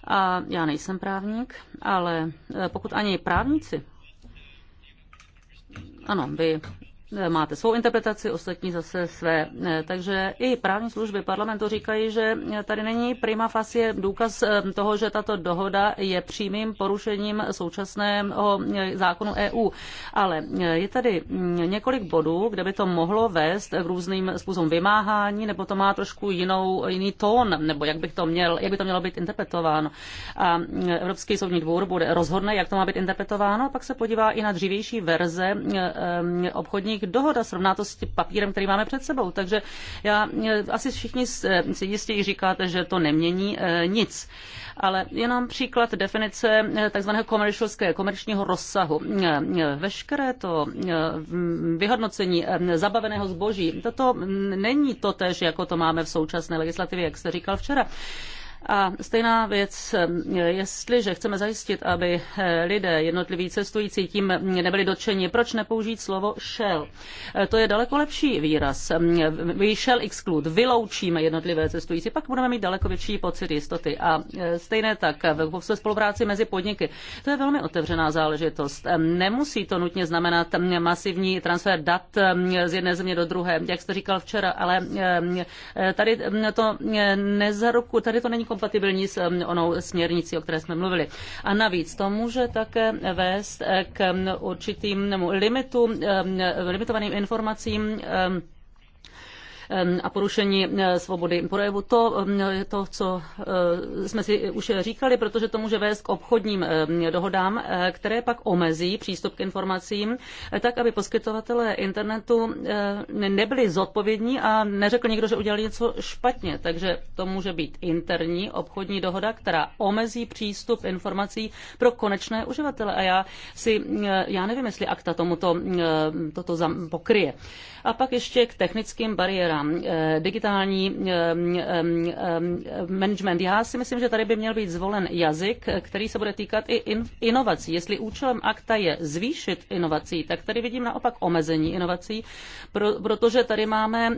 A já nejsem právník, ale e, pokud ani právníci ano, vy máte svou interpretaci, ostatní zase své. Eh, takže i právní služby parlamentu říkají, že tady není prima facie důkaz eh, toho, že tato dohoda je přímým porušením současného eh, zákonu EU. Ale je tady mm, několik bodů, kde by to mohlo vést k různým způsobům vymáhání, nebo to má trošku jinou, jiný tón, nebo jak, bych to měl, jak by to mělo být interpretováno. A mm, Evropský soudní dvůr bude rozhodne, jak to má být interpretováno, a pak se podívá i na dřívější verze obchodních obchodních dohod a srovná to s tím papírem, který máme před sebou. Takže já eh, asi všichni eh, si jistě říkáte, že to nemění eh, nic. Ale jenom příklad definice takzvaného komerčního rozsahu. Veškeré to vyhodnocení zabaveného zboží, toto mm, není to tež, jako to máme v současné legislativě, jak jste říkal včera. A stejná věc, jestliže chceme zajistit, aby lidé, jednotliví cestující, tím nebyli dotčeni, proč nepoužít slovo shell? To je daleko lepší výraz. We shall exclude, vyloučíme jednotlivé cestující, pak budeme mít daleko větší pocit jistoty. A stejné tak v spolupráci mezi podniky. To je velmi otevřená záležitost. Nemusí to nutně znamenat masivní transfer dat z jedné země do druhé, jak jste říkal včera, ale tady to nezaruku, tady to není kompatibilní s um, onou směrnicí, o které jsme mluvili. A navíc to může také vést k um, určitým limitu, um, limitovaným informacím, a porušení svobody projevu. To, to, co eh, jsme si už říkali, protože to může vést k obchodním dohodám, eh, které pak omezí přístup k informacím, eh, tak aby poskytovatelé internetu nebyli zodpovědní a neřekl někdo, že udělali něco špatně. Takže to může být interní obchodní dohoda, která omezí přístup informací pro konečné uživatele. A já si, já nevím, jestli akta tomuto toto pokryje. A pak ještě k technickým bariérám. Eh, digitální eh, eh, management. Já si myslím, že tady by měl být zvolen jazyk, který se bude týkat i inovací. Jestli účelem akta je zvýšit inovací, tak tady vidím naopak omezení inovací, protože tady máme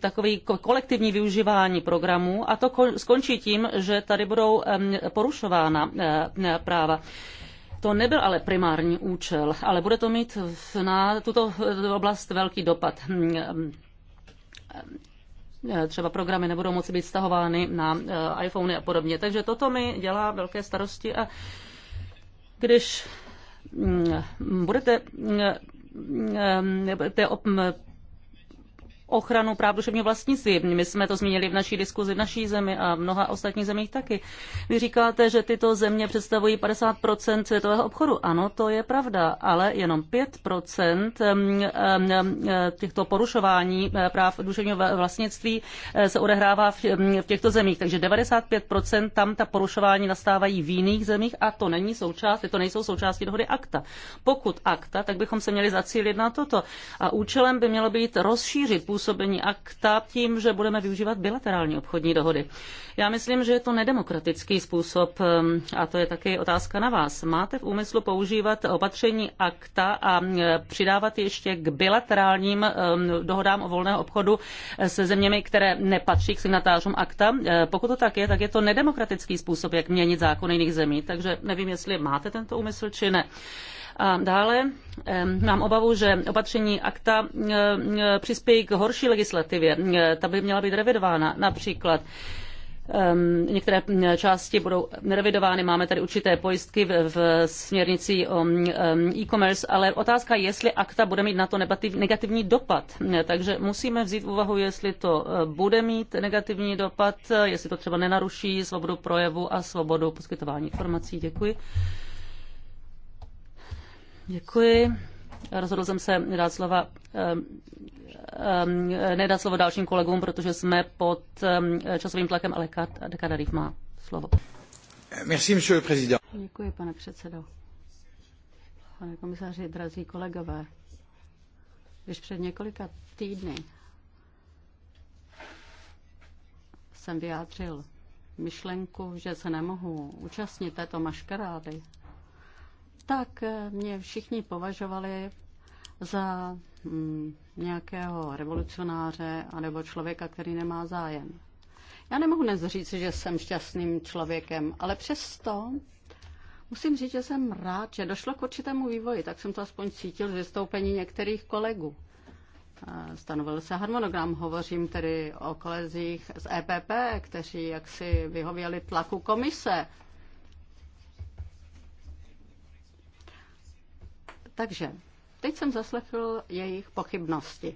takový kolektivní využívání programů a to skončí tím, že tady budou porušována práva. To nebyl ale primární účel, ale bude to mít na tuto oblast velký dopad hmm, hmm, hmm, třeba programy nebudou moci být stahovány na eh, iPhony a podobně. Takže toto mi dělá velké starosti a když budete budete ochranu práv duševního vlastnictví. My jsme to zmínili v naší diskuzi v naší zemi a v mnoha ostatních zemích taky. Vy říkáte, že tyto země představují 50 světového obchodu. Ano, to je pravda, ale jenom 5 těchto porušování eh, práv duševního vlastnictví eh, se odehrává v těchto zemích. Takže 95 tam ta porušování nastávají v jiných zemích a to není součást, to nejsou součástí dohody akta. Pokud akta, tak bychom se měli zacílit na toto. A účelem by mělo být rozšířit působení akta tím, že budeme využívat bilaterální obchodní dohody. Já myslím, že je to nedemokratický způsob um, a to je také otázka na vás. Máte v úmyslu používat opatření akta a um, přidávat ještě k bilaterálním um, dohodám o volného obchodu se zeměmi, které nepatří k signatářům akta? Uh, pokud to tak je, tak je to nedemokratický způsob, jak měnit zákony jiných zemí. Takže nevím, jestli máte tento úmysl či ne. A dále mám obavu, že opatření akta přispějí k horší legislativě. Ta by měla být revidována například některé části budou revidovány, máme tady určité pojistky v, v směrnici o e-commerce, ale otázka je, jestli akta bude mít na to negativní dopad. Takže musíme vzít v úvahu, jestli to bude mít negativní dopad, jestli to třeba nenaruší svobodu projevu a svobodu poskytování informací. Děkuji. Děkuji. Rozhodl jsem se dát slova um, nedat slovo dalším kolegům, protože jsme pod um, časovým tlakem, ale Kadarif má slovo. Merci, monsieur le président. Děkuji, pane předsedo. Pane komisaři, drazí kolegové, když před několika týdny jsem vyjádřil myšlenku, že se nemohu účastnit této maškarády tak eh, mě všichni považovali za hm, nějakého revolucionáře anebo člověka, který nemá zájem. Já nemohu dnes říct, že jsem šťastným člověkem, ale přesto musím říct, že jsem rád, že došlo k určitému vývoji, tak jsem to aspoň cítil z vystoupení některých kolegů. Eh, stanovil se harmonogram, hovořím tedy o kolezích z EPP, kteří jaksi vyhověli tlaku komise Takže teď jsem zaslechl jejich pochybnosti.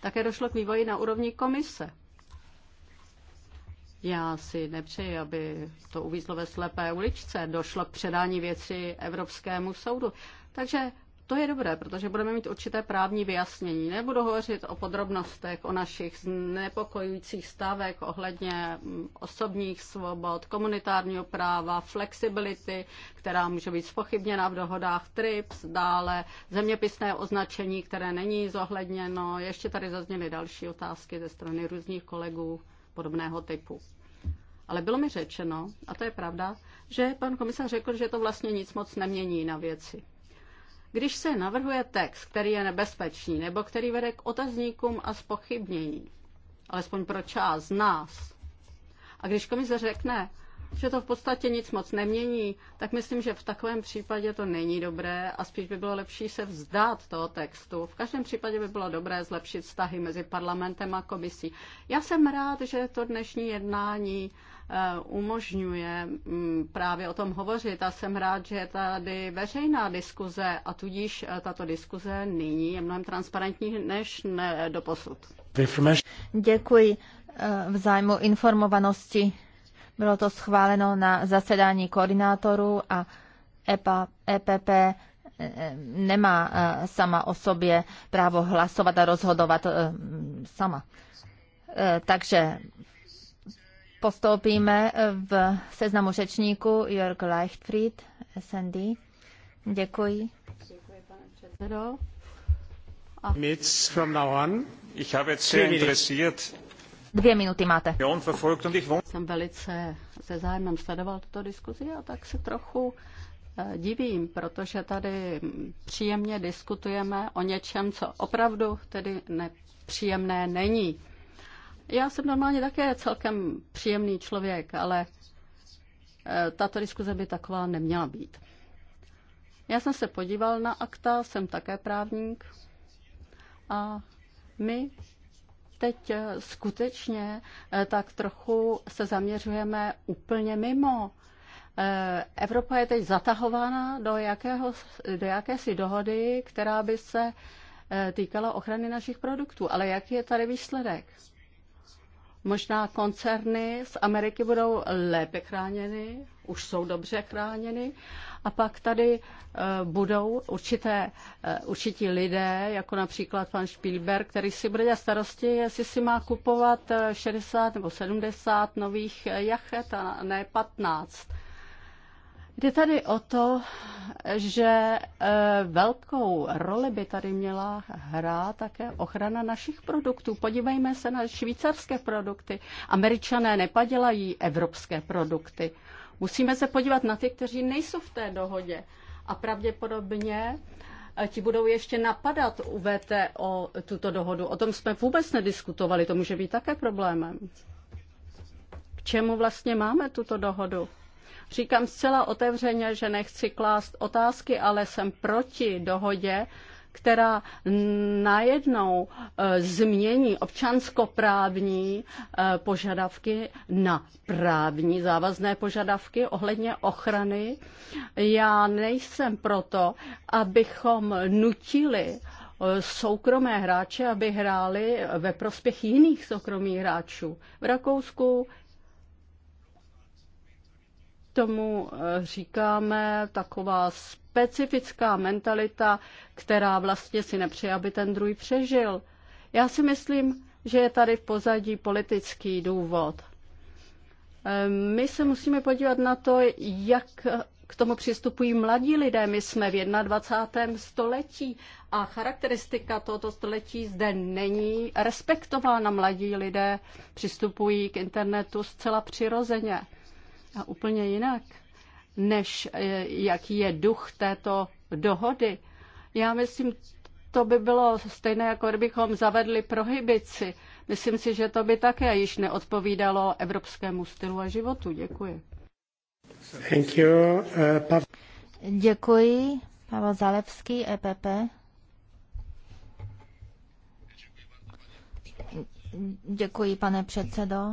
Také došlo k vývoji na úrovni komise. Já si nepřeji, aby to uvízlo ve slepé uličce. Došlo k předání věci Evropskému soudu. Takže to je dobré, protože budeme mít určité právní vyjasnění. Nebudu hovořit o podrobnostech, o našich znepokojujících stavech ohledně mm, osobních svobod, komunitárního práva, flexibility, která může být spochybněna v dohodách TRIPS, dále zeměpisné označení, které není zohledněno. Ještě tady zazněly další otázky ze strany různých kolegů podobného typu. Ale bylo mi řečeno, a to je pravda, že pan komisař řekl, že to vlastně nic moc nemění na věci. Když se navrhuje text, který je nebezpečný nebo který vede k otazníkům a spochybnění, alespoň pro část nás, a když komise řekne, že to v podstatě nic moc nemění, tak myslím, že v takovém případě to není dobré a spíš by bylo lepší se vzdát toho textu. V každém případě by bylo dobré zlepšit vztahy mezi parlamentem a komisí. Já jsem rád, že to dnešní jednání Eh, umožňuje mm, právě o tom hovořit a jsem rád, že je tady veřejná diskuze a tudíž eh, tato diskuze nyní je mnohem transparentní než ne do posud. Děkuji eh, v zájmu informovanosti. Bylo to schváleno na zasedání koordinátorů a EPA, EPP nemá sama o sobě právo hlasovat a rozhodovat sama. Takže Postoupíme v seznamu řečníku Jörg Leichtfried, SND. Děkuji. Děkuji, pane předsedo. Dvě minuty máte. Jsem velice se zájmem sledoval tuto diskuzi a tak se trochu eh, divím, protože tady příjemně diskutujeme o něčem, co opravdu tedy nepříjemné není. Já jsem normálně také celkem příjemný člověk, ale eh, tato diskuze by taková neměla být. Já jsem se podíval na akta, jsem také právník a my teď eh, skutečně eh, tak trochu se zaměřujeme úplně mimo. Evropa je teď zatahována do, jakého, do jakési dohody, která by se týkala ochrany našich produktů. Ale jaký je tady výsledek? Možná koncerny z Ameriky budou lépe chráněny, už jsou dobře chráněny. A pak tady eh, budou určité, eh, určití lidé, jako například pan Spielberg, který si bude dělat starosti, jestli si má kupovat 60 eh, nebo 70 nových jachet a ne 15. Jde tady o to, že e, velkou roli by tady měla hrát také ochrana našich produktů. Podívejme se na švýcarské produkty. Američané nepadělají evropské produkty. Musíme se podívat na ty, kteří nejsou v té dohodě. A pravděpodobně e, ti budou ještě napadat u VTO tuto dohodu. O tom jsme vůbec nediskutovali, to může být také problémem. K čemu vlastně máme tuto dohodu? Říkám zcela otevřeně, že nechci klást otázky, ale jsem proti dohodě, která najednou eh, změní občanskoprávní eh, požadavky na právní závazné požadavky ohledně ochrany. Já nejsem proto, abychom nutili eh, soukromé hráče, aby hráli ve prospěch jiných soukromých hráčů. V Rakousku tomu eh, říkáme taková specifická mentalita, která vlastně si nepřeje, aby ten druhý přežil. Já si myslím, že je tady v pozadí politický důvod. Eh, my se musíme podívat na to, jak k tomu přistupují mladí lidé. My jsme v 21. století a charakteristika tohoto století zde není respektována. Mladí lidé přistupují k internetu zcela přirozeně a úplně jinak, než eh, jaký je duch této dohody. Já myslím, to by bylo stejné, jako kdybychom zavedli prohibici. Myslím si, že to by také již neodpovídalo evropskému stylu a životu. Děkuji. Thank you. Uh, eh, Pav- Děkuji. Pavel Zalevský, EPP. Děkuji, pane předsedo.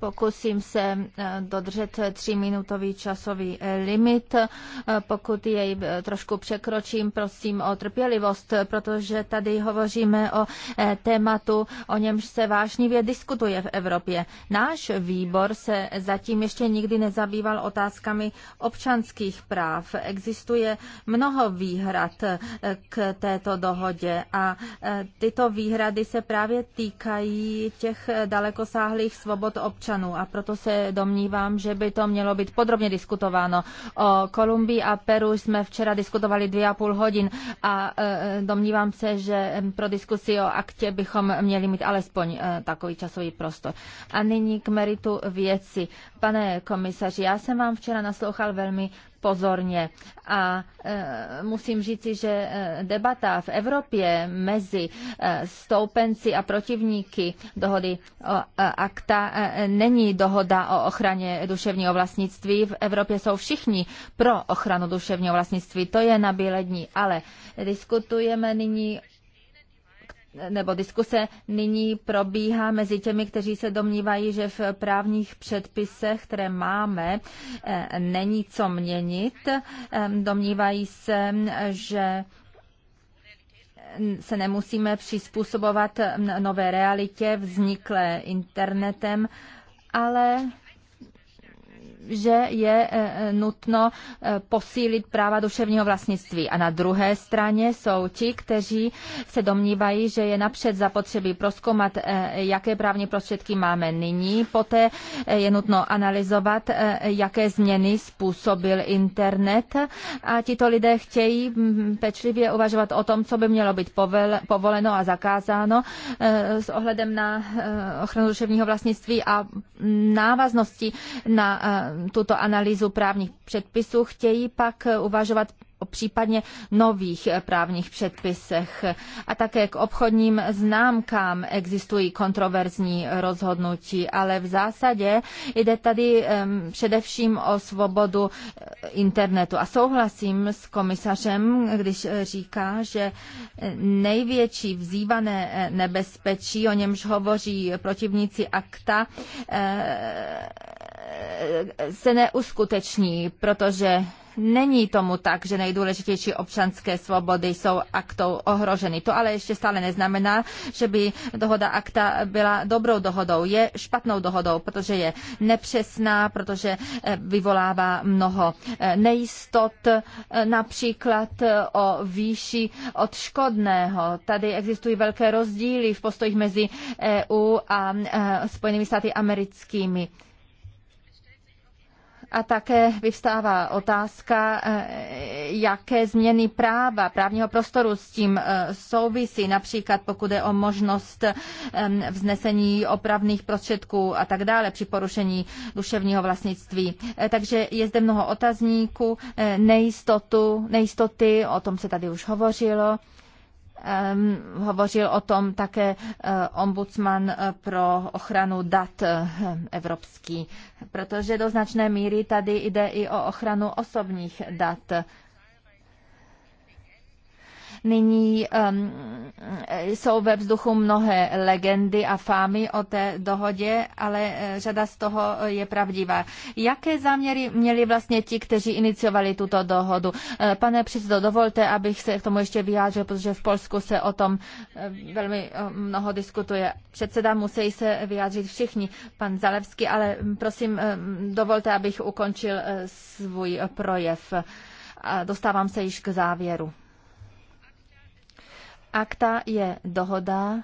Pokusím se eh, dodržet tříminutový časový eh, limit. Eh, pokud jej trošku překročím, prosím o trpělivost, protože tady hovoříme o tématu, o němž se vážně diskutuje v Evropě. Náš výbor se zatím ještě nikdy nezabýval otázkami občanských práv. Existuje mnoho výhrad k této dohodě a tyto výhrady se právě týkají těch dalekosáhlých svobod občanů občanů a proto se domnívám, že by to mělo být podrobně diskutováno. O Kolumbii a Peru jsme včera diskutovali dvě a půl hodin a e, domnívám se, že pro diskusi o aktě bychom měli mít alespoň e, takový časový prostor. A nyní k meritu věci. Pane komisaři, já jsem vám včera naslouchal velmi pozorně. A e, musím říci, že e, debata v Evropě mezi e, stoupenci a protivníky dohody o akta není dohoda o ochraně duševního vlastnictví. V Evropě jsou všichni pro ochranu duševního vlastnictví. To je na bílední. Ale diskutujeme nyní nebo diskuse nyní probíhá mezi těmi, kteří se domnívají, že v právních předpisech, které máme, eh, není co měnit. Eh, domnívají se, že se nemusíme přizpůsobovat nové realitě vzniklé internetem, ale že je e, e, nutno e, posílit práva duševního vlastnictví. A na druhé straně jsou ti, kteří se domnívají, že je napřed zapotřebí proskoumat, jaké právní prostředky máme nyní. Poté je nutno analyzovat, jaké změny způsobil internet. A tito lidé chtějí pečlivě uvažovat o tom, co by mělo být povoleno a zakázáno s ohledem na ochranu duševního vlastnictví a návaznosti na tuto analýzu právních předpisů, chtějí pak eh, uvažovat o případně nových eh, právních předpisech. A také k obchodním známkám existují kontroverzní rozhodnutí, ale v zásadě jde tady především o svobodu eh, internetu. A souhlasím s komisařem, když říká, že největší vzývané nebezpečí, o němž hovoří protivníci akta, se neuskuteční, protože není tomu tak, že nejdůležitější občanské svobody jsou aktou ohroženy. To ale ještě stále neznamená, že by dohoda akta byla dobrou dohodou. Je špatnou dohodou, protože je nepřesná, protože eh, vyvolává mnoho eh, nejistot, eh, například o výši odškodného. Tady existují velké rozdíly v postojích mezi EU a Spojenými státy americkými. A také vyvstává otázka, eh, jaké změny práva, právního prostoru s tím eh, souvisí, například pokud je o možnost vznesení opravných prostředků a tak dále při porušení duševního vlastnictví. Eh, takže je zde mnoho otazníků, nejistotu, nejistoty, o tom se tady už hovořilo. Um, hovořil o tom také uh, ombudsman eh, pro ochranu dat eh, evropský, protože do značné míry tady jde i o ochranu osobních dat. Nyní um, jsou ve vzduchu mnohé legendy a fámy o té dohodě, ale eh, řada z toho je pravdivá. Jaké záměry měli vlastně ti, kteří iniciovali tuto dohodu? Eh, pane předsedo, dovolte, abych se k tomu ještě vyjádřil, protože v Polsku se o tom eh, velmi mnoho diskutuje. Předseda musí se vyjádřit všichni, pan Zalevský, ale mm, prosím, mm, dovolte, abych ukončil svůj projev. Dostávám se již k závěru. Akta je dohoda,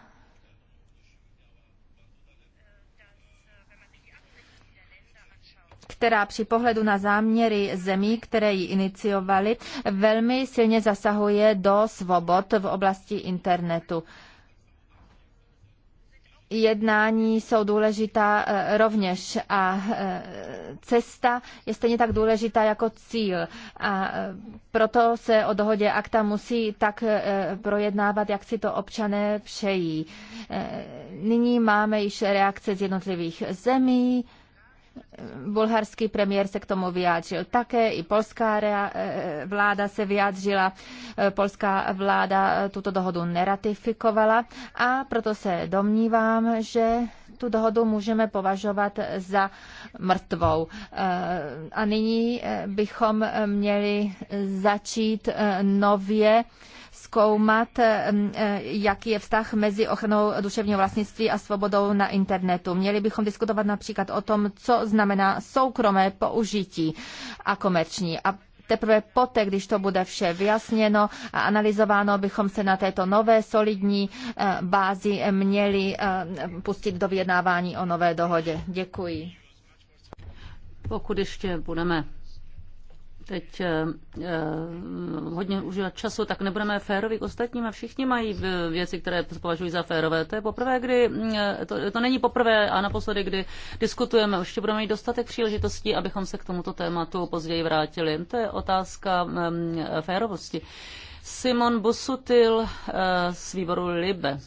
která při pohledu na záměry zemí, které ji iniciovaly, velmi silně zasahuje do svobod v oblasti internetu jednání jsou důležitá eh, rovněž a eh, cesta je stejně tak důležitá jako cíl. A eh, proto se o dohodě akta musí tak projednávat, jak si to občané přejí. Nyní máme již reakce z jednotlivých zemí, Bulharský premiér se k tomu vyjádřil také, i polská eh, vláda se vyjádřila. Eh, polská vláda eh, tuto dohodu neratifikovala a proto se domnívám, že tu dohodu můžeme považovat za mrtvou. A nyní bychom měli začít nově zkoumat, eh, jaký je vztah mezi ochranou duševního vlastnictví a svobodou na internetu. Měli bychom diskutovat například o tom, co znamená soukromé použití a komerční. A teprve poté, když to bude vše vyjasněno a analyzováno, bychom se na této nové solidní eh, bázi měli eh, pustit do vyjednávání o nové dohodě. Děkuji. Pokud ještě budeme teď eh, eh, hodně užívat času, tak nebudeme férovi k ostatním a všichni mají věci, které považují za férové. To je poprvé, kdy, mm, to, to není poprvé a naposledy, kdy diskutujeme, ještě budeme mít dostatek příležitostí, abychom se k tomuto tématu později vrátili. To je otázka mm, férovosti. Simon Busutil eh, z výboru Libe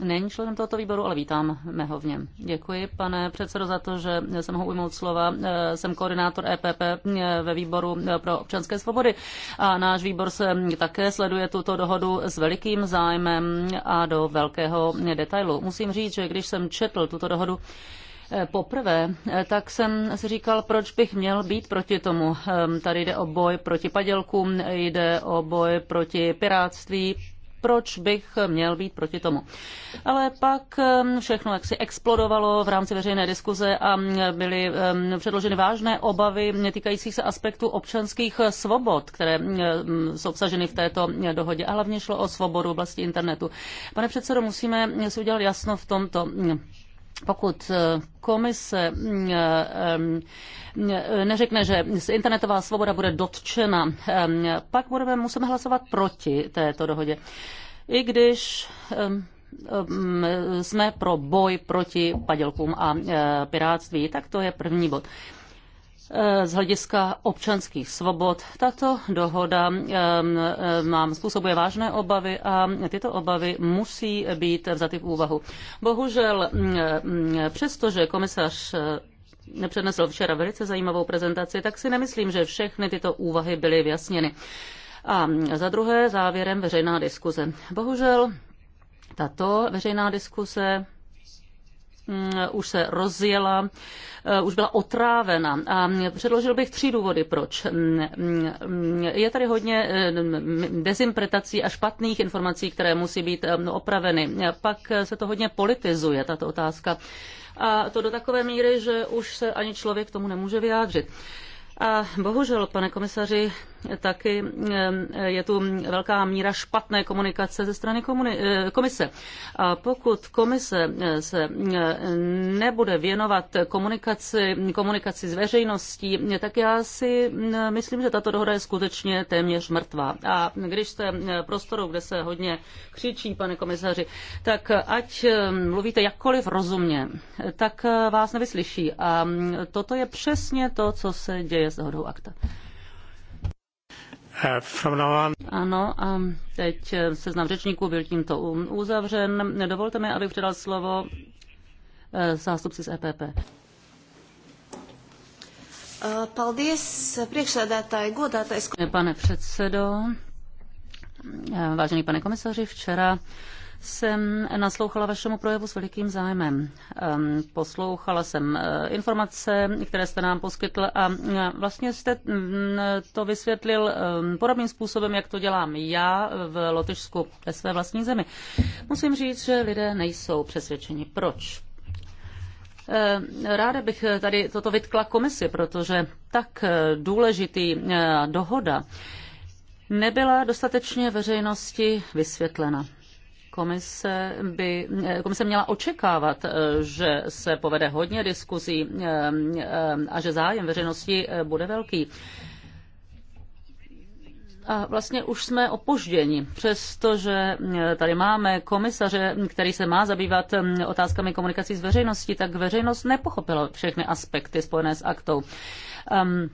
není členem tohoto výboru, ale vítám mého v něm. Děkuji, pane předsedo, za to, že jsem ho ujmout slova. Eh, jsem koordinátor EPP eh, ve výboru eh, pro občanské svobody a náš výbor se také sleduje tuto dohodu s velikým zájmem a do velkého detailu. Musím říct, že když jsem četl tuto dohodu, poprvé, tak jsem si říkal, proč bych měl být proti tomu. Tady jde o boj proti padělkům, jde o boj proti piráctví, proč bych měl být proti tomu. Ale pak um, všechno jaksi explodovalo v rámci veřejné diskuze a um, byly um, předloženy vážné obavy týkající se aspektu občanských svobod, které jsou obsaženy v této dohodě. A hlavně šlo o svobodu oblasti internetu. Pane předsedo, musíme si udělat jasno v tomto pokud eh, komise eh, eh, neřekne, že internetová svoboda bude dotčena, pak budeme muset hlasovat proti této dohodě. I když jsme pro boj proti padělkům a piráctví, tak to je první bod. Eh, z hlediska občanských svobod. Tato dohoda nám způsobuje vážné obavy a tyto obavy musí být vzaty v úvahu. Bohužel, mm, eh, přestože komisař nepřednesl eh, včera velice zajímavou prezentaci, tak si nemyslím, že všechny tyto úvahy byly vyjasněny. A za druhé závěrem veřejná diskuze. Bohužel tato veřejná diskuse Mm, už se rozjela, eh, už byla otrávena. A předložil bych tři důvody, proč. Mm, mm, je tady hodně eh, dezimpretací a špatných informací, které musí být eh, opraveny. Pak se to hodně politizuje, tato otázka. A to do takové míry, že už se ani člověk tomu nemůže vyjádřit. A bohužel, pane komisaři, taky je tu velká míra špatné komunikace ze strany eh, komise. A pokud komise eh, se eh, nebude věnovat komunikaci, komunikaci s veřejností, tak já si myslím, že tato dohoda je skutečně téměř mrtvá. A když jste prostoru, kde se hodně křičí, pane komisaři, tak ať mluvíte jakkoliv rozumně, tak vás nevyslyší. A mm, toto je přesně to, co se děje s dohodou akta. Ano, a teď seznam řečníků byl tímto uzavřen. Dovolte mi, abych předal slovo eh, zástupci z EPP. Eh, pane předsedo, eh, vážený pane komisaři, včera jsem naslouchala vašemu projevu s velikým zájmem. Poslouchala jsem eh, informace, které jste nám poskytl a eh, vlastně jste mm, to vysvětlil podobným způsobem, jak to dělám já v Lotyšsku ve své vlastní zemi. Musím říct, že lidé nejsou přesvědčeni. Proč? Eh, ráda bych tady toto vytkla komisi, protože tak důležitý dohoda nebyla dostatečně veřejnosti vysvětlena. Komise, by, eh, komise měla očekávat, eh, že se povede hodně diskuzí eh, a že zájem veřejnosti bude velký. A vlastně už jsme opožděni, přestože eh, tady máme komisaře, který se má zabývat mm, otázkami komunikací s veřejností, tak veřejnost nepochopila všechny aspekty spojené s aktou. Um,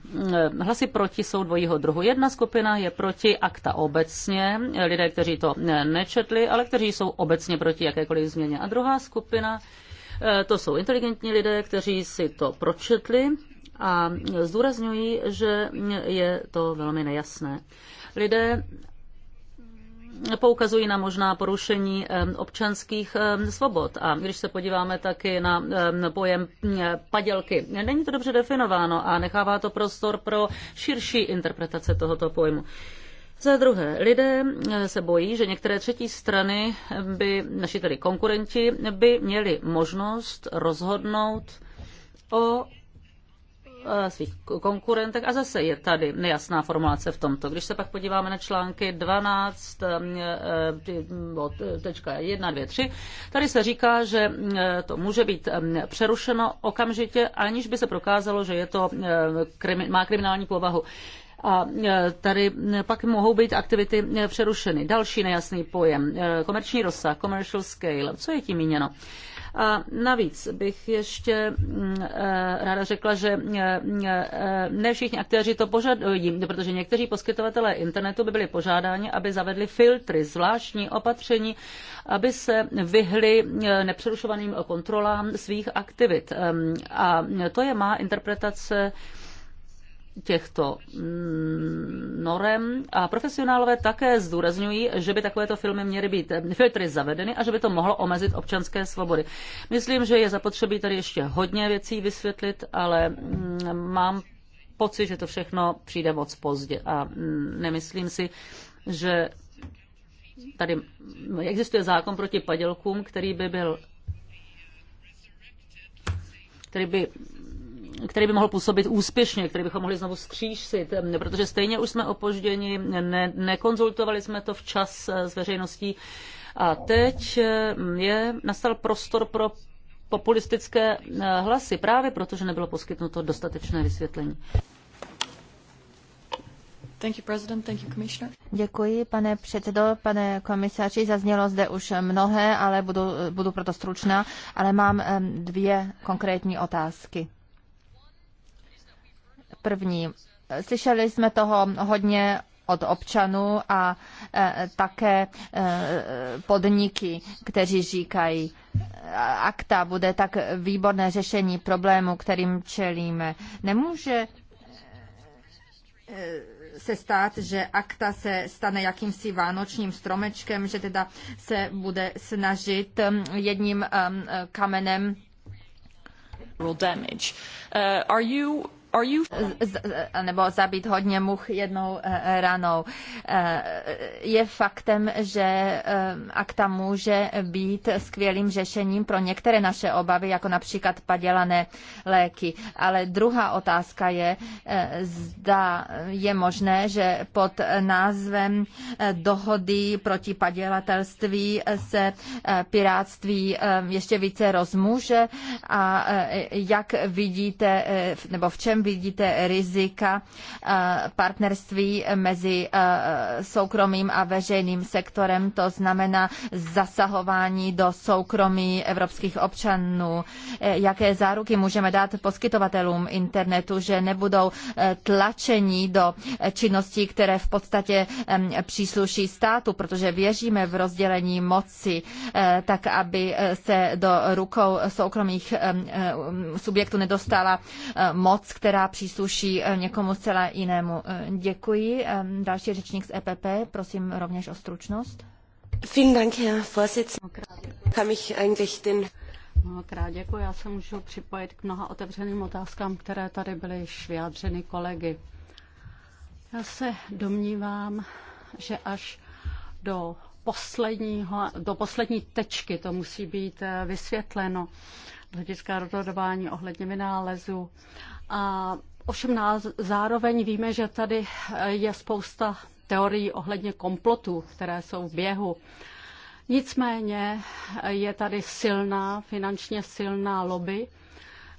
hlasy proti jsou dvojího druhu. Jedna skupina je proti akta obecně, lidé, kteří to eh, nečetli, ale kteří jsou obecně proti jakékoliv změně. A druhá skupina, to jsou inteligentní lidé, kteří si to pročetli a zdůrazňují, že je to velmi nejasné. Lidé poukazují na možná porušení občanských svobod. A když se podíváme taky na pojem padělky, není to dobře definováno a nechává to prostor pro širší interpretace tohoto pojmu. Za druhé, lidé se bojí, že některé třetí strany by, naši tedy konkurenti, by měli možnost rozhodnout o Eh, svých konkurentek a zase je tady nejasná formulace v tomto. Když se pak podíváme na články 12, eh, eh, tečka 1, 2, 3, tady se říká, že to může být přerušeno okamžitě, aniž by se prokázalo, že je to, má kriminální povahu a tady pak mohou být aktivity přerušeny. Další nejasný pojem, komerční rozsah, commercial scale, co je tím míněno? A navíc bych ještě mm, eh, ráda řekla, že mm, eh, ne všichni aktéři to požadují, protože někteří poskytovatelé internetu by byli požádáni, aby zavedli filtry, zvláštní opatření, aby se vyhli eh, nepřerušovaným kontrolám svých aktivit. A to je má interpretace těchto mm, norem a profesionálové také zdůrazňují, že by takovéto filmy měly být eh, filtry zavedeny a že by to mohlo omezit občanské svobody. Myslím, že je zapotřebí tady ještě hodně věcí vysvětlit, ale mm, mám pocit, že to všechno přijde moc pozdě a mm, nemyslím si, že tady existuje zákon proti padělkům, který by byl který by který by mohl působit úspěšně, který bychom mohli znovu stříšit, protože stejně už jsme opožděni, ne, nekonzultovali jsme to včas eh, s veřejností. A teď eh, je nastal prostor pro populistické eh, hlasy, právě protože nebylo poskytnuto dostatečné vysvětlení. Thank you, President. Thank you, Commissioner. Děkuji, pane předsedo, pane komisaři. Zaznělo zde už mnohé, ale budu, budu proto stručná, ale mám dvě konkrétní otázky. První, slyšeli jsme toho hodně od občanů a e, také e, podniky, kteří říkají, akta bude tak výborné řešení problému, kterým čelíme. Nemůže e, se stát, že akta se stane jakýmsi vánočním stromečkem, že teda se bude snažit jedním kamenem Uh, are you nebo zabít hodně much jednou eh, eh, ranou. Eh, je faktem, že akta může být skvělým řešením pro některé naše obavy, jako například padělané léky. Ale druhá otázka je, zda je možné, že pod názvem dohody proti padělatelství se piráctví ještě více rozmůže a jak vidíte, nebo v čem čem vidíte rizika eh, partnerství mezi eh, soukromým a veřejným sektorem, to znamená zasahování do soukromí evropských občanů. Eh, jaké záruky můžeme dát poskytovatelům internetu, že nebudou tlačení do činností, které v podstatě přísluší státu, protože věříme v rozdělení moci, tak aby se do rukou soukromých subjektů nedostala moc, která která přísluší eh, někomu zcela jinému. Eh, děkuji. Eh, další řečník z EPP, prosím rovněž o stručnost. Vielen Dank, Herr Vorsitzender. Kann mich eigentlich den Mnohokrát děkuji. Já se můžu připojit k mnoha otevřeným otázkám, které tady byly již vyjádřeny kolegy. Já se domnívám, že až do posledního, do poslední tečky to musí být vysvětleno z hlediska rozhodování ohledně vynálezu a ovšem zároveň víme, že tady je spousta teorií ohledně komplotů, které jsou v běhu. Nicméně je tady silná, finančně silná lobby,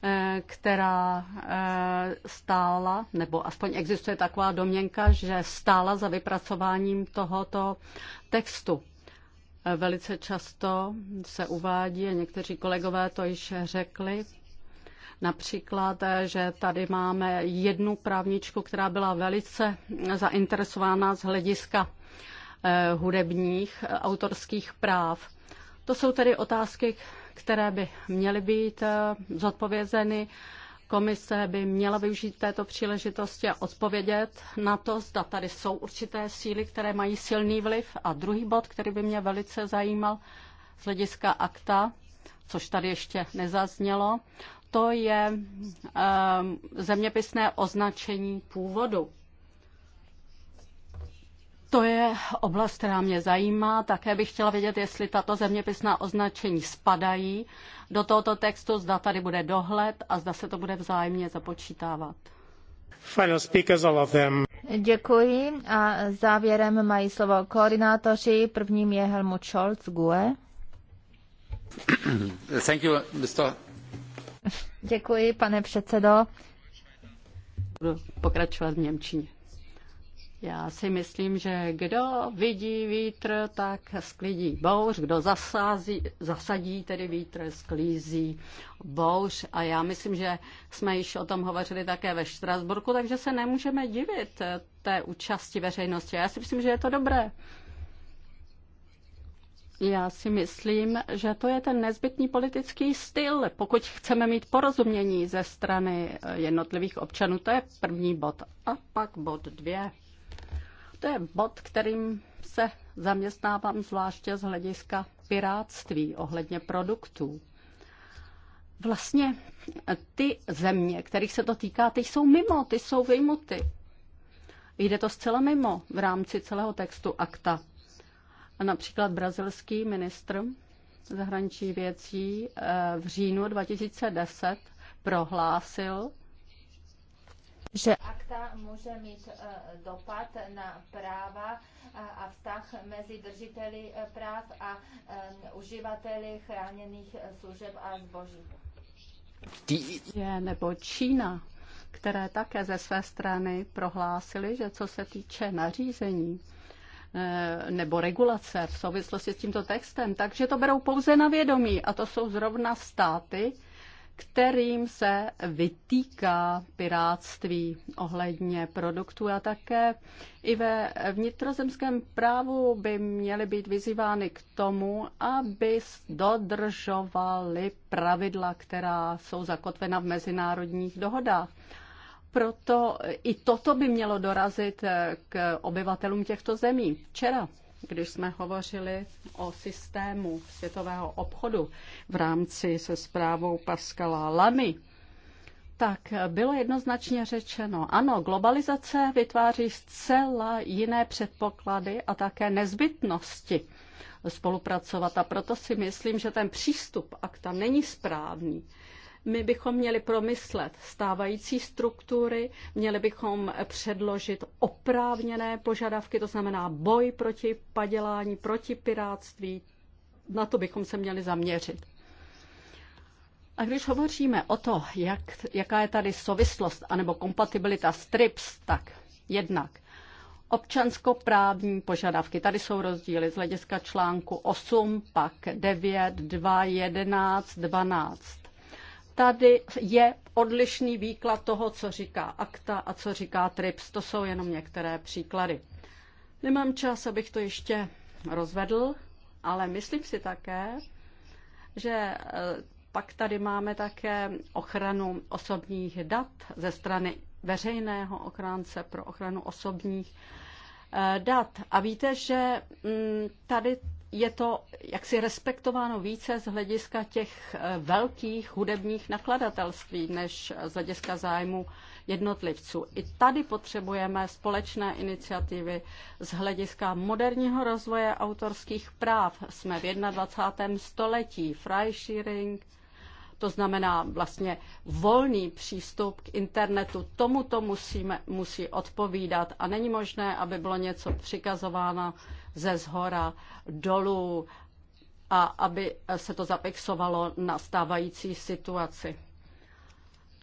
eh, která eh, stála, nebo aspoň existuje taková domněnka, že stála za vypracováním tohoto textu. Velice často se uvádí, a někteří kolegové to již řekli, Například, že tady máme jednu právničku, která byla velice zainteresována z hlediska eh, hudebních eh, autorských práv. To jsou tedy otázky, které by měly být eh, zodpovězeny. Komise by měla využít této příležitosti a odpovědět na to, zda tady jsou určité síly, které mají silný vliv. A druhý bod, který by mě velice zajímal z hlediska akta, což tady ještě nezaznělo, to je ehm, zeměpisné označení původu. To je oblast, která mě zajímá. Také bych chtěla vědět, jestli tato zeměpisná označení spadají do tohoto textu, zda tady bude dohled a zda se to bude vzájemně započítávat. Final speakers, all of them. Děkuji a závěrem mají slovo koordinátoři. Prvním je Helmut Scholz, GUE. Thank you, Mr. Děkuji, pane předsedo. Budu pokračovat v Němčině. Já si myslím, že kdo vidí vítr, tak sklidí bouř, kdo zasází, zasadí tedy vítr, sklízí bouř. A já myslím, že jsme již o tom hovořili také ve Štrasburku, takže se nemůžeme divit té účasti veřejnosti. Já si myslím, že je to dobré. Já si myslím, že to je ten nezbytný politický styl. Pokud chceme mít porozumění ze strany eh, jednotlivých občanů, to je první bod. A pak bod dvě. To je bod, kterým se zaměstnávám zvláště z hlediska piráctví ohledně produktů. Vlastně eh, ty země, kterých se to týká, ty jsou mimo, ty jsou vyjmuty. Jde to zcela mimo v rámci celého textu akta. A například brazilský ministr zahraničí věcí eh, v říjnu 2010 prohlásil, že akta může mít eh, dopad na práva eh, a vztah mezi držiteli práv a uživateli chráněných služeb a zboží. Je nebo Čína, které také ze své strany prohlásili, že co se týče nařízení, Eh, nebo regulace v souvislosti s tímto textem, takže to berou pouze na vědomí a to jsou zrovna státy, kterým se vytýká piráctví ohledně produktů a také i ve vnitrozemském právu by měly být vyzývány k tomu, aby dodržovali pravidla, která jsou zakotvena v mezinárodních dohodách. Proto i toto by mělo dorazit eh, k obyvatelům těchto zemí. Včera, když jsme hovořili o systému světového obchodu v rámci se zprávou Pascala Lamy, tak bylo jednoznačně řečeno, ano, globalizace vytváří zcela jiné předpoklady a také nezbytnosti spolupracovat. A proto si myslím, že ten přístup akta není správný. My bychom měli promyslet stávající struktury, měli bychom předložit oprávněné požadavky, to znamená boj proti padělání, proti piráctví. Na to bychom se měli zaměřit. A když hovoříme o to, jak, jaká je tady souvislost anebo kompatibilita s TRIPS, tak jednak občanskoprávní požadavky. Tady jsou rozdíly z hlediska článku 8, pak 9, 2, 11, 12 tady je odlišný výklad toho, co říká akta a co říká TRIPS. To jsou jenom některé příklady. Nemám čas, abych to ještě rozvedl, ale myslím si také, že eh, pak tady máme také ochranu osobních dat ze strany veřejného ochránce pro ochranu osobních eh, dat. A víte, že mm, tady je to jaksi respektováno více z hlediska těch eh, velkých hudebních nakladatelství než z hlediska zájmu jednotlivců. I tady potřebujeme společné iniciativy z hlediska moderního rozvoje autorských práv. Jsme v 21. století. Fry sharing, to znamená vlastně volný přístup k internetu, tomu to musíme, musí odpovídat a není možné, aby bylo něco přikazováno ze zhora dolů a aby se to zapexovalo na stávající situaci.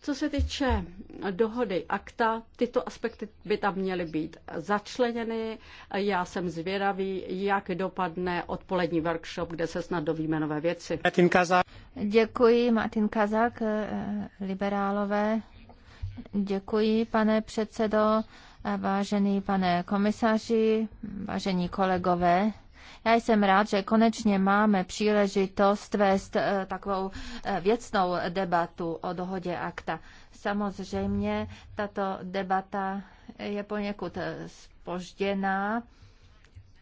Co se týče dohody akta, tyto aspekty by tam měly být začleněny. Já jsem zvědavý, jak dopadne odpolední workshop, kde se snad dovíme nové věci. Martin Kazak. Děkuji, Martin Kazak, eh, liberálové. Děkuji, pane předsedo. Vážený pane komisaři, vážení kolegové, já jsem rád, že konečně máme příležitost vést eh, takovou eh, věcnou debatu o dohodě akta. Samozřejmě tato debata je poněkud spožděná.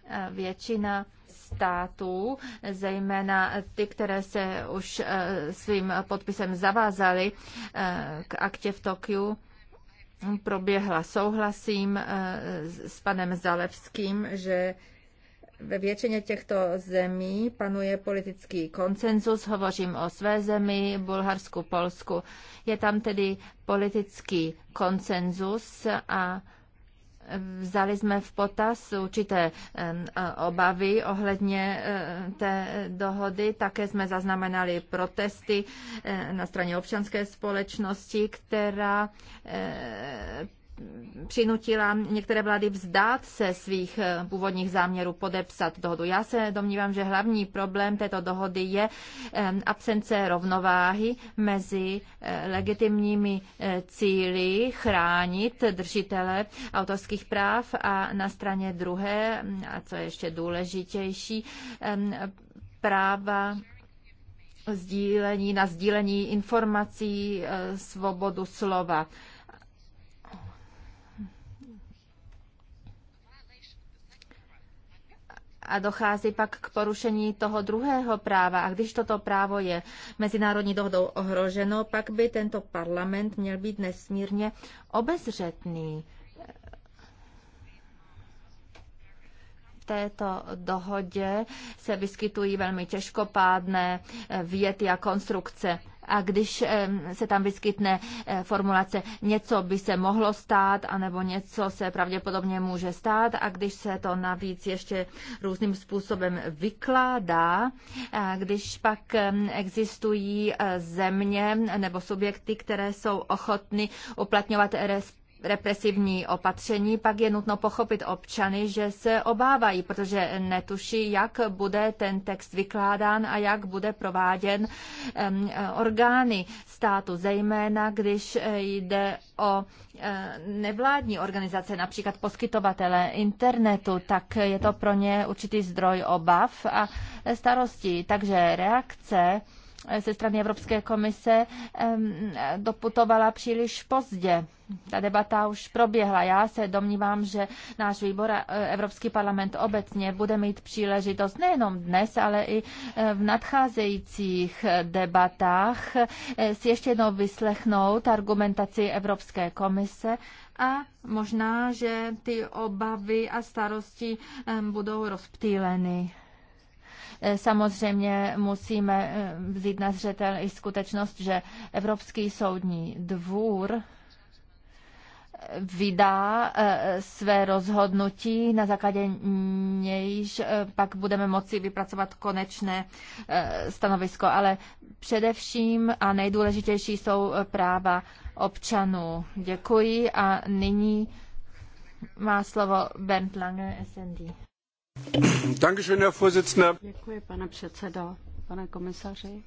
Eh, většina států, zejména ty, které se už svým podpisem zavázaly k aktě v Tokiu, proběhla. Souhlasím eh, s panem Zalevským, že ve většině těchto zemí panuje politický konsenzus, hovořím o své zemi, Bulharsku, Polsku. Je tam tedy politický konsenzus a Vzali jsme v potaz určité obavy ohledně e, té dohody. Také jsme zaznamenali protesty e, na straně občanské společnosti, která e, přinutila některé vlády vzdát se svých eh, původních záměrů podepsat dohodu. Já se domnívám, že hlavní problém této dohody je eh, absence rovnováhy mezi eh, legitimními cíly chránit držitele autorských práv a na straně druhé, mm, a co je ještě důležitější, práva sdílení, na sdílení informací, svobodu slova. a dochází pak k porušení toho druhého práva. A když toto právo je mezinárodní dohodou ohroženo, pak by tento parlament měl být nesmírně obezřetný. této dohodě se vyskytují velmi těžkopádné věty a konstrukce a když se tam vyskytne eh, formulace něco by se mohlo stát, anebo něco se pravděpodobně může stát a když se to navíc ještě různým způsobem vykládá, když pak existují eh, země nebo subjekty, které jsou ochotny uplatňovat respekt, represivní opatření, pak je nutno pochopit občany, že se obávají, protože netuší, jak bude ten text vykládán a jak bude prováděn orgány státu, zejména když jde o eh, nevládní organizace, například poskytovatele internetu, tak je to pro ně určitý zdroj obav a starostí. Takže reakce eh, ze strany Evropské komise doputovala příliš pozdě ta debata už proběhla. Já se domnívám, že náš výbor a eh, Evropský parlament obecně bude mít příležitost nejenom dnes, ale i eh, v nadcházejících debatách eh, si ještě jednou vyslechnout argumentaci Evropské komise a možná, že ty obavy a starosti budou rozptýleny. Samozřejmě musíme vzít na zřetel i skutečnost, že Evropský soudní dvůr vydá eh, své rozhodnutí, na základě nějž eh, pak budeme moci vypracovat konečné eh, stanovisko. Ale především a nejdůležitější jsou práva občanů. Děkuji a nyní má slovo Bernd Lange, SND. Děkuji, pane předsedo, pane komisaři.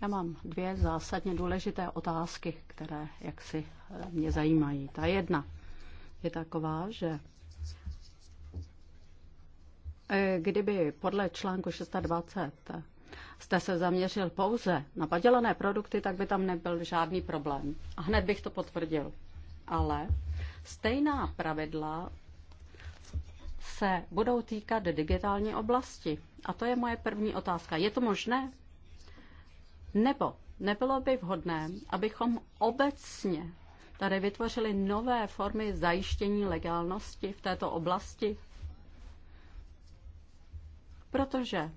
Já mám dvě zásadně důležité otázky, které jaksi mě zajímají. Ta jedna je taková, že eh, kdyby podle článku 620 jste se zaměřil pouze na padělané produkty, tak by tam nebyl žádný problém. A hned bych to potvrdil. Ale stejná pravidla se budou týkat digitální oblasti. A to je moje první otázka. Je to možné? Nebo nebylo by vhodné, abychom obecně tady vytvořili nové formy zajištění legálnosti v této oblasti? Protože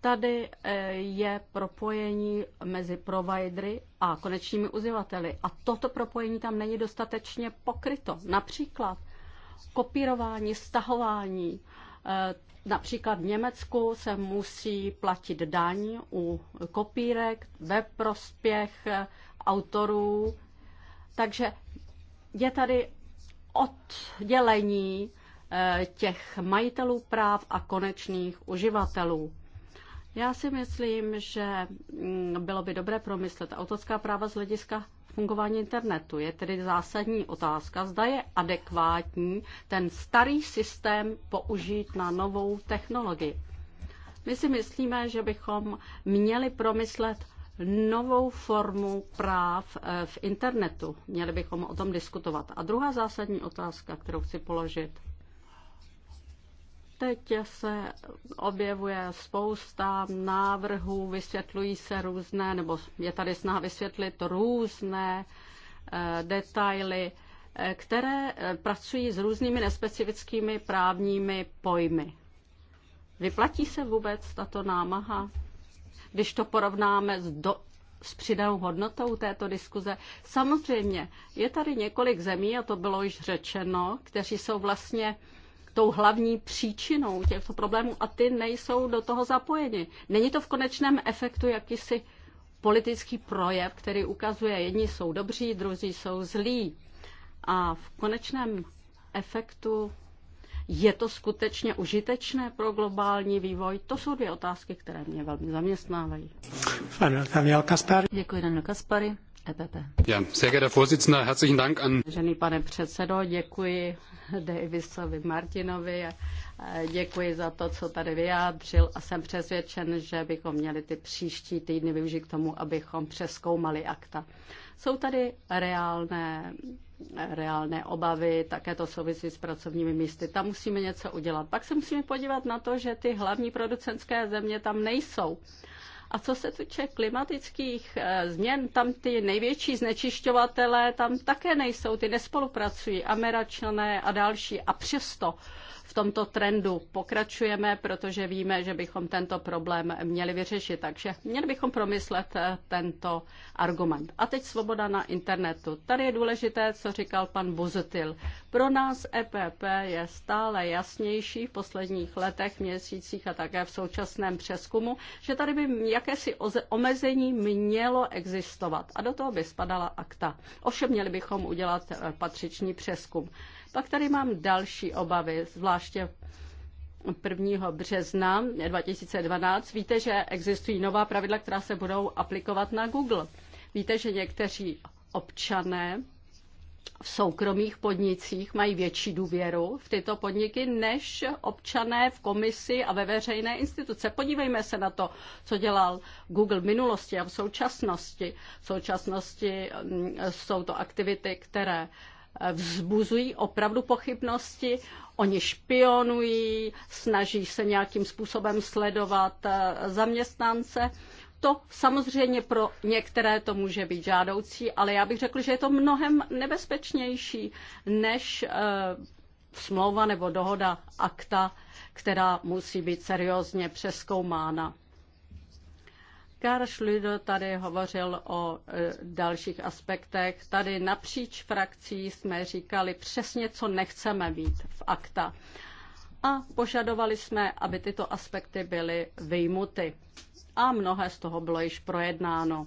tady eh, je propojení mezi providery a konečními uživateli a toto propojení tam není dostatečně pokryto. Například kopírování, stahování. Eh, například v Německu se musí platit daň u kopírek ve prospěch eh, autorů takže je tady oddělení eh, těch majitelů práv a konečných uživatelů. Já si myslím, že mm, bylo by dobré promyslet autorská práva z hlediska fungování internetu. Je tedy zásadní otázka, zda je adekvátní ten starý systém použít na novou technologii. My si myslíme, že bychom měli promyslet novou formu práv eh, v internetu. Měli bychom o tom diskutovat. A druhá zásadní otázka, kterou chci položit. Teď se objevuje spousta návrhů, vysvětlují se různé, nebo je tady snaha vysvětlit různé eh, detaily, eh, které pracují s různými nespecifickými právními pojmy. Vyplatí se vůbec tato námaha? když to porovnáme s, do, s přidanou hodnotou této diskuze. Samozřejmě je tady několik zemí, a to bylo již řečeno, kteří jsou vlastně tou hlavní příčinou těchto problémů a ty nejsou do toho zapojeni. Není to v konečném efektu jakýsi politický projev, který ukazuje, jedni jsou dobří, druzí jsou zlí. A v konečném efektu je to skutečně užitečné pro globální vývoj? To jsou dvě otázky, které mě velmi zaměstnávají. Daniel Kaspar. Děkuji, Daniel Kaspary. EPP. Ja, sehr geehrter Vorsitzender, herzlichen Dank an... Vážený pane předsedo, děkuji Davisovi Martinovi. Děkuji za to, co tady vyjádřil a jsem přesvědčen, že bychom měli ty příští týdny využít k tomu, abychom přeskoumali akta. Jsou tady reálné reálné obavy, také to souvisí s pracovními místy. Tam musíme něco udělat. Pak se musíme podívat na to, že ty hlavní producentské země tam nejsou. A co se týče klimatických eh, změn, tam ty největší znečišťovatelé tam také nejsou, ty nespolupracují, Američané a další. A přesto v tomto trendu pokračujeme, protože víme, že bychom tento problém měli vyřešit. Takže měli bychom promyslet eh, tento argument. A teď svoboda na internetu. Tady je důležité, co říkal pan Buzetil. Pro nás EPP je stále jasnější v posledních letech, měsících a také v současném přeskumu, že tady by jakési omezení mělo existovat. A do toho by spadala akta. Ovšem měli bychom udělat eh, patřičný přeskum. Pak tady mám další obavy, zvláště 1. března 2012. Víte, že existují nová pravidla, která se budou aplikovat na Google. Víte, že někteří občané v soukromých podnicích mají větší důvěru v tyto podniky než občané v komisi a ve veřejné instituce. Podívejme se na to, co dělal Google v minulosti a v současnosti. V současnosti mm, jsou to aktivity, které Eh, vzbuzují opravdu pochybnosti, oni špionují, snaží se nějakým způsobem sledovat eh, zaměstnance. To samozřejmě pro některé to může být žádoucí, ale já bych řekl, že je to mnohem nebezpečnější než eh, smlouva nebo dohoda akta, která musí být seriózně přeskoumána. Karl Schlüter tady hovořil o e, dalších aspektech. Tady napříč frakcí jsme říkali přesně, co nechceme být v akta. A požadovali jsme, aby tyto aspekty byly vyjmuty. A mnohé z toho bylo již projednáno.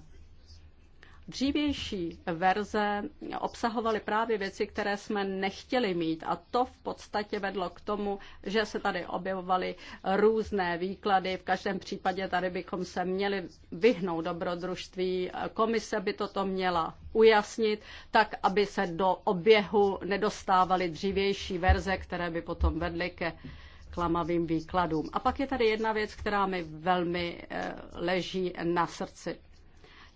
Dřívější verze obsahovaly právě věci, které jsme nechtěli mít a to v podstatě vedlo k tomu, že se tady objevovaly různé výklady. V každém případě tady bychom se měli vyhnout dobrodružství. Komise by toto měla ujasnit, tak aby se do oběhu nedostávaly dřívější verze, které by potom vedly ke klamavým výkladům. A pak je tady jedna věc, která mi velmi eh, leží na srdci.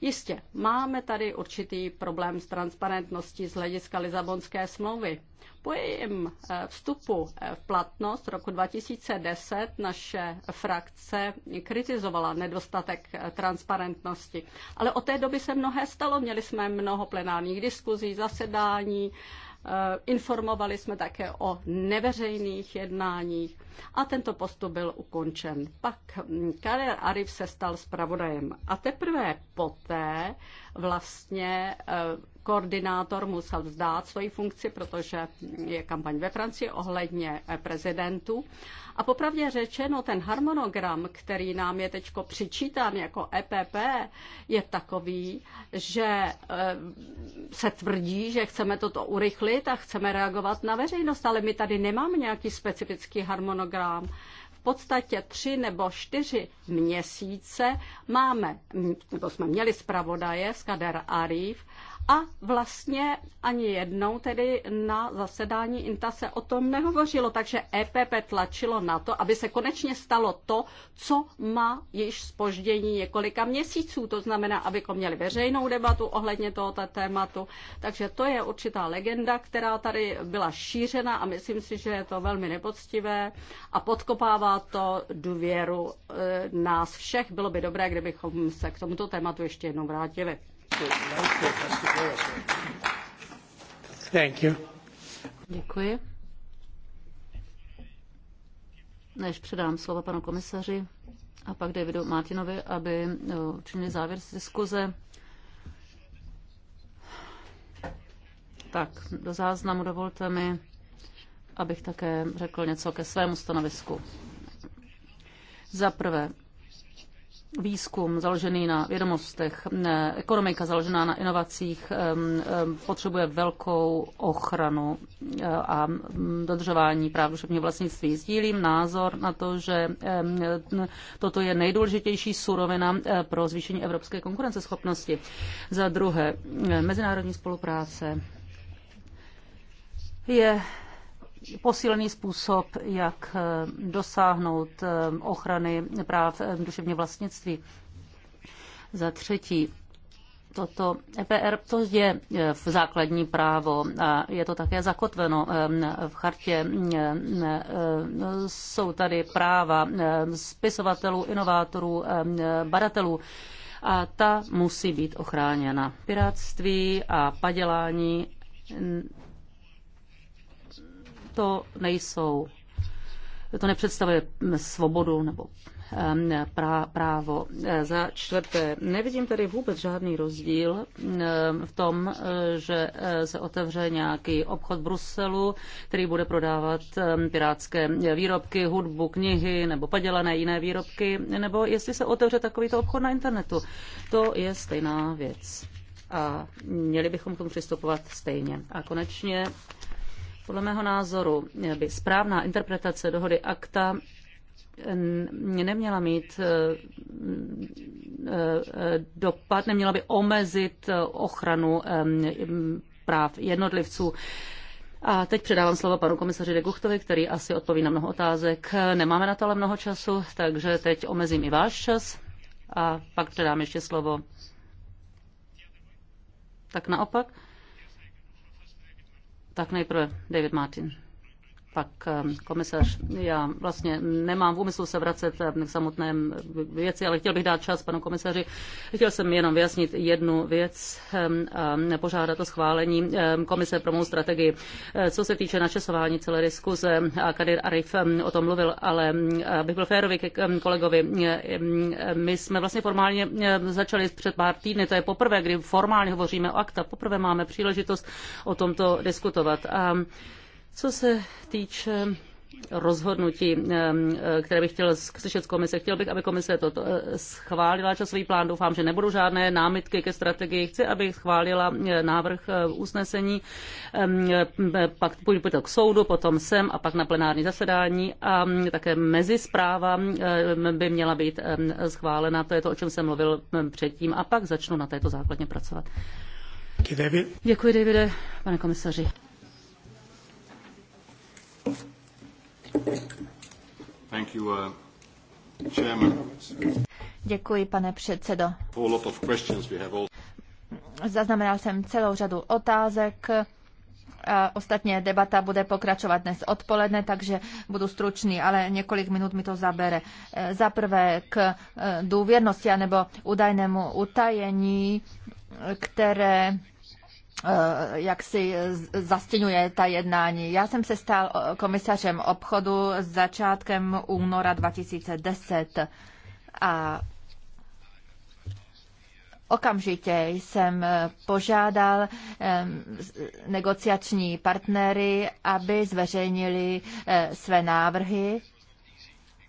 Jistě, máme tady určitý problém s transparentností z hlediska Lizabonské smlouvy. Po jejím eh, vstupu eh, v platnost roku 2010 naše frakce kritizovala nedostatek eh, transparentnosti. Ale od té doby se mnohé stalo. Měli jsme mnoho plenárních diskuzí, zasedání, Eh, informovali jsme také o neveřejných jednáních a tento postup byl ukončen. Pak hm, Karel Arif se stal zpravodajem a teprve poté vlastně eh, koordinátor musel vzdát svoji funkci, protože je kampaň ve Francii ohledně eh, prezidentu. A popravdě řečeno, ten harmonogram, který nám je teď přičítán jako EPP, je takový, že eh, se tvrdí, že chceme toto urychlit a chceme reagovat na veřejnost, ale my tady nemáme nějaký specifický harmonogram V podstatě tři nebo čtyři měsíce máme, nebo jsme měli zpravodaje z Kader Arif a vlastně ani jednou tedy na zasedání INTA se o tom nehovořilo, takže EPP tlačilo na to, aby se konečně stalo to, co má již spoždění několika měsíců, to znamená, abychom měli veřejnou debatu ohledně tohoto tématu, takže to je určitá legenda, která tady byla šířena a myslím si, že je to velmi nepoctivé a podkopává to důvěru eh, nás všech. Bylo by dobré, kdybychom se k tomuto tématu ještě jednou vrátili. Děkuji. Než předám slovo panu komisaři a pak Davidu Martinovi, aby eh, učinili závěr z diskuze, tak do záznamu dovolte mi, abych také řekl něco ke svému stanovisku. Za prvé, výzkum založený na vědomostech, ekonomika založená na inovacích potřebuje velkou ochranu e, a dodržování práv duševního vlastnictví. Sdílím názor na to, že toto je nejdůležitější surovina e, pro zvýšení evropské konkurenceschopnosti. Za druhé, e, mezinárodní spolupráce je posílený způsob, jak eh, dosáhnout eh, ochrany práv eh, duševního vlastnictví. Za třetí, toto EPR to je v základní právo a je to také zakotveno v chartě. Jsou tady práva spisovatelů, inovátorů, badatelů a ta musí být ochráněna. Piráctví a padělání to nejsou, to nepředstavuje svobodu nebo právo. E, za čtvrté, nevidím tady vůbec žádný rozdíl v tom, e, že e, se otevře nějaký obchod v Bruselu, který bude prodávat pirátské výrobky, hudbu, knihy nebo padělané jiné výrobky, nebo jestli se otevře takovýto obchod na internetu. To je stejná věc. A měli bychom k tomu přistupovat stejně. A konečně podle mého názoru by správná interpretace dohody akta neměla mít eh, eh, dopad, neměla by omezit ochranu eh, práv jednotlivců. A teď předávám slovo panu komisaři Deguchtovi, který asi odpoví na mnoho otázek. Nemáme na to ale mnoho času, takže teď omezím i váš čas a pak předám ještě slovo. Tak naopak? Tak nejprve David Martin pak eh, komisař, já vlastně nemám v úmyslu se vracet eh, k samotné věci, ale chtěl bych dát čas panu komisaři. Chtěl jsem jenom vyjasnit jednu věc eh, a požádat o schválení komise pro mou strategii. Co se týče načasování celé diskuze, a Kadir Arif o tom mluvil, ale bych byl férový ke kolegovi, my jsme vlastně formálně začali před pár týdny, to je poprvé, kdy formálně hovoříme o akta, poprvé máme příležitost o tomto diskutovat. A co se týče rozhodnutí, eh, které bych chtěl slyšet z komise. Chtěl bych, aby komise to eh, schválila časový plán. Doufám, že nebudou žádné námitky ke strategii. Chci, aby schválila eh, návrh usnesení, pak půjde to k soudu, potom sem a pak na plenární zasedání a mm, také mezi zpráva by měla být schválena. To je to, o čem jsem mluvil předtím a pak začnu na této základně pracovat. Děkuji, Davide. Pane komisaři. Thank you, uh, chairman. Děkuji, pane předsedo. Zaznamenal jsem celou řadu otázek. Ostatně debata bude pokračovat dnes odpoledne, takže budu stručný, ale několik minut mi to zabere. Za prvé k e, důvěrnosti anebo údajnému utajení, které Eh, jak si eh, zastěňuje ta jednání. Já jsem se stal eh, komisařem obchodu začátkem února 2010 a Okamžitě jsem požádal negociační partnery, aby zveřejnili své návrhy.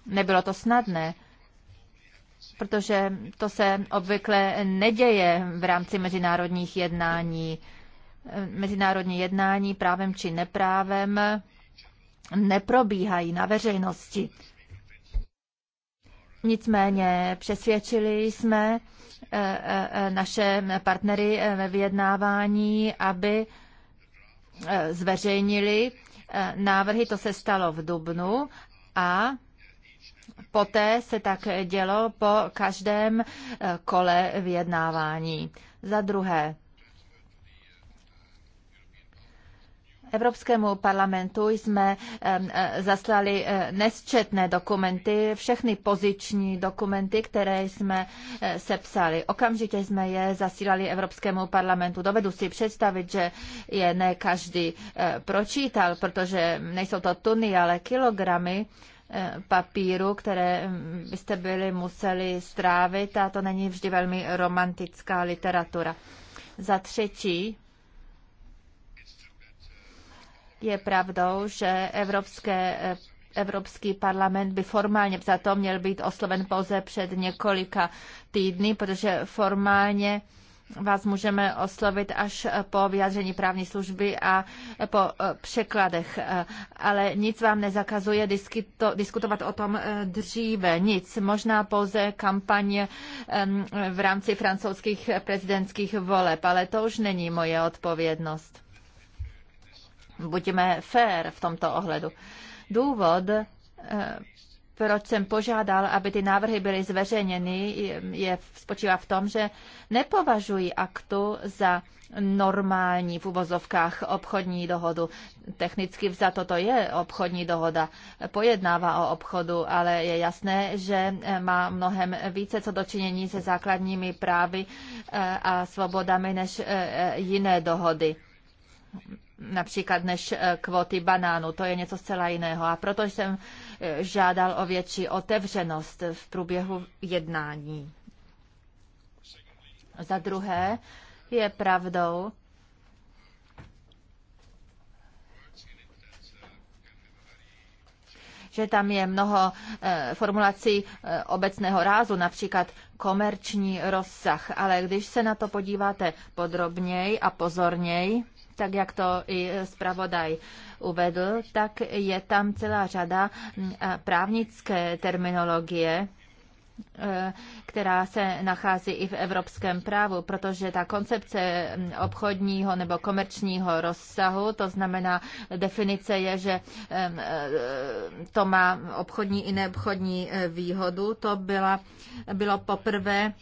Nebylo to snadné, protože to se obvykle neděje v rámci mezinárodních jednání. Eh, mezinárodní jednání právem či neprávem neprobíhají na veřejnosti. Nicméně přesvědčili jsme eh, eh, naše partnery ve vyjednávání, aby zveřejnili návrhy, to se stalo v Dubnu a poté se tak dělo po každém kole vyjednávání. Za druhé, Evropskému parlamentu jsme e, zaslali e, nesčetné dokumenty, všechny poziční dokumenty, které jsme e, sepsali. Okamžitě jsme je zasílali Evropskému parlamentu. Dovedu si představit, že je ne každý pročítal, protože nejsou to tuny, ale kilogramy papíru, které byste byli museli strávit a to není vždy velmi romantická literatura. Za třetí, je pravdou, že evropské Evropský parlament by formálně za to měl být osloven pouze před několika týdny, protože formálně vás můžeme oslovit až po vyjádření právní služby a po eh, překladech. Eh, ale nic vám nezakazuje diskutovat o tom eh, dříve. Nic. Možná pouze kampaň v rámci francouzských prezidentských voleb, ale to už není moje odpovědnost. Buďme fair v tomto ohledu. Důvod, eh, proč jsem požádal, aby ty návrhy byly zveřejněny, je, spočívá v tom, že nepovažuji aktu za normální v uvozovkách obchodní dohodu. Technicky vzato to je obchodní dohoda, pojednává o obchodu, ale je jasné, že eh, má mnohem více co dočinění se základními právy eh, a svobodami než jiné dohody například než eh, kvóty banánu. To je něco zcela jiného. A proto jsem eh, žádal o větší otevřenost v průběhu jednání. Za druhé, je pravdou, že tam je mnoho eh, formulací obecného rázu, například komerční rozsah. Ale když se na to podíváte podrobněji a pozorněji, tak jak to i zpravodaj uvedl, tak je tam celá řada mm, právnické terminologie, e, která se nachází i v evropském právu, protože ta koncepce mm, obchodního nebo komerčního rozsahu, to znamená definice je, že e, to má obchodní i neobchodní e, výhodu, to byla, bylo poprvé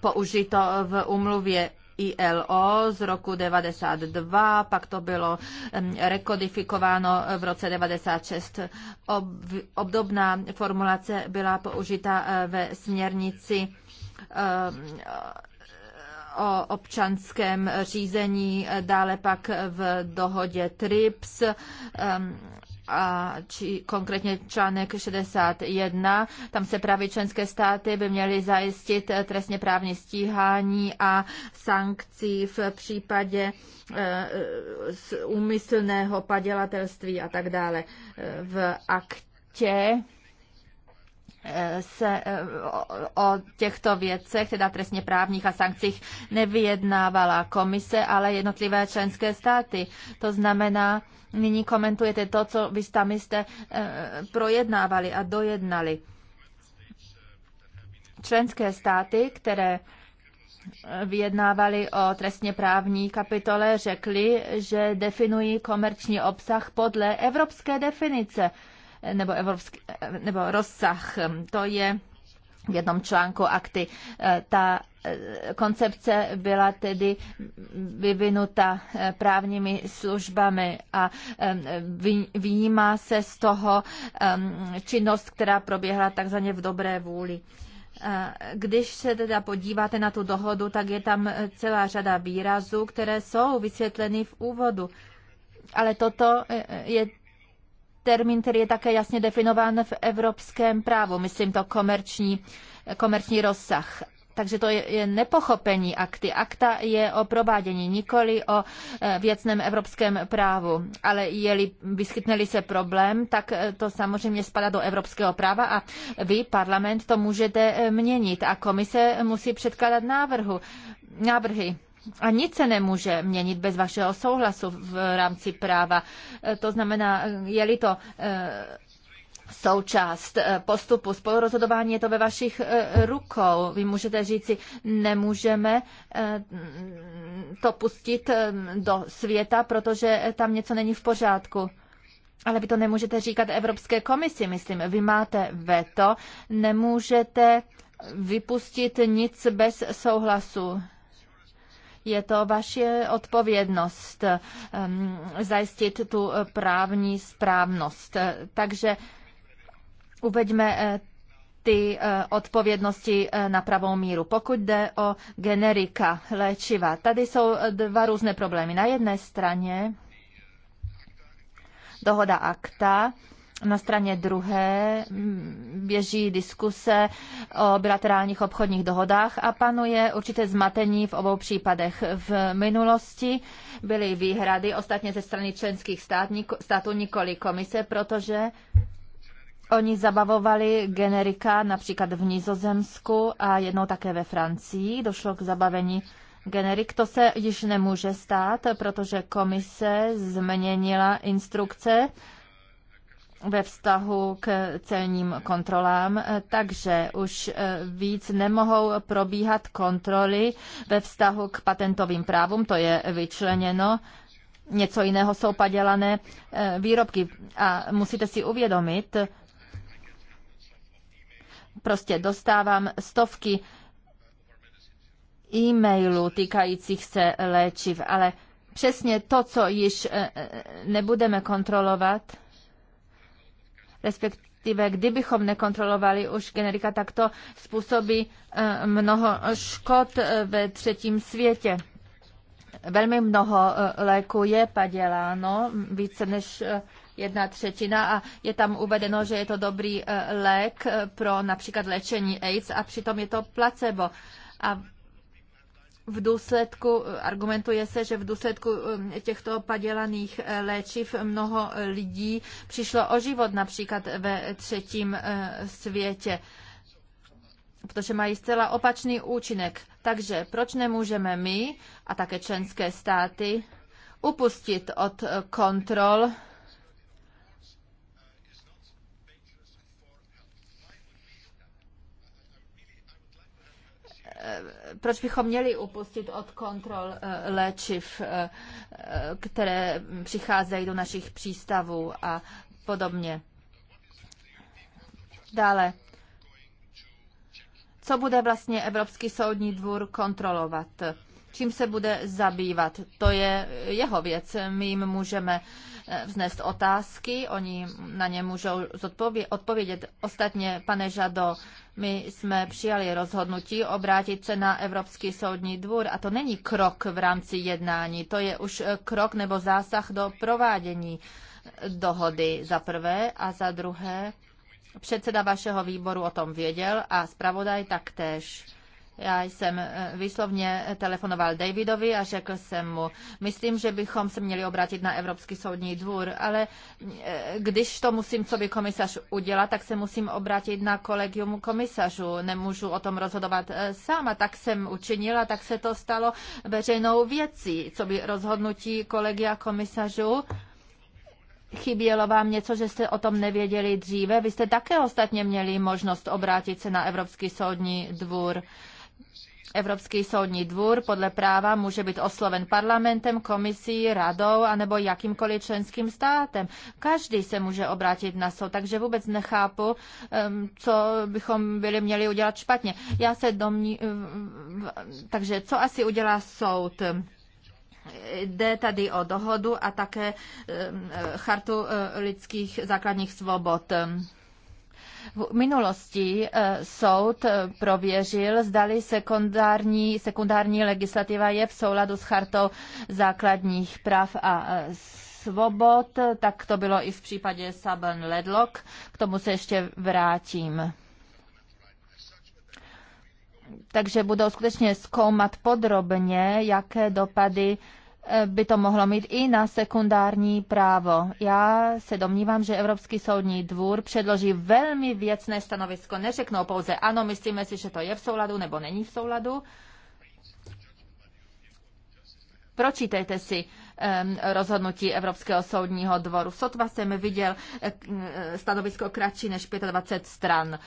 použito v umluvě ILO z roku 92, pak to bylo rekodifikováno v roce 96. Obdobná formulace byla použita eh, ve směrnici o občanském řízení, eh, dále pak v dohodě TRIPS a či konkrétně článek 61. Tam se právě členské státy by měly zajistit trestně právní stíhání a sankcí v případě e, e, z úmyslného padělatelství a tak dále. E, v aktě se eh, o těchto věcech, teda trestně právních a sankcích, nevyjednávala komise, ale jednotlivé členské státy. To znamená, nyní komentujete to, co vy tam jste eh, projednávali a dojednali. Členské státy, které eh, vyjednávali o trestně právní kapitole, řekli, že definují komerční obsah podle evropské definice nebo, evropský, nebo rozsah. To je v jednom článku akty. E, ta e, koncepce byla tedy vyvinuta e, právními službami a vyjímá se z toho činnost, která proběhla takzvaně v dobré vůli. Když se teda podíváte na tu dohodu, tak je tam celá řada výrazů, které jsou vysvětleny v úvodu. Ale toto je termín, který je také jasně definován v evropském právu, myslím to komerční, komerční rozsah. Takže to je nepochopení akty. Akta je o provádění, nikoli o e, věcném evropském právu. Ale je-li, vyskytneli se problém, tak e, to samozřejmě spadá do evropského práva a vy, parlament, to můžete e, měnit a komise musí předkládat návrhu, návrhy. A nic se nemůže měnit bez vašeho souhlasu v rámci práva. E, to znamená, je-li to e, součást e, postupu spolurozhodování, je to ve vašich rukou. Vy můžete říci, nemůžeme to pustit do světa, protože tam něco není v pořádku. Ale vy to nemůžete říkat Evropské komisi, myslím. Vy máte veto, nemůžete vypustit nic bez souhlasu. Je to vaše odpovědnost ehm, zajistit tu právní správnost. Takže uveďme eh, ty eh, odpovědnosti eh, na pravou míru. Pokud jde o generika léčiva, tady jsou dva různé problémy. Na jedné straně dohoda akta na straně druhé mm, běží diskuse o bilaterálních obchodních dohodách a panuje určité zmatení v obou případech. V minulosti byly výhrady ostatně ze strany členských států nikoli komise, protože oni zabavovali generika například v Nizozemsku a jednou také ve Francii. Došlo k zabavení generik. To se již nemůže stát, protože komise změnila instrukce ve vztahu k celním kontrolám, takže už eh, víc nemohou probíhat kontroly ve vztahu k patentovým právům, to je vyčleněno. Něco jiného jsou padělané eh, výrobky a musíte si uvědomit, prostě dostávám stovky e-mailů týkajících se léčiv, ale přesně to, co již eh, nebudeme kontrolovat, respektive kdybychom nekontrolovali už generika, tak to způsobí eh, mnoho škod eh, ve třetím světě. Velmi mnoho eh, léku je paděláno, více než jedna třetina a je tam uvedeno, že je to dobrý lék pro například léčení AIDS a přitom je to placebo. A v důsledku, argumentuje se, že v důsledku um, těchto padělaných eh, léčiv mnoho eh, lidí přišlo o život například ve třetím eh, světě, protože mají zcela opačný účinek. Takže proč nemůžeme my a také členské státy upustit od kontrol Eh, proč bychom měli upustit od kontrol eh, léčiv, eh, které přicházejí do našich přístavů a podobně. Dále, co bude vlastně Evropský soudní dvůr kontrolovat? Čím se bude zabývat? To je jeho věc. My jim můžeme uh, vznést otázky, oni na ně můžou odpovědět. Ostatně, pane Žado, my jsme přijali rozhodnutí obrátit se na Evropský soudní dvůr a to není krok v rámci jednání, to je už krok nebo zásah do provádění dohody za prvé a za druhé. Předseda vašeho výboru o tom věděl a zpravodaj taktéž. Já jsem eh, výslovně telefonoval Davidovi a řekl jsem mu, myslím, že bychom se měli obrátit na Evropský soudní dvůr, ale eh, když to musím co by komisař udělat, tak se musím obrátit na kolegium komisařů. Nemůžu o tom rozhodovat eh, sám a tak jsem učinila, tak se to stalo veřejnou věcí, co by rozhodnutí kolegia komisařů chybělo vám něco, že jste o tom nevěděli dříve? Vy jste také ostatně měli možnost obrátit se na Evropský soudní dvůr. Evropský soudní dvůr podle práva může být osloven parlamentem, komisí, radou anebo jakýmkoliv členským státem. Každý se může obrátit na soud, takže vůbec nechápu, co bychom byli měli udělat špatně. Já se domní... Takže co asi udělá soud? Jde tady o dohodu a také e, chartu e, lidských základních svobod. V minulosti eh, soud eh, prověřil, zdali sekundární, sekundární legislativa je v souladu s chartou základních práv a eh, svobod, tak to bylo i v případě Saban Ledlock. K tomu se ještě vrátím takže budou skutečně zkoumat podrobně, jaké dopady by to mohlo mít i na sekundární právo. Já se domnívám, že Evropský soudní dvůr předloží velmi věcné stanovisko. Neřeknou pouze ano, myslíme si, že to je v souladu nebo není v souladu. Pročítejte si rozhodnutí Evropského soudního dvoru. Sotva jsem viděl eh, eh, stanovisko kratší než 25 stran.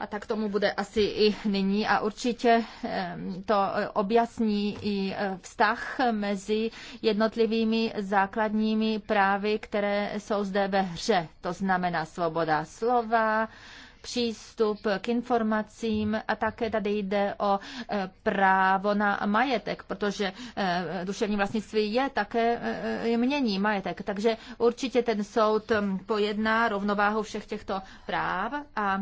A tak tomu bude asi i nyní a určitě eh, to objasní i eh, vztah mezi jednotlivými základními právy, které jsou zde ve hře. To znamená svoboda slova, přístup k informacím a také tady jde o eh, právo na majetek, protože duševní vlastnictví je také mění majetek. Takže určitě ten soud hm, pojedná rovnováhu všech těchto práv a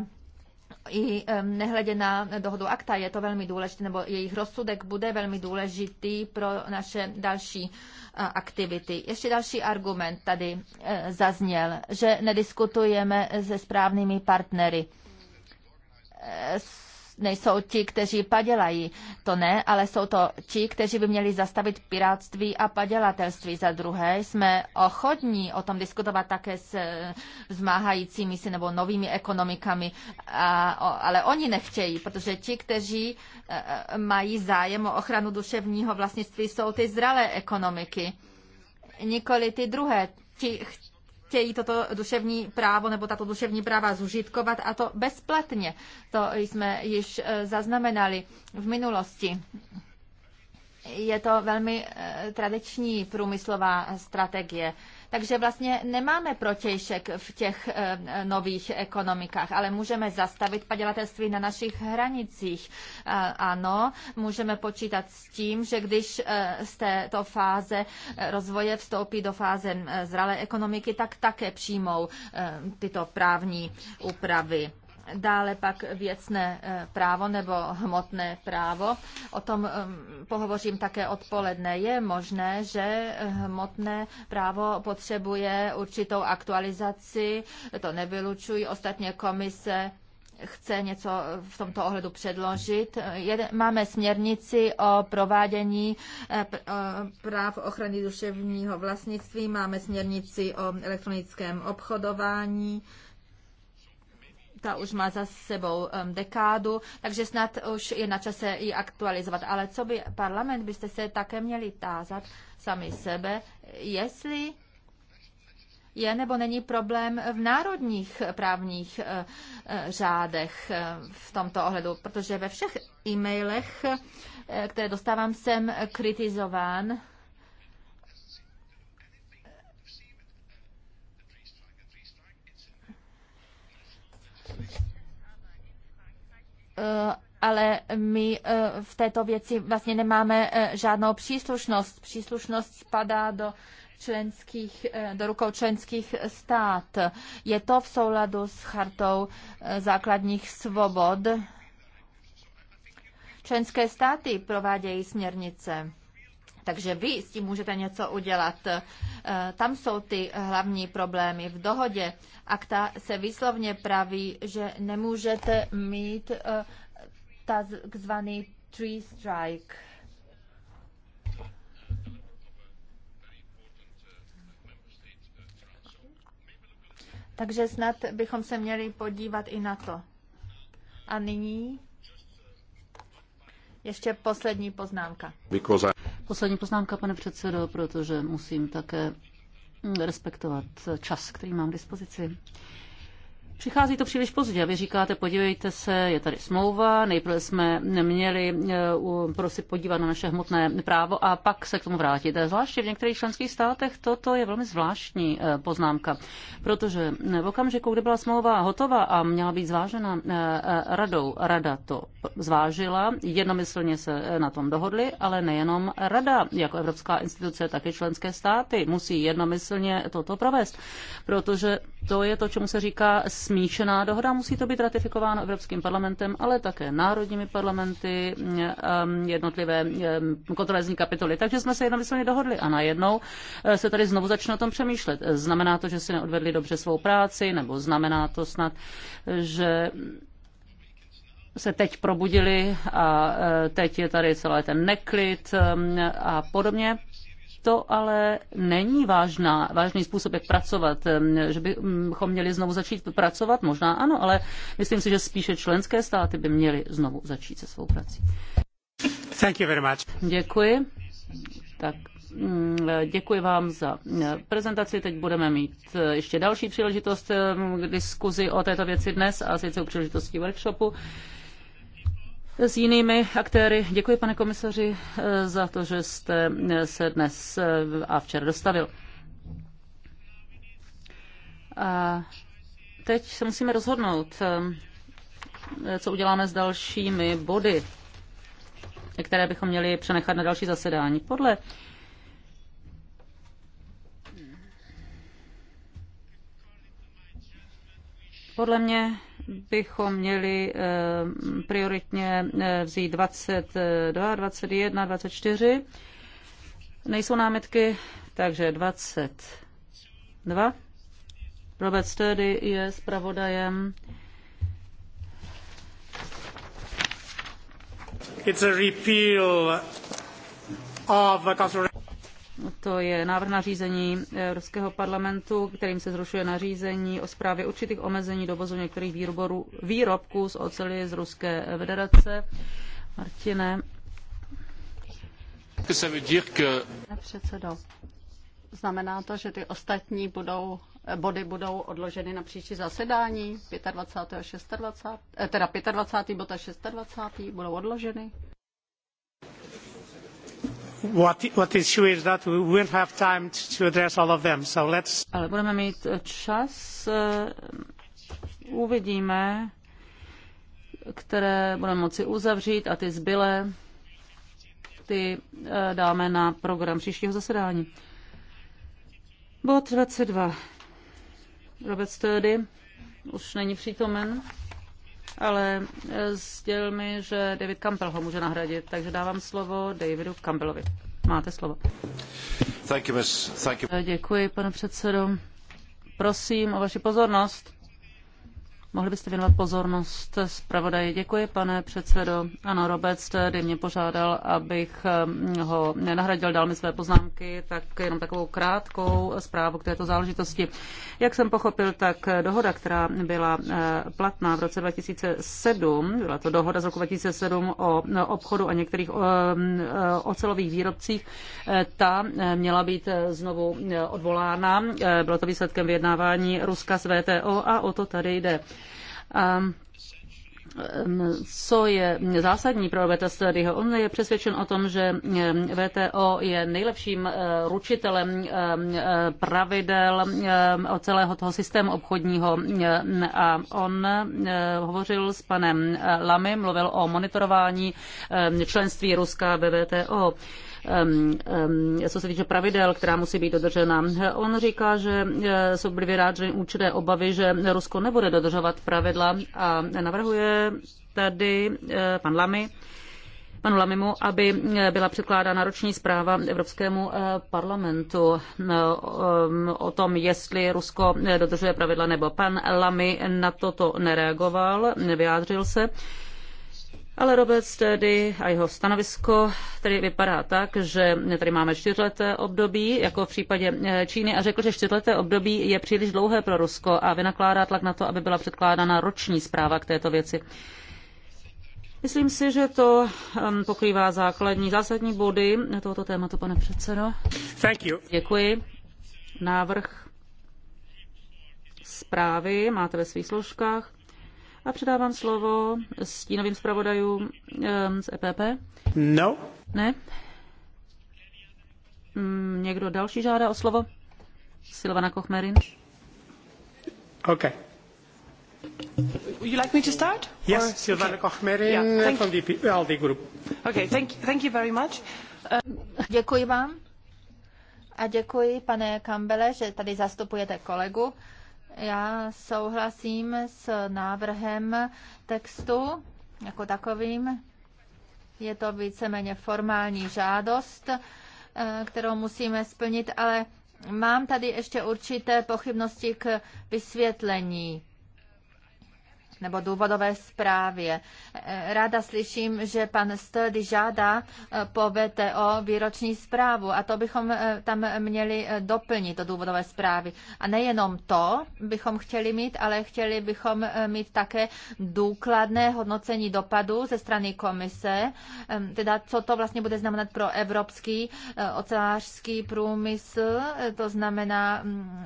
i nehledě na dohodu akta je to velmi důležité, nebo jejich rozsudek bude velmi důležitý pro naše další e, aktivity. Ještě další argument tady e, zazněl, že nediskutujeme se správnými partnery e, nejsou ti, kteří padělají, to ne, ale jsou to ti, kteří by měli zastavit piráctví a padělatelství. Za druhé, jsme ochotní o tom diskutovat také s eh, zmáhajícími si nebo novými ekonomikami, a, ale oni nechtějí, protože ti, kteří eh, eh, mají zájem o ochranu duševního vlastnictví, jsou ty zralé ekonomiky, nikoli ty druhé. Ti chtějí toto duševní právo nebo tato duševní práva zužitkovat a to bezplatně. To jsme již e, zaznamenali v minulosti. Je to velmi e, tradiční průmyslová strategie. Takže vlastně nemáme protějšek v těch eh, nových ekonomikách, ale můžeme zastavit padělatelství na našich hranicích. Eh, ano, můžeme počítat s tím, že když eh, z této fáze rozvoje vstoupí do fáze zralé ekonomiky, tak také přijmou tyto právní úpravy. Dále pak věcné eh, právo nebo hmotné právo. O tom ehm, pohovořím také odpoledne. Je možné, že hmotné právo potřebuje určitou aktualizaci, to nevylučují. Ostatně komise chce něco v tomto ohledu předložit. Máme směrnici o provádění eh, eh, práv ochrany duševního vlastnictví, máme směrnici o elektronickém obchodování, ta už má za sebou um, dekádu, takže snad už je na čase ji aktualizovat. Ale co by parlament, byste se také měli tázat sami sebe, jestli je nebo není problém v národních právních eh, eh, řádech eh, v tomto ohledu, protože ve všech e-mailech, které dostávám, jsem kritizován Eh, ale my eh, v této věci vlastně nemáme eh, žádnou příslušnost. Příslušnost spadá do členských, do rukou členských stát. Je to v souladu s chartou základních svobod. Členské státy provádějí směrnice. Takže vy s tím můžete něco udělat. Eh, tam jsou ty hlavní problémy. V dohodě akta se výslovně praví, že nemůžete mít eh, takzvaný tree strike. Takže snad bychom se měli podívat i na to. A nyní ještě poslední poznámka. Poslední poznámka, pane předsedo, protože musím také respektovat čas, který mám k dispozici. Přichází to příliš pozdě. Vy říkáte, podívejte se, je tady smlouva, nejprve jsme neměli eh, prosit podívat na naše hmotné právo a pak se k tomu vrátit. Zvláště v některých členských státech toto je velmi zvláštní eh, poznámka, protože eh, v okamžiku, kdy byla smlouva hotová a měla být zvážena radou, rada to zvážila, jednomyslně se na tom dohodli, ale nejenom rada, jako Evropská instituce, tak i členské státy musí jednomyslně toto provést, protože to je to, čemu se říká smíšená dohoda. Musí to být ratifikováno Evropským parlamentem, ale také národními parlamenty, jednotlivé kontrolezní kapitoly. Takže jsme se jednomyslně dohodli a najednou eh, se tady znovu začne o tom přemýšlet. Znamená to, že si neodvedli dobře svou práci, nebo znamená to snad, že se teď probudili a eh, teď je tady celý ten neklid a podobně. To ale není vážná, vážný způsob, jak pracovat. Že bychom měli znovu začít pracovat, možná ano, ale myslím si, že spíše členské státy by měly znovu začít se svou prací. Thank you very much. Děkuji. Tak mm, Děkuji vám za eh, prezentaci. Teď budeme mít eh, ještě další příležitost eh, k diskuzi o této věci dnes a sice u příležitosti workshopu s jinými aktéry. Děkuji, pane komisaři, za to, že jste se dnes eh, a včera dostavil. A teď se musíme rozhodnout, eh, co uděláme s dalšími body, které bychom měli přenechat na další zasedání. Podle podle mě bychom měli eh, prioritně eh, vzít 22, 21, 24. Nejsou námitky, takže 22. Robert Sturdy je zpravodajem. It's a repeal of a to je návrh nařízení Evropského parlamentu, kterým se zrušuje nařízení o zprávě určitých omezení dovozu některých výroborů, výrobků z oceli z Ruské federace. Martine. Eh, předsedo, znamená to, že ty ostatní budou, eh, body budou odloženy na příští zasedání 25. a 26. teda 25. bod a 26. budou odloženy? Ale budeme mít eh, čas. Eh, uvidíme, které budeme moci uzavřít a ty zbylé ty eh, dáme na program příštího zasedání. Bod 22. Robert Sturdy už není přítomen ale eh, sdělil mi, že David Campbell ho může nahradit, takže dávám slovo Davidu Campbellovi. Máte slovo. Thank you, miss. Thank you. Eh, děkuji, pane předsedo. Prosím o vaši pozornost. Mohli byste věnovat pozornost zpravodaji. Děkuji, pane předsedo. Ano, Robert Stedy mě požádal, abych um, ho nenahradil, dal mi své poznámky, tak jenom takovou krátkou zprávu k této záležitosti. Jak jsem pochopil, tak dohoda, která byla uh, platná v roce 2007, byla to dohoda z roku 2007 o obchodu a některých um, uh, ocelových výrobcích, eh, ta eh, měla být eh, znovu odvolána. Bylo to výsledkem vyjednávání Ruska s VTO a o to tady jde co je zásadní pro Roberta Sturdyho. On je přesvědčen o tom, že VTO je nejlepším eh, ručitelem eh, pravidel o celého toho systému obchodního a on eh, hovořil s panem Lamy, mluvil o monitorování členství Ruska ve VTO co se týče pravidel, která musí být dodržena. On říká, že e, jsou byli vyrádřeny určité obavy, že Rusko nebude dodržovat pravidla a navrhuje tady e, pan Lamy, panu Lamimu, aby e, byla předkládána roční zpráva Evropskému parlamentu o tom, jestli Rusko dodržuje pravidla nebo pan Lamy na toto nereagoval, nevyjádřil se. Ale Robert Sturdy a jeho stanovisko tedy vypadá tak, že tady máme čtyřleté období, jako v případě eh, Číny, a řekl, že čtyřleté období je příliš dlouhé pro Rusko a vynakládá tlak na to, aby byla předkládána roční zpráva k této věci. Myslím si, že to ehm, pokrývá základní, zásadní body tohoto tématu, pane předsedo. Thank you. Děkuji. Návrh zprávy máte ve svých složkách. A předávám slovo stínovým zpravodajům ehm, z EPP. No. Ne? Hmm, někdo další žádá o slovo? Silvana Kochmerin. OK. Would you like me to start? Yes, Or... Silvana okay. Kochmerin yeah, from the ALDE group. Okay, thank, thank you very much. Uh... Děkuji vám. A děkuji, pane Kambele, že tady zastupujete kolegu. Já souhlasím s návrhem textu jako takovým. Je to víceméně formální žádost, eh, kterou musíme splnit, ale mám tady ještě určité pochybnosti k vysvětlení nebo důvodové zprávě. Ráda slyším, že pan Sturdy žádá eh, po VTO výroční zprávu a to bychom eh, tam měli eh, doplnit do důvodové zprávy. A nejenom to bychom chtěli mít, ale chtěli bychom mít také důkladné hodnocení dopadu ze strany komise, teda co to vlastně bude znamenat pro evropský ocelářský průmysl, to znamená mm,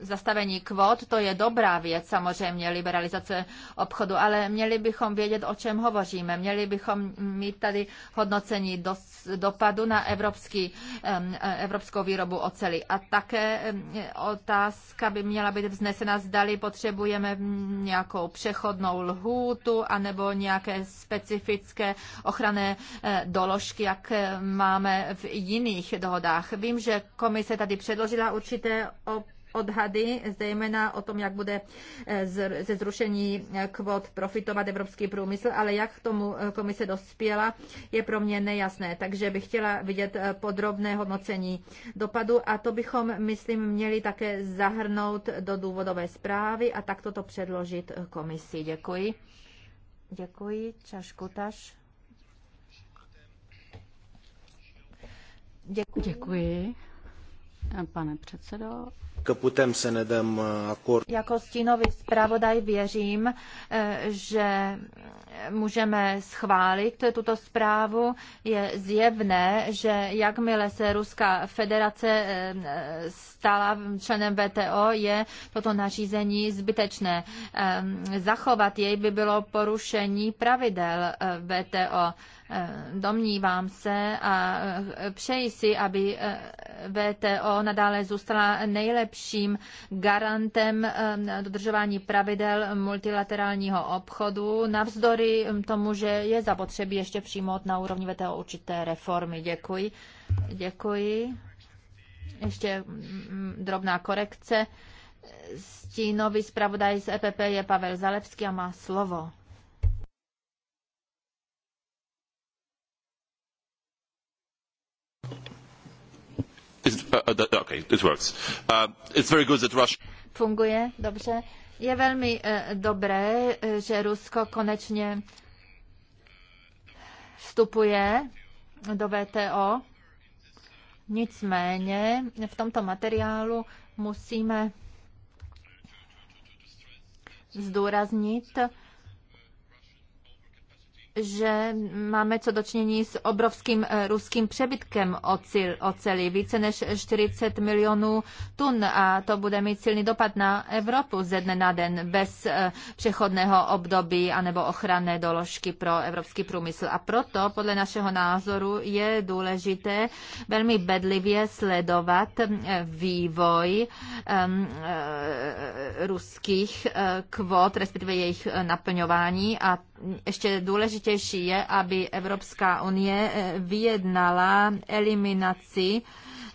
zastavení kvot, to je dobrá věc samozřejmě, liberální liberalizace obchodu, ale měli bychom vědět, o čem hovoříme. Měli bychom mít tady hodnocení dopadu na evropský, e, evropskou výrobu oceli. A také otázka by měla být vznesena, zdali potřebujeme nějakou přechodnou lhůtu anebo nějaké specifické ochranné e, doložky, jak e, máme v jiných dohodách. Vím, že komise tady předložila určité op odhady, zejména o tom, jak bude eh, ze zrušení eh, kvot profitovat evropský průmysl, ale jak k tomu eh, komise dospěla, je pro mě nejasné. Takže bych chtěla vidět podrobné hodnocení dopadu a to bychom, myslím, měli také zahrnout do důvodové zprávy a takto to předložit komisi. Děkuji. Děkuji. Čaškutaš. Děkuji. Děkuji, pane předsedo. Uh, jako stínový zpravodaj věřím, uh, že můžeme schválit tuto zprávu. Je zjevné, že jakmile se Ruská federace uh, stala členem VTO, je toto nařízení zbytečné. Um, zachovat jej by bylo porušení pravidel VTO Domnívám se a přeji si, aby eh, VTO nadále zůstala nejlepším garantem eh, dodržování pravidel multilaterálního obchodu, navzdory hm, tomu, že je zapotřebí ještě přijmout na úrovni VTO určité reformy. Děkuji. Děkuji. Ještě hm, drobná korekce. Stínový zpravodaj z EPP je Pavel Zalevský a má slovo. Funguje dobře. Je velmi eh, dobré, eh, že Rusko konečně vstupuje do VTO. Nicméně v tomto materiálu musíme zdůraznit, že máme co dočinění s obrovským eh, ruským přebytkem oceli, více než 40 milionů tun a to bude mít silný dopad na Evropu ze dne na den bez eh, přechodného období anebo ochranné doložky pro evropský průmysl. A proto podle našeho názoru je důležité velmi bedlivě sledovat eh, vývoj ehm, ruských kvot, respektive jejich naplňování a ještě důležitě důležitější je, aby Evropská unie eh, vyjednala eliminaci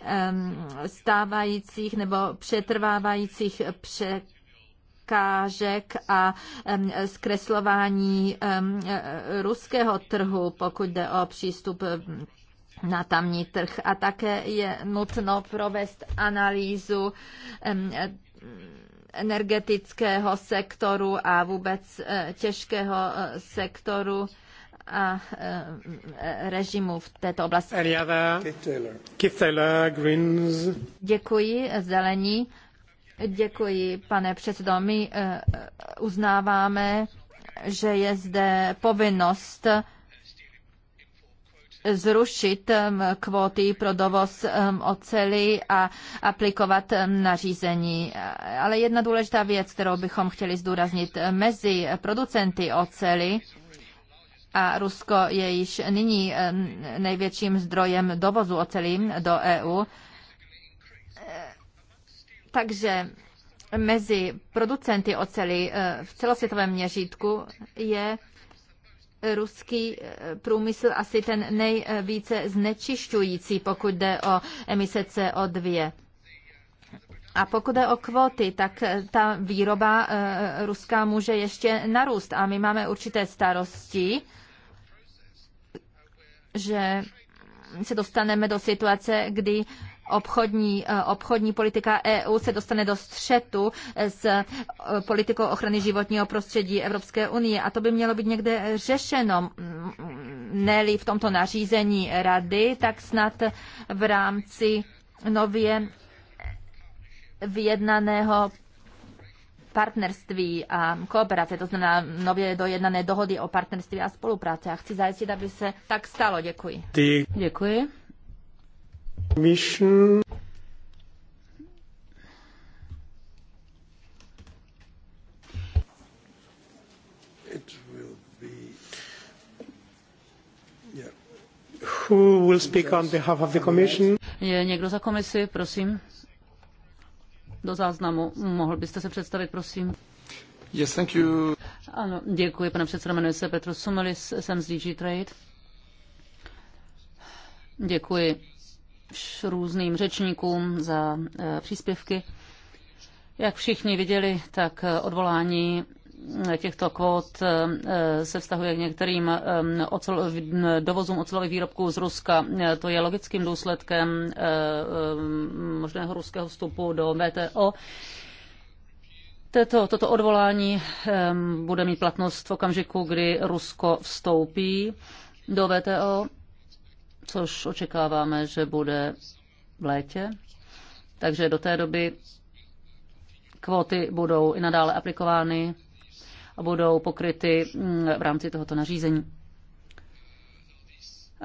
ehm, stávajících nebo přetrvávajících před překážek a ehm, zkreslování ehm, eh, ruského trhu, pokud jde o přístup na tamní trh. A také je nutno provést analýzu energetického sektoru a vůbec eh, těžkého sektoru a e, režimu v této oblasti. Keith Taylor, Greens. Děkuji, zelení. Děkuji, pane předsedo. My e, uznáváme, že je zde povinnost zrušit kvóty pro dovoz oceli a aplikovat nařízení. Ale jedna důležitá věc, kterou bychom chtěli zdůraznit mezi producenty oceli, a Rusko je již nyní největším zdrojem dovozu ocelí do EU. Takže mezi producenty oceli eh, v celosvětovém měřítku je ruský eh, průmysl asi ten nejvíce znečišťující, pokud jde o emise CO2. A pokud je o kvóty, tak eh, ta výroba ruská může ještě narůst a my máme určité starosti že se dostaneme do situace, kdy obchodní, eh, obchodní politika EU se dostane do střetu s eh, politikou ochrany životního prostředí Evropské unie. A to by mělo být někde řešeno, ne v tomto nařízení rady, tak snad v rámci nově vyjednaného partnerství a kooperace, to znamená nově dojednané dohody o partnerství a spolupráci. A chci zajistit, aby se tak stalo. Děkuji. Ty. Děkuji. Mission. It will be... yeah. Who will speak on behalf of the commission? Je někdo za komisi, prosím do záznamu. Mohl byste se představit, prosím? Yes, thank you. Ano, děkuji, pane předsedo. Jmenuji se Petro Sumelis, jsem z DG Trade. Děkuji různým řečníkům za eh, příspěvky. Jak všichni viděli, tak eh, odvolání těchto kvót eh, eh, se vztahuje k některým eh, ocel, dovozům ocelových výrobků z Ruska. To je logickým důsledkem možného ruského vstupu do VTO. Toto, toto odvolání bude mít platnost v okamžiku, kdy Rusko vstoupí do VTO, což očekáváme, že bude v létě. Takže do té doby kvóty budou i nadále aplikovány budou pokryty mm, v rámci tohoto nařízení.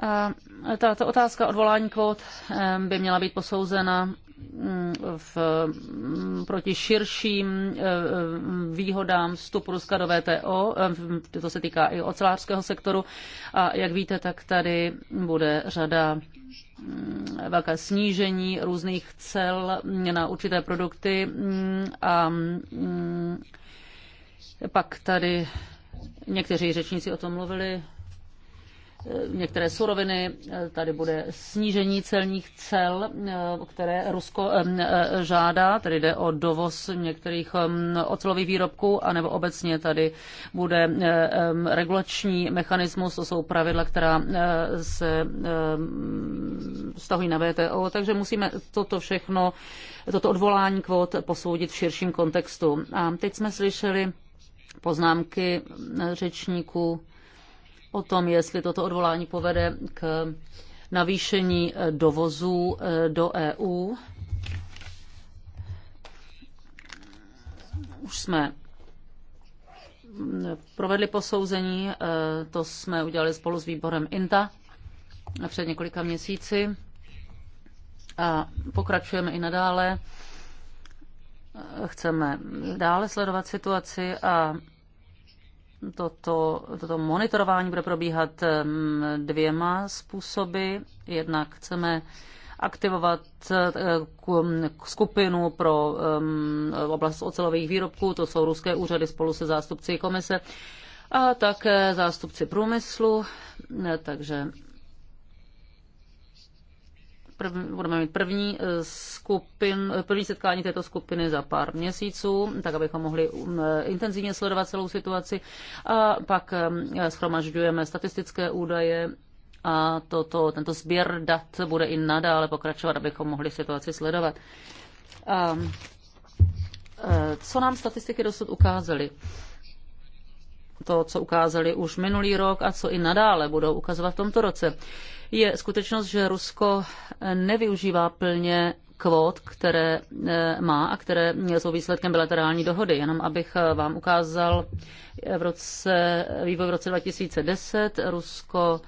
A tato otázka odvolání kvót by měla být posouzena mm, v, mm, proti širším e, e, výhodám vstupu Ruska do VTO. To se týká i ocelářského sektoru. A jak víte, tak tady bude řada velké snížení různých cel na určité produkty a pak tady někteří řečníci o tom mluvili, některé suroviny, tady bude snížení celních cel, které Rusko eh, eh, žádá, tady jde o dovoz některých eh, ocelových výrobků, anebo obecně tady bude regulační mechanismus, to jsou pravidla, která se vztahují na VTO, takže musíme toto všechno, toto odvolání kvót posoudit v širším kontextu. A teď jsme slyšeli poznámky řečníků o tom, jestli toto odvolání povede k navýšení eh, dovozů eh, do EU. Už jsme mm, provedli posouzení, eh, to jsme udělali spolu s výborem INTA před několika měsíci a pokračujeme i nadále Chceme dále sledovat situaci a Toto, toto monitorování bude probíhat mm, dvěma způsoby. Jednak chceme aktivovat eh, skupinu pro mm, oblast ocelových výrobků, to jsou ruské úřady spolu se zástupci komise a také zástupci průmyslu, eh, takže první, budeme mít první, eh, skupin, eh, první setkání této skupiny za pár měsíců, tak abychom mohli mm, eh, intenzivně sledovat celou situaci. A pak schromažďujeme statistické údaje a toto, tento sběr dat bude i nadále pokračovat, abychom mohli situaci sledovat. A, co nám statistiky dosud ukázaly? To, co ukázali už minulý rok a co i nadále budou ukazovat v tomto roce je skutečnost, že Rusko nevyužívá plně kvót, které eh, má a které jsou výsledkem bilaterální dohody. Jenom abych eh, vám ukázal eh, v roce, vývoj v roce 2010. Rusko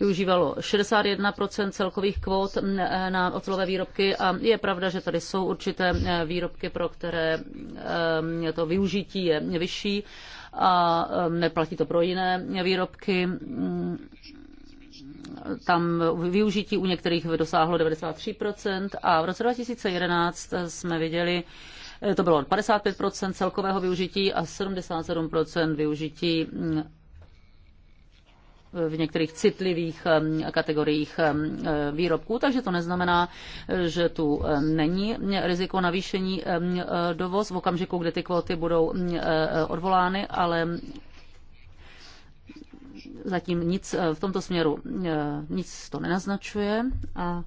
využívalo 61 celkových kvót mm, na ocelové výrobky a je pravda, že tady jsou určité výrobky, pro které to využití je vyšší a neplatí to pro jiné výrobky. Mm, tam využití u některých dosáhlo 93% a v roce 2011 jsme viděli, to bylo 55% celkového využití a 77% využití mm, v některých citlivých mm, kategoriích mm, e, výrobků, takže to neznamená, že tu není riziko navýšení e, dovoz v okamžiku, kdy ty kvóty budou e, odvolány, ale zatím nic eh, v tomto směru, eh, nic to nenaznačuje. A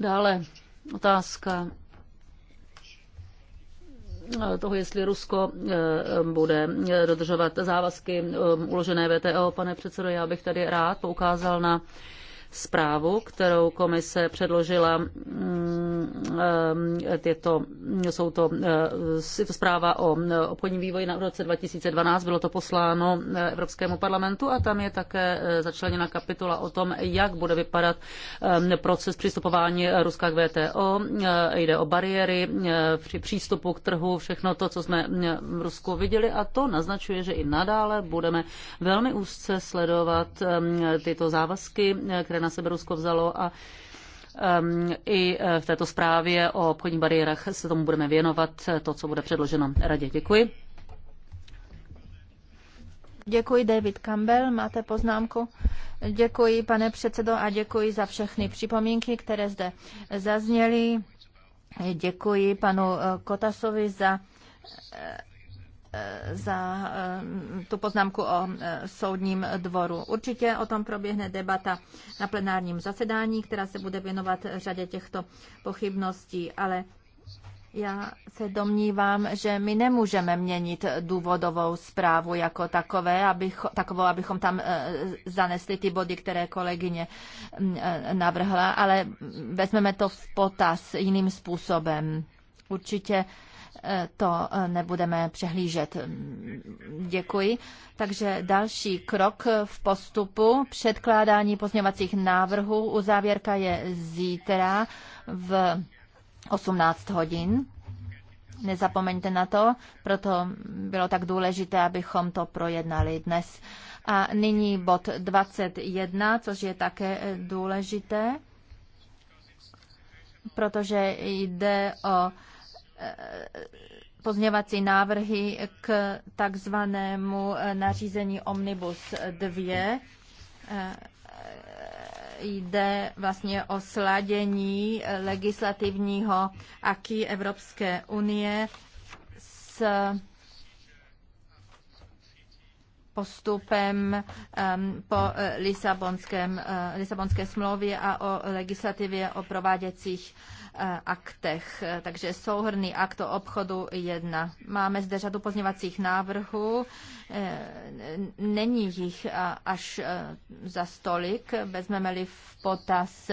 dále otázka eh, toho, jestli Rusko bude dodržovat závazky uložené VTO. Pane předsedo, já bych tady rád poukázal na zprávu, kterou komise předložila. Je mm, eh, to, jsou to, je eh, to zpráva o obchodním vývoji na roce 2012. Bylo to posláno eh, Evropskému parlamentu a tam je také začleněna kapitola o tom, jak bude vypadat proces přistupování Ruska k VTO. Jde o bariéry při přístupu k trhu, všechno to, co jsme v Rusku viděli a to naznačuje, že i nadále budeme velmi úzce sledovat tyto závazky, které které na sebe Rusko vzalo a um, i eh, v této zprávě o obchodních bariérách se tomu budeme věnovat, eh, to, co bude předloženo radě. Děkuji. Děkuji, David Campbell. Máte poznámku? Děkuji, pane předsedo, a děkuji za všechny připomínky, které zde zazněly. Děkuji panu eh, Kotasovi za za eh, tu poznámku o eh, soudním dvoru. Určitě o tom proběhne debata na plenárním zasedání, která se bude věnovat řadě těchto pochybností, ale já se domnívám, že my nemůžeme měnit důvodovou zprávu jako takové, abych, takovou, abychom tam eh, zanesli ty body, které kolegyně mm, navrhla, ale vezmeme to v potaz jiným způsobem. Určitě to eh, nebudeme přehlížet. Děkuji. Takže další krok v postupu předkládání pozměňovacích návrhů. Uzávěrka je zítra v 18 hodin. Nezapomeňte na to, proto bylo tak důležité, abychom to projednali dnes. A nyní bod 21, což je také eh, důležité, protože jde o pozměvací návrhy k takzvanému eh, nařízení Omnibus 2. Eh, jde vlastně o sladění eh, legislativního aky Evropské unie s postupem um, po Lisabonském, uh, Lisabonské smlouvě a o legislativě o prováděcích Eh, aktech. Eh, takže souhrný akt o obchodu jedna. Máme zde řadu pozněvacích návrhů. Eh, není jich až za stolik. Vezmeme-li v potaz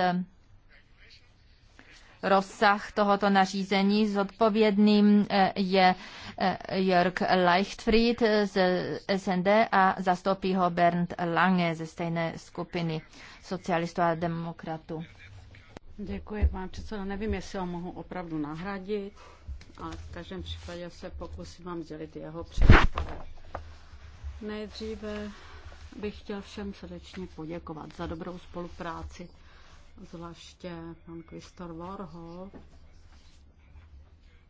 rozsah tohoto nařízení. Zodpovědným je Jörg Leichtfried z SND a zastoupí ho Bernd Lange ze stejné skupiny socialistů a demokratů. Děkuji, pane předsedo. Nevím, jestli ho mohu opravdu nahradit, ale v každém případě se pokusím vám sdělit jeho představu. Nejdříve bych chtěl všem srdečně poděkovat za dobrou spolupráci, zvláště pan Kristor Warhol,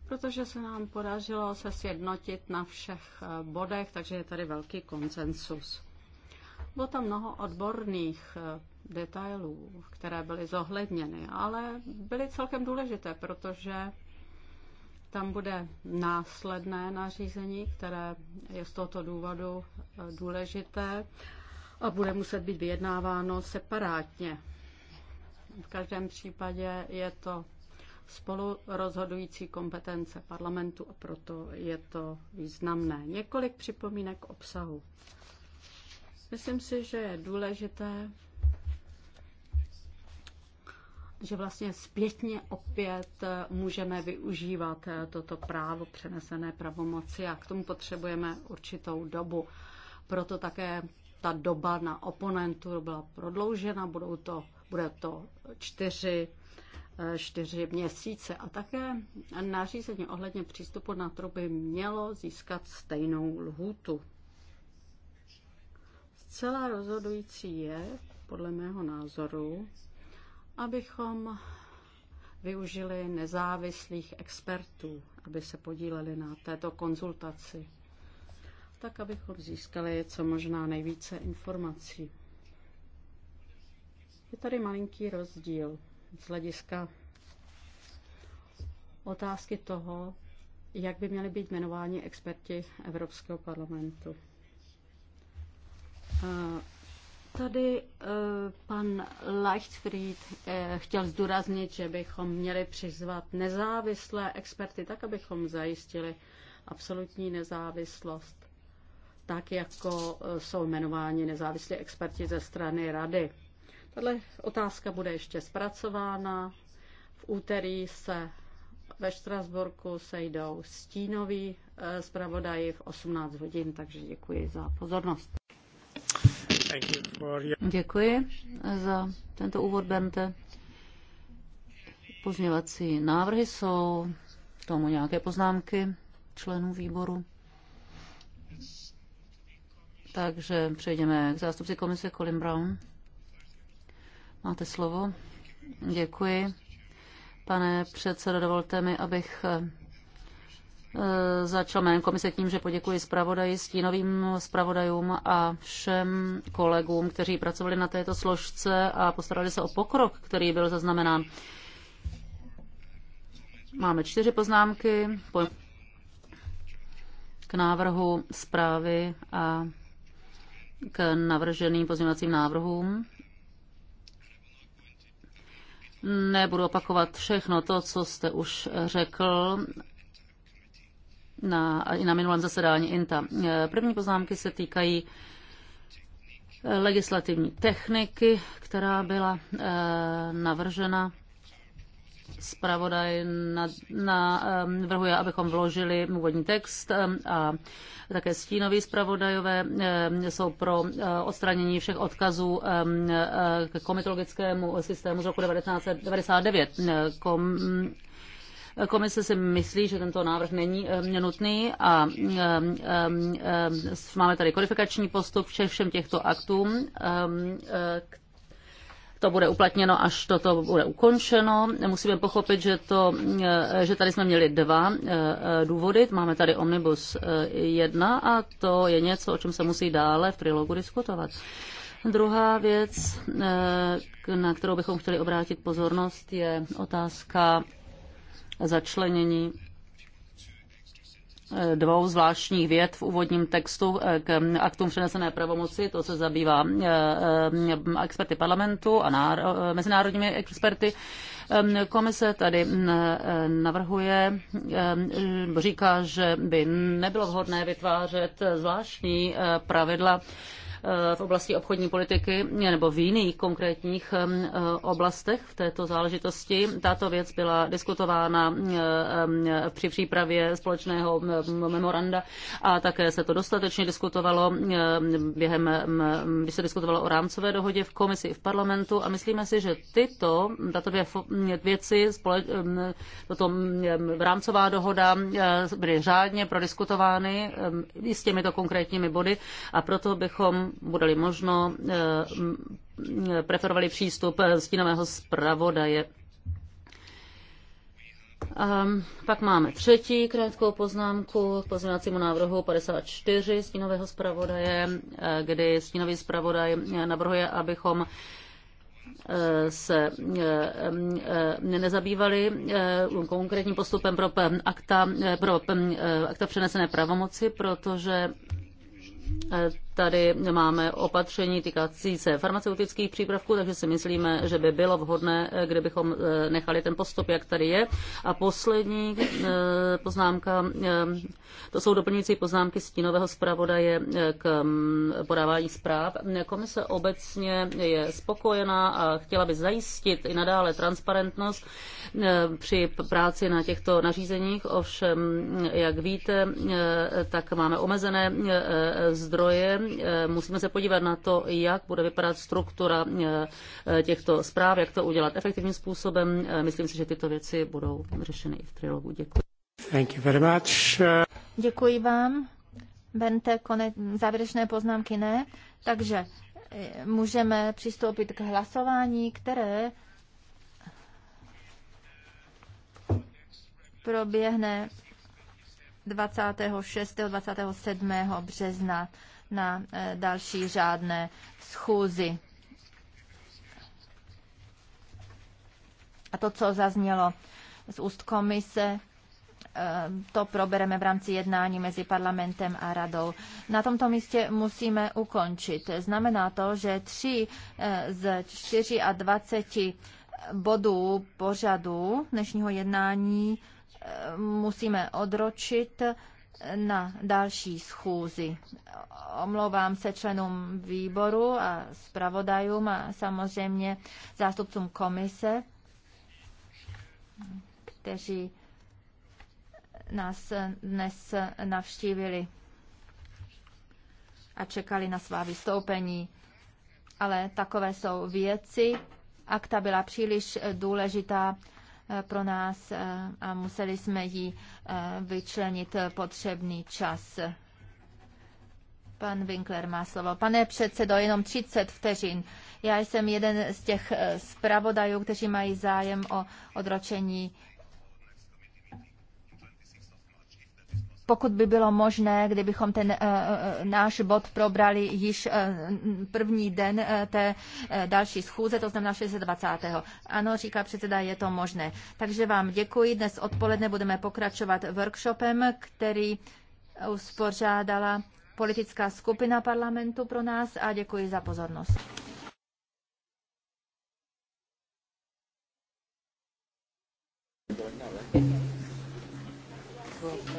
protože se nám podařilo se sjednotit na všech bodech, takže je tady velký konsenzus. Bylo tam mnoho odborných eh, detailů, které byly zohledněny, ale byly celkem důležité, protože tam bude následné nařízení, které je z tohoto důvodu eh, důležité a bude muset být vyjednáváno separátně. V každém případě je to spolu rozhodující kompetence parlamentu a proto je to významné. Několik připomínek obsahu. Myslím si, že je důležité, že vlastně zpětně opět můžeme využívat toto právo přenesené pravomoci a k tomu potřebujeme určitou dobu. Proto také ta doba na oponentu byla prodloužena, budou to, bude to čtyři, čtyři měsíce. A také nařízení ohledně přístupu na trh by mělo získat stejnou lhůtu. Zcela rozhodující je, podle mého názoru, abychom využili nezávislých expertů, aby se podíleli na této konzultaci, tak abychom získali co možná nejvíce informací. Je tady malinký rozdíl z hlediska otázky toho, jak by měli být jmenováni experti Evropského parlamentu. Tady e, pan Leichtfried e, chtěl zdůraznit, že bychom měli přizvat nezávislé experty, tak abychom zajistili absolutní nezávislost, tak jako e, jsou jmenováni nezávislí experti ze strany rady. Tato otázka bude ještě zpracována. V úterý se ve Štrasburku sejdou stínoví zpravodaji v 18 hodin, takže děkuji za pozornost. Děkuji za tento úvod, Bente. Pozměvací návrhy jsou k tomu nějaké poznámky členů výboru. Takže přejdeme k zástupci komise Colin Brown. Máte slovo. Děkuji. Pane předsedo, dovolte mi, abych Eh, začal jménem komise tím, že poděkuji zpravodaji, stínovým zpravodajům a všem kolegům, kteří pracovali na této složce a postarali se o pokrok, který byl zaznamenán. Máme čtyři poznámky k návrhu zprávy a k navrženým pozměňovacím návrhům. Nebudu opakovat všechno to, co jste už řekl na, i na minulém zasedání INTA. E, první poznámky se týkají e, legislativní techniky, která byla e, navržena. Spravodaj navrhuje, na, abychom vložili úvodní text a také stínoví zpravodajové jsou pro odstranění všech odkazů k komitologickému systému z roku 1999. Kom, Komise si myslí, že tento návrh není eh, nutný a eh, eh, máme tady kodifikační postup všech všem těchto aktům, to bude uplatněno, až toto bude ukončeno. Musíme pochopit, že, to, že tady jsme měli dva důvody. Máme tady Omnibus 1 a to je něco, o čem se musí dále v trilogu diskutovat. Druhá věc, na kterou bychom chtěli obrátit pozornost, je otázka začlenění eh, dvou zvláštních věd v úvodním textu eh, k aktům přenesené pravomoci. To se zabývá eh, experty parlamentu a mezinárodními experty. Ehm, komise tady mm, navrhuje, ehm, říká, že by nebylo vhodné vytvářet zvláštní pravidla v oblasti obchodní politiky nebo v jiných konkrétních eh, oblastech v této záležitosti. Tato věc byla diskutována eh, při přípravě společného memoranda a také se to dostatečně diskutovalo během, když se diskutovalo o rámcové dohodě v komisi i v parlamentu a myslíme si, že tyto, tato dvě věci, toto rámcová dohoda eh, byly řádně prodiskutovány i s těmito konkrétními body a proto bychom bude-li možno, eh, preferovali přístup eh, stínového zpravodaje. Um, pak máme třetí krátkou poznámku k pozměňovacímu návrhu 54 stínového zpravodaje, eh, kdy stínový zpravodaj navrhuje, abychom se nezabývali konkrétním postupem pro akta, pro akta přenesené pravomoci, protože Tady máme opatření týkající se farmaceutických přípravků, takže si myslíme, že by bylo vhodné, eh, kdybychom eh, nechali ten postup, jak tady je. A poslední eh, poznámka, to jsou doplňující poznámky stínového zpravodaje k mm, podávání zpráv. Komise obecně je spokojená a chtěla by zajistit i nadále transparentnost při práci na těchto nařízeních. Ovšem, jak víte, tak máme omezené zdroje Eh, musíme se podívat na to, jak bude vypadat struktura eh, těchto zpráv, jak to udělat efektivním způsobem. Eh, myslím si, že tyto věci budou řešeny i v trilogu. Děkuji. Thank you very much. Děkuji vám. Bente, kone, závěrečné poznámky ne. Takže můžeme přistoupit k hlasování, které proběhne 26. 27. března na eh, další řádné schůzi. A to, co zaznělo z úst komise, eh, to probereme v rámci jednání mezi parlamentem a radou. Na tomto místě musíme ukončit. Znamená to, že tři eh, z 24 bodů pořadu dnešního jednání musíme odročit na další schůzi. Omlouvám se členům výboru a zpravodajům a samozřejmě zástupcům komise, kteří nás dnes navštívili a čekali na svá vystoupení. Ale takové jsou věci. Akta byla příliš důležitá Eh, pro nás eh, a museli jsme jí eh, vyčlenit potřebný čas. Pan Winkler má slovo. Pane předsedo, jenom 30 vteřin. Já jsem jeden z těch zpravodajů, kteří mají zájem o odročení pokud by bylo možné, kdybychom ten eh, eh, náš bod probrali již eh, první den té další schůze, to znamená 620. Ano, říká předseda, je to možné. Takže vám děkuji. Dnes odpoledne budeme pokračovat workshopem, který uspořádala politická skupina parlamentu pro nás a děkuji za pozornost. Thank you.